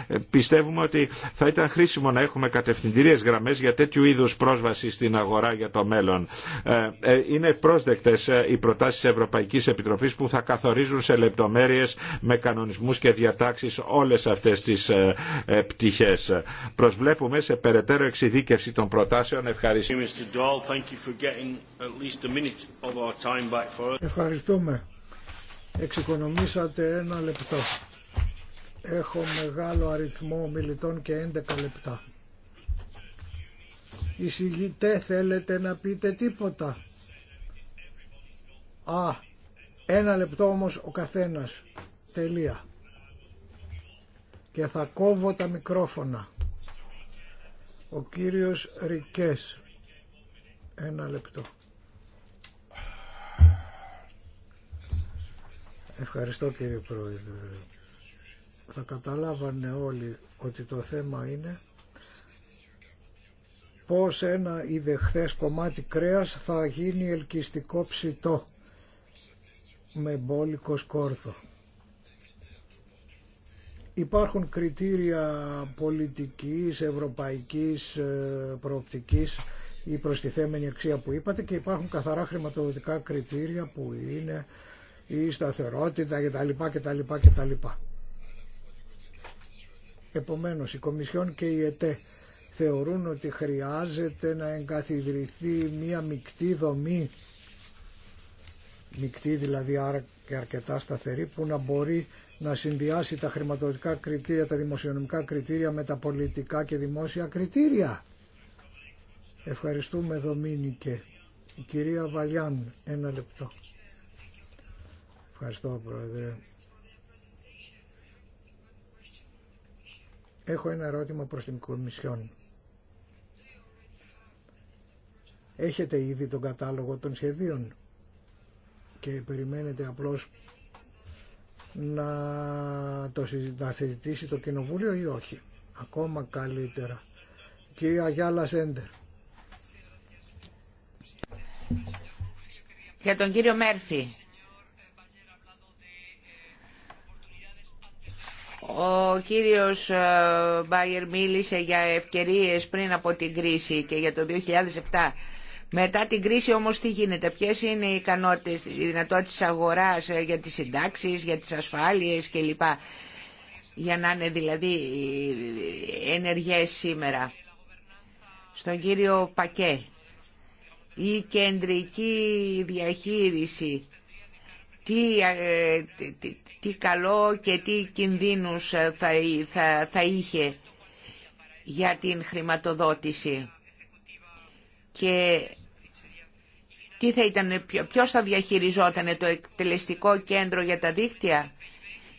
ε, πιστεύουμε ότι θα ήταν χρήσιμο να έχουμε κατευθυντήριες γραμμές για τέτοιου είδους πρόσβαση στην αγορά για το μέλλον. Ε, ε, είναι πρόσδεκτες ε, οι προτάσεις Ευρωπαϊκή Επιτροπή που θα καθορίζουν σε λεπτομέρειε με κανονισμού και διατάξεις όλες αυτές τις πτυχέ. Προσβλέπουμε σε περαιτέρω εξειδίκευση των προτάσεων. Ευχαριστώ. Ευχαριστούμε. Εξοικονομήσατε ένα λεπτό. Έχω μεγάλο αριθμό μιλητών και 11 λεπτά. Εισηγητέ θέλετε να πείτε τίποτα. Α, ένα λεπτό όμως ο καθένας. Τελεία. Και θα κόβω τα μικρόφωνα. Ο κύριος Ρικές. Ένα λεπτό. Ευχαριστώ κύριε Πρόεδρε. Θα καταλάβανε όλοι ότι το θέμα είναι πώς ένα ιδεχθές κομμάτι κρέας θα γίνει ελκυστικό ψητό με μπόλικο σκόρδο. Υπάρχουν κριτήρια πολιτικής, ευρωπαϊκής ε, προοπτικής η προστιθέμενη αξία που είπατε και υπάρχουν καθαρά χρηματοδοτικά κριτήρια που είναι η σταθερότητα κτλ. τα κτλ. Επομένως η Κομισιόν και η ΕΤΕ θεωρούν ότι χρειάζεται να εγκαθιδρυθεί μία μεικτή δομή, μεικτή δηλαδή και αρκετά σταθερή, που να μπορεί να συνδυάσει τα χρηματοδοτικά κριτήρια, τα δημοσιονομικά κριτήρια με τα πολιτικά και δημόσια κριτήρια. Ευχαριστούμε Δομήνικε. Η κυρία Βαλιάν, ένα λεπτό. Ευχαριστώ Πρόεδρε. Έχω ένα ερώτημα προς την Κομισιόν. Έχετε ήδη τον κατάλογο των σχεδίων και περιμένετε απλώς να το συζητήσει το Κοινοβούλιο ή όχι. Ακόμα καλύτερα. Κυρία Γιάλα Σέντερ. Για τον κύριο Μέρφυ. Ο κύριος ε, Μπάιερ μίλησε για ευκαιρίες πριν από την κρίση και για το 2007. Μετά την κρίση όμως τι γίνεται, ποιες είναι οι ικανότητες, οι δυνατότητες αγοράς ε, για τις συντάξεις, για τις ασφάλειες κλπ. Για να είναι δηλαδή ενεργές σήμερα. Στον κύριο Πακέ, η κεντρική διαχείριση, τι, ε, τι, καλό και τι κινδύνους ε, θα, θα, θα είχε για την χρηματοδότηση και τι θα ήταν, ποιος θα διαχειριζόταν το εκτελεστικό κέντρο για τα δίκτυα.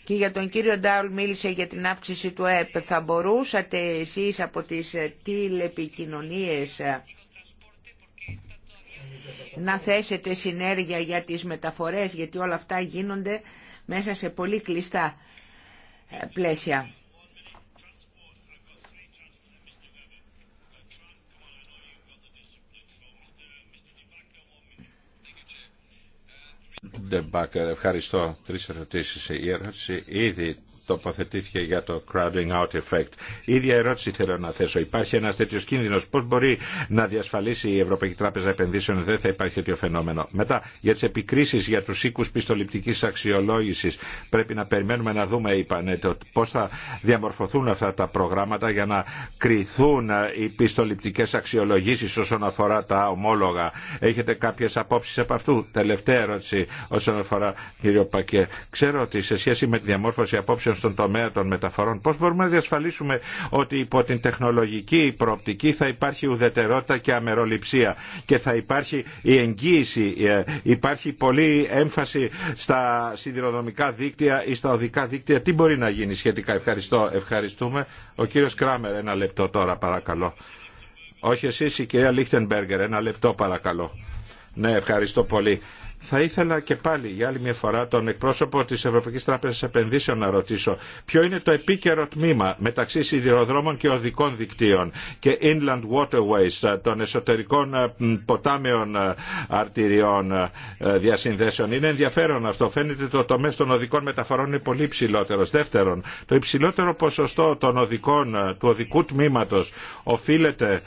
Και για τον κύριο Ντάουλ μίλησε για την αύξηση του ΕΠ. Θα μπορούσατε εσείς από τις ε, τηλεπικοινωνίες ε, να θέσετε συνέργεια για τις μεταφορές, γιατί όλα αυτά γίνονται μέσα σε πολύ κλειστά ε, πλαίσια. Ντεμπάκερ, ευχαριστώ. Τρει ερωτήσει. Η ερώτηση ήδη τοποθετήθηκε για το crowding out effect. Η ίδια ερώτηση θέλω να θέσω. Υπάρχει ένα τέτοιο κίνδυνο. Πώ μπορεί να διασφαλίσει η Ευρωπαϊκή Τράπεζα Επενδύσεων δεν θα υπάρχει τέτοιο φαινόμενο. Μετά, για τι επικρίσει για του οίκου πιστοληπτική αξιολόγηση, πρέπει να περιμένουμε να δούμε, είπανε, πώ θα διαμορφωθούν αυτά τα προγράμματα για να κρυθούν οι πιστοληπτικέ αξιολογήσει όσον αφορά τα ομόλογα. Έχετε κάποιε απόψει από αυτού. Τελευταία ερώτηση όσον αφορά, κύριο Πακέ. Ξέρω ότι σε σχέση με τη διαμόρφωση απόψεων στον τομέα των μεταφορών. Πώς μπορούμε να διασφαλίσουμε ότι υπό την τεχνολογική προοπτική θα υπάρχει ουδετερότητα και αμεροληψία και θα υπάρχει η εγγύηση, ε, υπάρχει πολλή έμφαση στα σιδηροδρομικά δίκτυα ή στα οδικά δίκτυα. Τι μπορεί να γίνει σχετικά. Ευχαριστώ. Ευχαριστούμε. Ο κύριος Κράμερ, ένα λεπτό τώρα παρακαλώ. Όχι εσείς, η κυρία Λίχτενμπέργκερ, ένα λεπτό παρακαλώ. Ναι, ευχαριστώ πολύ. Θα ήθελα και πάλι για άλλη μια φορά τον εκπρόσωπο τη Ευρωπαϊκή Τράπεζα Επενδύσεων να ρωτήσω ποιο είναι το επίκαιρο τμήμα μεταξύ σιδηροδρόμων και οδικών δικτύων και inland waterways των εσωτερικών ε, ποτάμεων ε, αρτηριών ε, διασυνδέσεων. Είναι ενδιαφέρον αυτό. Φαίνεται το τομέα των οδικών μεταφορών είναι πολύ υψηλότερο. Δεύτερον, το υψηλότερο ποσοστό των οδικών, του οδικού τμήματο οφείλεται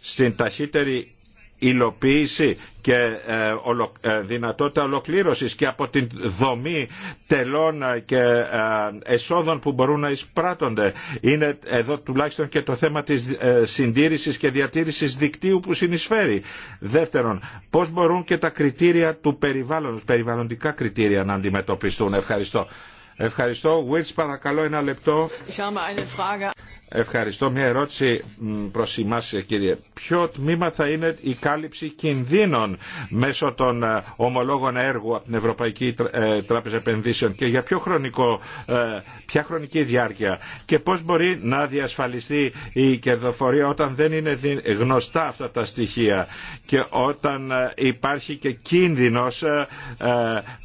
στην ταχύτερη υλοποίηση και ε, ε, δυνατότητα ολοκλήρωσης και από την δομή τελών και ε, εσόδων που μπορούν να εισπράττονται. Είναι εδώ τουλάχιστον και το θέμα της συντήρησης και διατήρησης δικτύου που συνεισφέρει. Δεύτερον, πώς μπορούν και τα κριτήρια του περιβάλλοντος, περιβαλλοντικά κριτήρια να αντιμετωπιστούν. Ευχαριστώ. Ευχαριστώ. Βουίτς, παρακαλώ ένα λεπτό. Ευχαριστώ. Μια ερώτηση προς εμάς, κύριε. Ποιο τμήμα θα είναι η κάλυψη κινδύνων μέσω των ε, ομολόγων έργου από την Ευρωπαϊκή ε, Τράπεζα Επενδύσεων και για ποιο χρονικό, ε, ποια χρονική διάρκεια και πώς μπορεί να διασφαλιστεί η κερδοφορία όταν δεν είναι γνωστά αυτά τα στοιχεία και όταν υπάρχει και κίνδυνος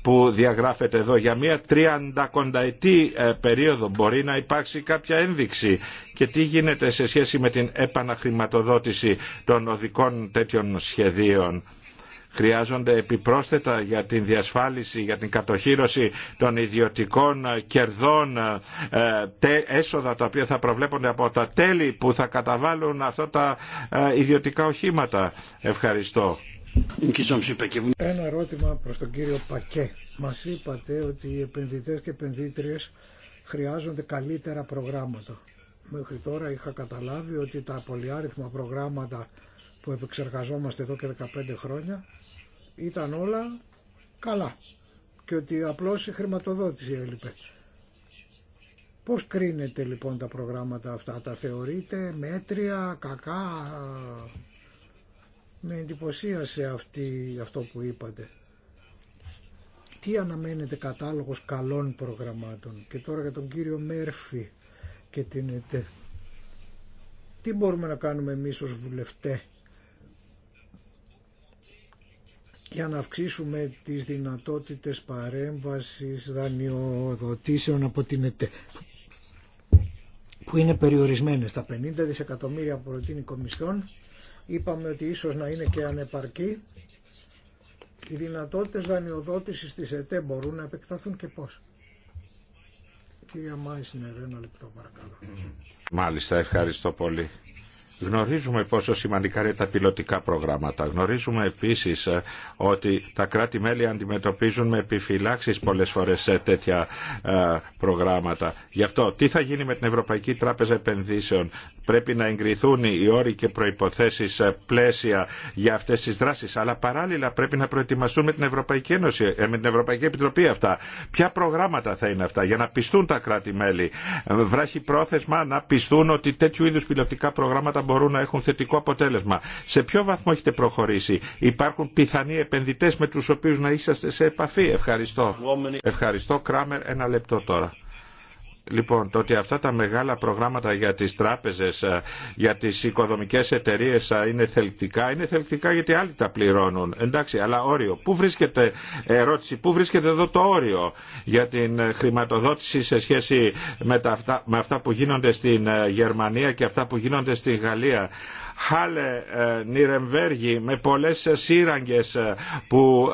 που διαγράφεται εδώ για μια τριαντακοντή Λοιπόν, ε, περίοδο μπορεί να υπάρξει κάποια ένδειξη και τι γίνεται σε σχέση με την επαναχρηματοδότηση των οδικών τέτοιων σχεδίων χρειάζονται επιπρόσθετα για την διασφάλιση, για την κατοχήρωση των ιδιωτικών ε, κερδών ε, έσοδα τα οποία θα προβλέπονται από τα τέλη που θα καταβάλουν αυτά τα ε, ιδιωτικά οχήματα. Ευχαριστώ. Ένα ερώτημα προς τον κύριο Πακέ. Μας είπατε ότι οι επενδυτές και επενδύτριες χρειάζονται καλύτερα προγράμματα. Μέχρι τώρα είχα καταλάβει ότι τα πολυάριθμα προγράμματα που επεξεργαζόμαστε εδώ και 15 χρόνια ήταν όλα καλά και ότι απλώς η χρηματοδότηση έλειπε. Πώς κρίνετε λοιπόν τα προγράμματα αυτά, τα θεωρείτε μέτρια, κακά, με εντυπωσίασε αυτή, αυτό που είπατε. Τι αναμένεται κατάλογος καλών προγραμμάτων και τώρα για τον κύριο Μέρφη και την ΕΤΕ. Τι μπορούμε να κάνουμε εμείς ως βουλευτές για να αυξήσουμε τις δυνατότητες παρέμβασης δανειοδοτήσεων από την ΕΤΕ που είναι περιορισμένες. Τα 50 δισεκατομμύρια προτείνει Κομισιόν Είπαμε ότι ίσως να είναι και ανεπαρκή. Οι δυνατότητες δανειοδότησης της ΕΤΕ μπορούν να επεκταθούν και πώς. Κυρία Μάισνερ, ένα λεπτό παρακαλώ. Μάλιστα, ευχαριστώ πολύ. Γνωρίζουμε πόσο σημαντικά είναι τα πιλωτικά προγράμματα. Γνωρίζουμε επίσης ε, ότι τα κράτη-μέλη αντιμετωπίζουν με επιφυλάξεις πολλές φορές σε τέτοια ε, προγράμματα. Γι' αυτό, τι θα γίνει με την Ευρωπαϊκή Τράπεζα Επενδύσεων. Πρέπει να εγκριθούν οι όροι και προϋποθέσεις ε, πλαίσια για αυτές τις δράσεις, αλλά παράλληλα πρέπει να προετοιμαστούν με την Ευρωπαϊκή, Ένωση, με την Ευρωπαϊκή Επιτροπή αυτά. Ποια προγράμματα θα είναι αυτά για να πιστούν τα κράτη-μέλη. Βράχει πρόθεσμα να πιστούν ότι τέτοιου είδους πιλωτικά προγράμματα μπορούν να έχουν θετικό αποτέλεσμα. Σε ποιο βαθμό έχετε προχωρήσει. Υπάρχουν πιθανοί επενδυτές με τους οποίους να είσαστε σε επαφή. Ευχαριστώ. Ευχαριστώ Κράμερ ένα λεπτό τώρα. Λοιπόν, το ότι αυτά τα μεγάλα προγράμματα για τις τράπεζες, για τις οικοδομικές εταιρείες είναι θελκτικά, είναι θελκτικά γιατί άλλοι τα πληρώνουν. Εντάξει, αλλά όριο. Πού βρίσκεται, ερώτηση, πού βρίσκεται εδώ το όριο για την χρηματοδότηση σε σχέση με, τα, με αυτά που γίνονται στην ε, Γερμανία και αυτά που γίνονται στην Γαλλία. Χάλε, ε, Νιρεμβέργη με πολλές ε, σύραγγες ε, που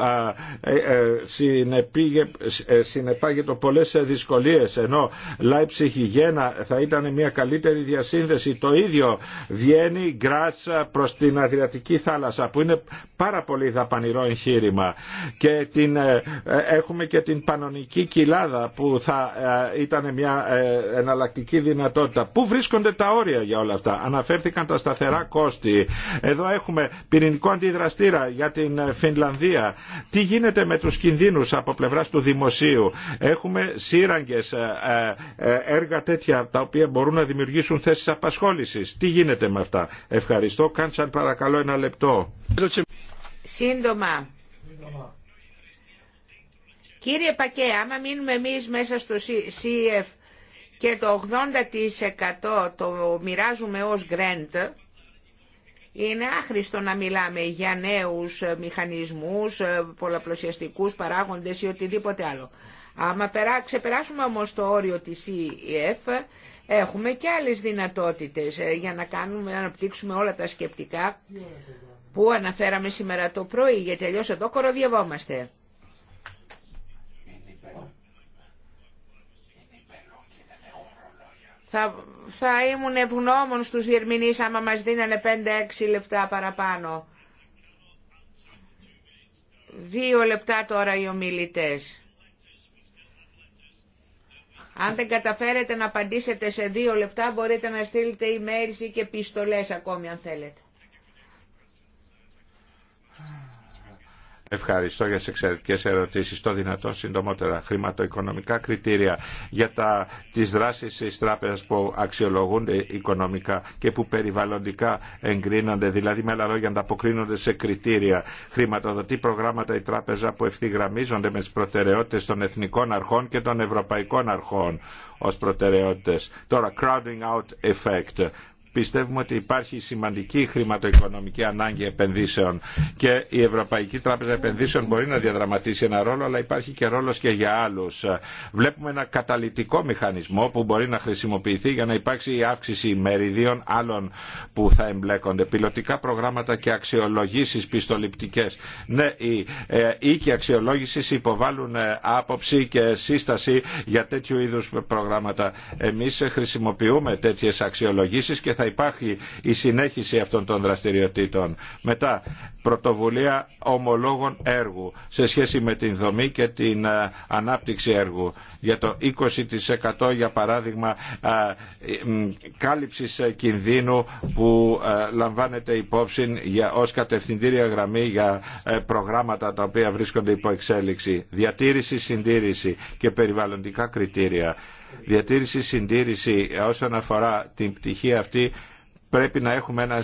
συνεπάγεται πολλές δυσκολίες ενώ Λάιψιχη Χιγένα θα ήταν μια καλύτερη διασύνδεση το ίδιο Βιέννη Γκράτς προς την Αδριατική θάλασσα που είναι πάρα πολύ δαπανηρό εγχείρημα και την, έχουμε και την Πανωνική Κοιλάδα που θα ήταν μια εναλλακτική δυνατότητα. Πού βρίσκονται τα όρια για όλα αυτά. Αναφέρθηκαν τα σταθερά κόμματα εδώ έχουμε πυρηνικό αντιδραστήρα για την ε, Φινλανδία. Τι γίνεται με τους κινδύνους από πλευράς του δημοσίου. Έχουμε σύραγγες ε, ε, έργα τέτοια τα οποία μπορούν να δημιουργήσουν θέσεις απασχόλησης. Τι γίνεται με αυτά. Ευχαριστώ. Κάντσαν παρακαλώ ένα λεπτό. Σύντομα. Κύριε Πακέ, άμα μείνουμε εμείς μέσα στο ΣΥΕΦ και το 80% το μοιράζουμε ως γκρέντ... Είναι άχρηστο να μιλάμε για νέους μηχανισμούς, πολλαπλωσιαστικούς παράγοντες ή οτιδήποτε άλλο. Άμα ξεπεράσουμε όμως το όριο της EF, έχουμε και άλλες δυνατότητες ε, για να, κάνουμε, να αναπτύξουμε όλα τα σκεπτικά που αναφέραμε σήμερα το πρωί, γιατί αλλιώς εδώ κοροδιευόμαστε. Θα θα ήμουν ευγνώμων στους διερμηνείς άμα μας δίνανε 5-6 λεπτά παραπάνω. Δύο λεπτά τώρα οι ομιλητές. Αν δεν καταφέρετε να απαντήσετε σε δύο λεπτά μπορείτε να στείλετε email ή και πιστολές ακόμη αν θέλετε. Ευχαριστώ για τι εξαιρετικέ ερωτήσει. Το δυνατόν συντομότερα χρηματοοικονομικά κριτήρια για τι δράσει τη τράπεζα που αξιολογούνται οικονομικά και που περιβαλλοντικά εγκρίνονται, δηλαδή με άλλα λόγια ανταποκρίνονται σε κριτήρια. Χρηματοδοτεί προγράμματα η τράπεζα που ευθυγραμμίζονται με τι προτεραιότητε των εθνικών αρχών και των ευρωπαϊκών αρχών ω προτεραιότητε. Τώρα, crowding out effect πιστεύουμε ότι υπάρχει σημαντική χρηματοοικονομική ανάγκη επενδύσεων και η Ευρωπαϊκή Τράπεζα Επενδύσεων μπορεί να διαδραματίσει ένα ρόλο, αλλά υπάρχει και ρόλος και για άλλους. Βλέπουμε ένα καταλητικό μηχανισμό που μπορεί να χρησιμοποιηθεί για να υπάρξει η αύξηση μεριδίων άλλων που θα εμπλέκονται. Πιλωτικά προγράμματα και αξιολογήσεις πιστοληπτικές. Ναι, οι ε, οίκοι αξιολόγησης υποβάλλουν ε, άποψη και σύσταση για τέτοιου είδους προγράμματα. Εμείς ε, χρησιμοποιούμε τέτοιες αξιολογήσεις και θα υπάρχει η συνέχιση αυτών των δραστηριοτήτων. Μετά, πρωτοβουλία ομολόγων έργου σε σχέση με την δομή και την ε, ανάπτυξη έργου. Για το 20% για παράδειγμα ε, κάλυψης ε, κινδύνου που λαμβάνεται υπόψη για, ως κατευθυντήρια γραμμή για προγράμματα τα οποία βρίσκονται υπό εξέλιξη. Διατήρηση, συντήρηση και περιβαλλοντικά κριτήρια διατήρηση συντήρηση ε, όσον αφορά την πτυχή αυτή πρέπει να έχουμε ένα,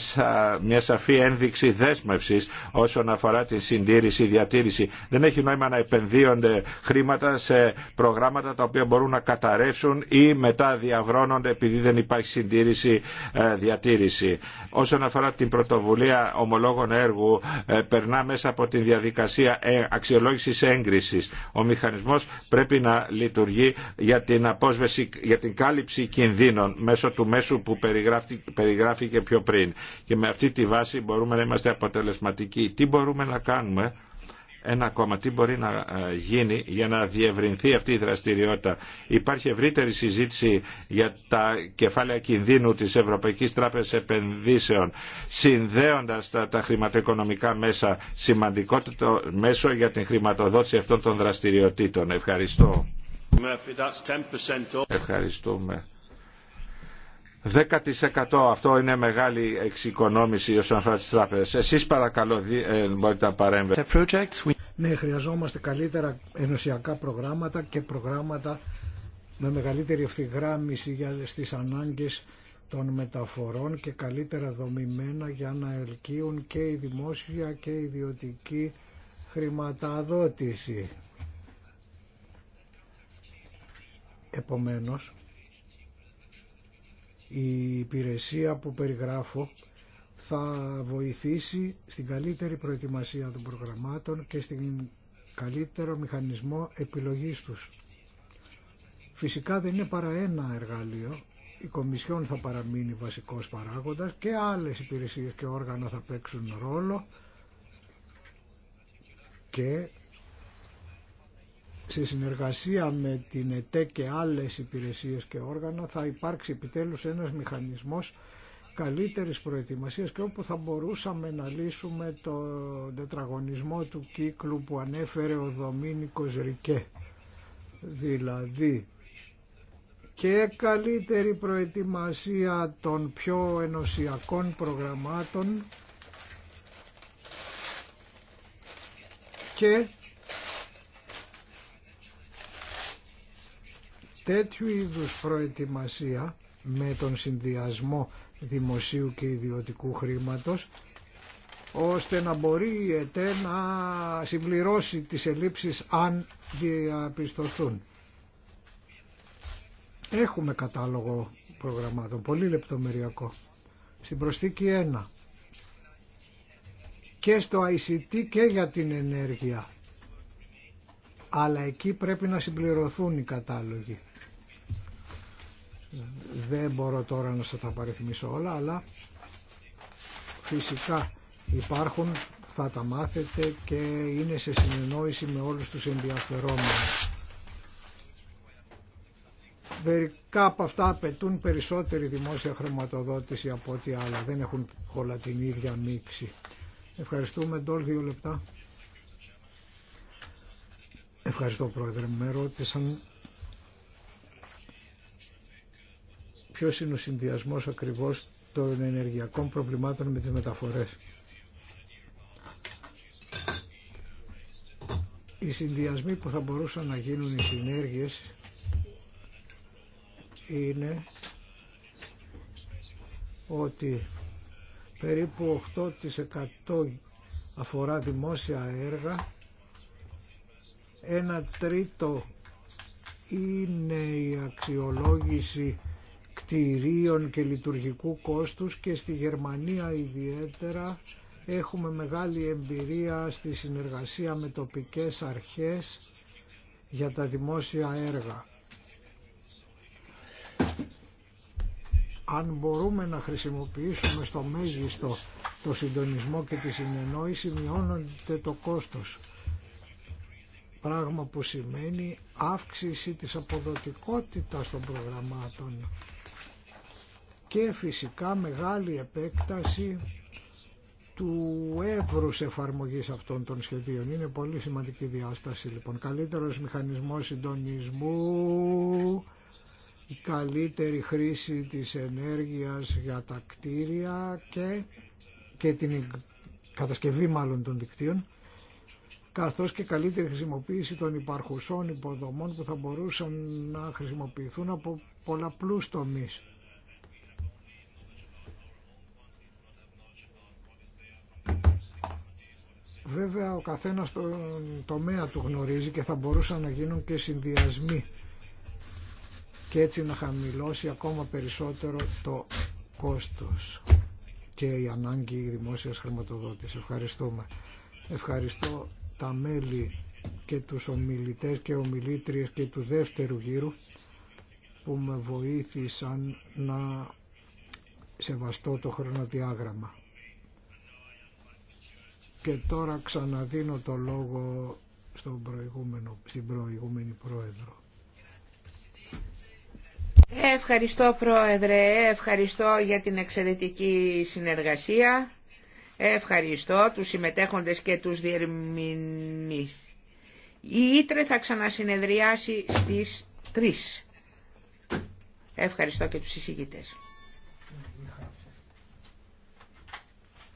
μια σαφή ένδειξη δέσμευσης όσον αφορά την συντήρηση, διατήρηση. Δεν έχει νόημα να επενδύονται χρήματα σε προγράμματα τα οποία μπορούν να καταρρεύσουν ή μετά διαβρώνονται επειδή δεν υπάρχει συντήρηση, ε, διατήρηση. Όσον αφορά την πρωτοβουλία ομολόγων έργου, ε, περνά μέσα από την διαδικασία ε, αξιολόγηση έγκρισης. Ο μηχανισμός πρέπει να λειτουργεί για την, απόσβεση, για την κάλυψη κινδύνων μέσω του μέσου που περιγράφει και πιο πριν. Και με αυτή τη βάση μπορούμε να είμαστε αποτελεσματικοί. Τι μπορούμε να κάνουμε ένα ακόμα τι μπορεί να ε, γίνει για να διευρυνθεί αυτή η δραστηριότητα. Υπάρχει ευρύτερη συζήτηση για τα κεφάλαια κινδύνου της Ευρωπαϊκής Τράπεζας Επενδύσεων συνδέοντας τα, τα χρηματοοικονομικά μέσα σημαντικότερο μέσο για την χρηματοδότηση αυτών των δραστηριοτήτων. Ευχαριστώ. Ευχαριστούμε. 10% αυτό είναι μεγάλη εξοικονόμηση όσον αφορά τις τράπεζες. Εσείς παρακαλώ ε, μπορείτε να παρέμβετε. Ναι, χρειαζόμαστε καλύτερα ενωσιακά προγράμματα και προγράμματα με μεγαλύτερη ευθυγράμμιση για στις ανάγκες των μεταφορών και καλύτερα δομημένα για να ελκύουν και η δημόσια και η ιδιωτική χρηματοδότηση. Επομένως, η υπηρεσία που περιγράφω θα βοηθήσει στην καλύτερη προετοιμασία των προγραμμάτων και στην καλύτερο μηχανισμό επιλογής τους. Φυσικά δεν είναι παρά ένα εργαλείο. Η Κομισιόν θα παραμείνει βασικός παράγοντας και άλλες υπηρεσίες και όργανα θα παίξουν ρόλο και σε συνεργασία με την ΕΤΕ και άλλες υπηρεσίες και όργανα θα υπάρξει επιτέλους ένας μηχανισμός καλύτερης προετοιμασίας και όπου θα μπορούσαμε να λύσουμε το τετραγωνισμό του κύκλου που ανέφερε ο Δομήνικος Ρικέ. Δηλαδή και καλύτερη προετοιμασία των πιο ενωσιακών προγραμμάτων και τέτοιου είδους προετοιμασία με τον συνδυασμό δημοσίου και ιδιωτικού χρήματος ώστε να μπορεί η ΕΤΕ να συμπληρώσει τις ελλείψεις αν διαπιστωθούν. Έχουμε κατάλογο προγραμμάτων, πολύ λεπτομεριακό. Στην προσθήκη 1 και στο ICT και για την ενέργεια. Αλλά εκεί πρέπει να συμπληρωθούν οι κατάλογοι δεν μπορώ τώρα να σας τα παριθμίσω όλα, αλλά φυσικά υπάρχουν, θα τα μάθετε και είναι σε συνεννόηση με όλους τους ενδιαφερόμενους. Βερικά από αυτά απαιτούν περισσότερη δημόσια χρηματοδότηση από ό,τι άλλα. Δεν έχουν όλα την ίδια μίξη. Ευχαριστούμε. Ντόλ, δύο λεπτά. Ευχαριστώ, Πρόεδρε. Με ρώτησαν Ποιο είναι ο συνδυασμό ακριβώ των ενεργειακών προβλημάτων με τι μεταφορέ. Οι συνδυασμοί που θα μπορούσαν να γίνουν οι συνέργειες είναι ότι περίπου 8% αφορά δημόσια έργα, ένα τρίτο είναι η αξιολόγηση κτηρίων και λειτουργικού κόστους και στη Γερμανία ιδιαίτερα έχουμε μεγάλη εμπειρία στη συνεργασία με τοπικές αρχές για τα δημόσια έργα. Αν μπορούμε να χρησιμοποιήσουμε στο μέγιστο το συντονισμό και τη συνεννόηση μειώνονται το κόστος πράγμα που σημαίνει αύξηση της αποδοτικότητας των προγραμμάτων και φυσικά μεγάλη επέκταση του εύρους εφαρμογής αυτών των σχεδίων. Είναι πολύ σημαντική διάσταση λοιπόν. Καλύτερος μηχανισμός συντονισμού, η καλύτερη χρήση της ενέργειας για τα κτίρια και, και την κατασκευή μάλλον των δικτύων, καθώς και καλύτερη χρησιμοποίηση των υπαρχουσών υποδομών που θα μπορούσαν να χρησιμοποιηθούν από πολλαπλούς τομείς Βέβαια ο καθένας τον τομέα του γνωρίζει και θα μπορούσαν να γίνουν και συνδυασμοί και έτσι να χαμηλώσει ακόμα περισσότερο το κόστος και η ανάγκη δημόσιας χρηματοδότησης. Ευχαριστούμε. Ευχαριστώ τα μέλη και τους ομιλητές και ομιλήτριες και του δεύτερου γύρου που με βοήθησαν να σεβαστώ το χρονοδιάγραμμα. Και τώρα ξαναδίνω το λόγο στον προηγούμενο, στην προηγούμενη πρόεδρο. Ευχαριστώ πρόεδρε, ευχαριστώ για την εξαιρετική συνεργασία. Ευχαριστώ τους συμμετέχοντες και τους διερμηνείς. Η Ήτρε θα ξανασυνεδριάσει στις 3. Ευχαριστώ και τους εισηγητές.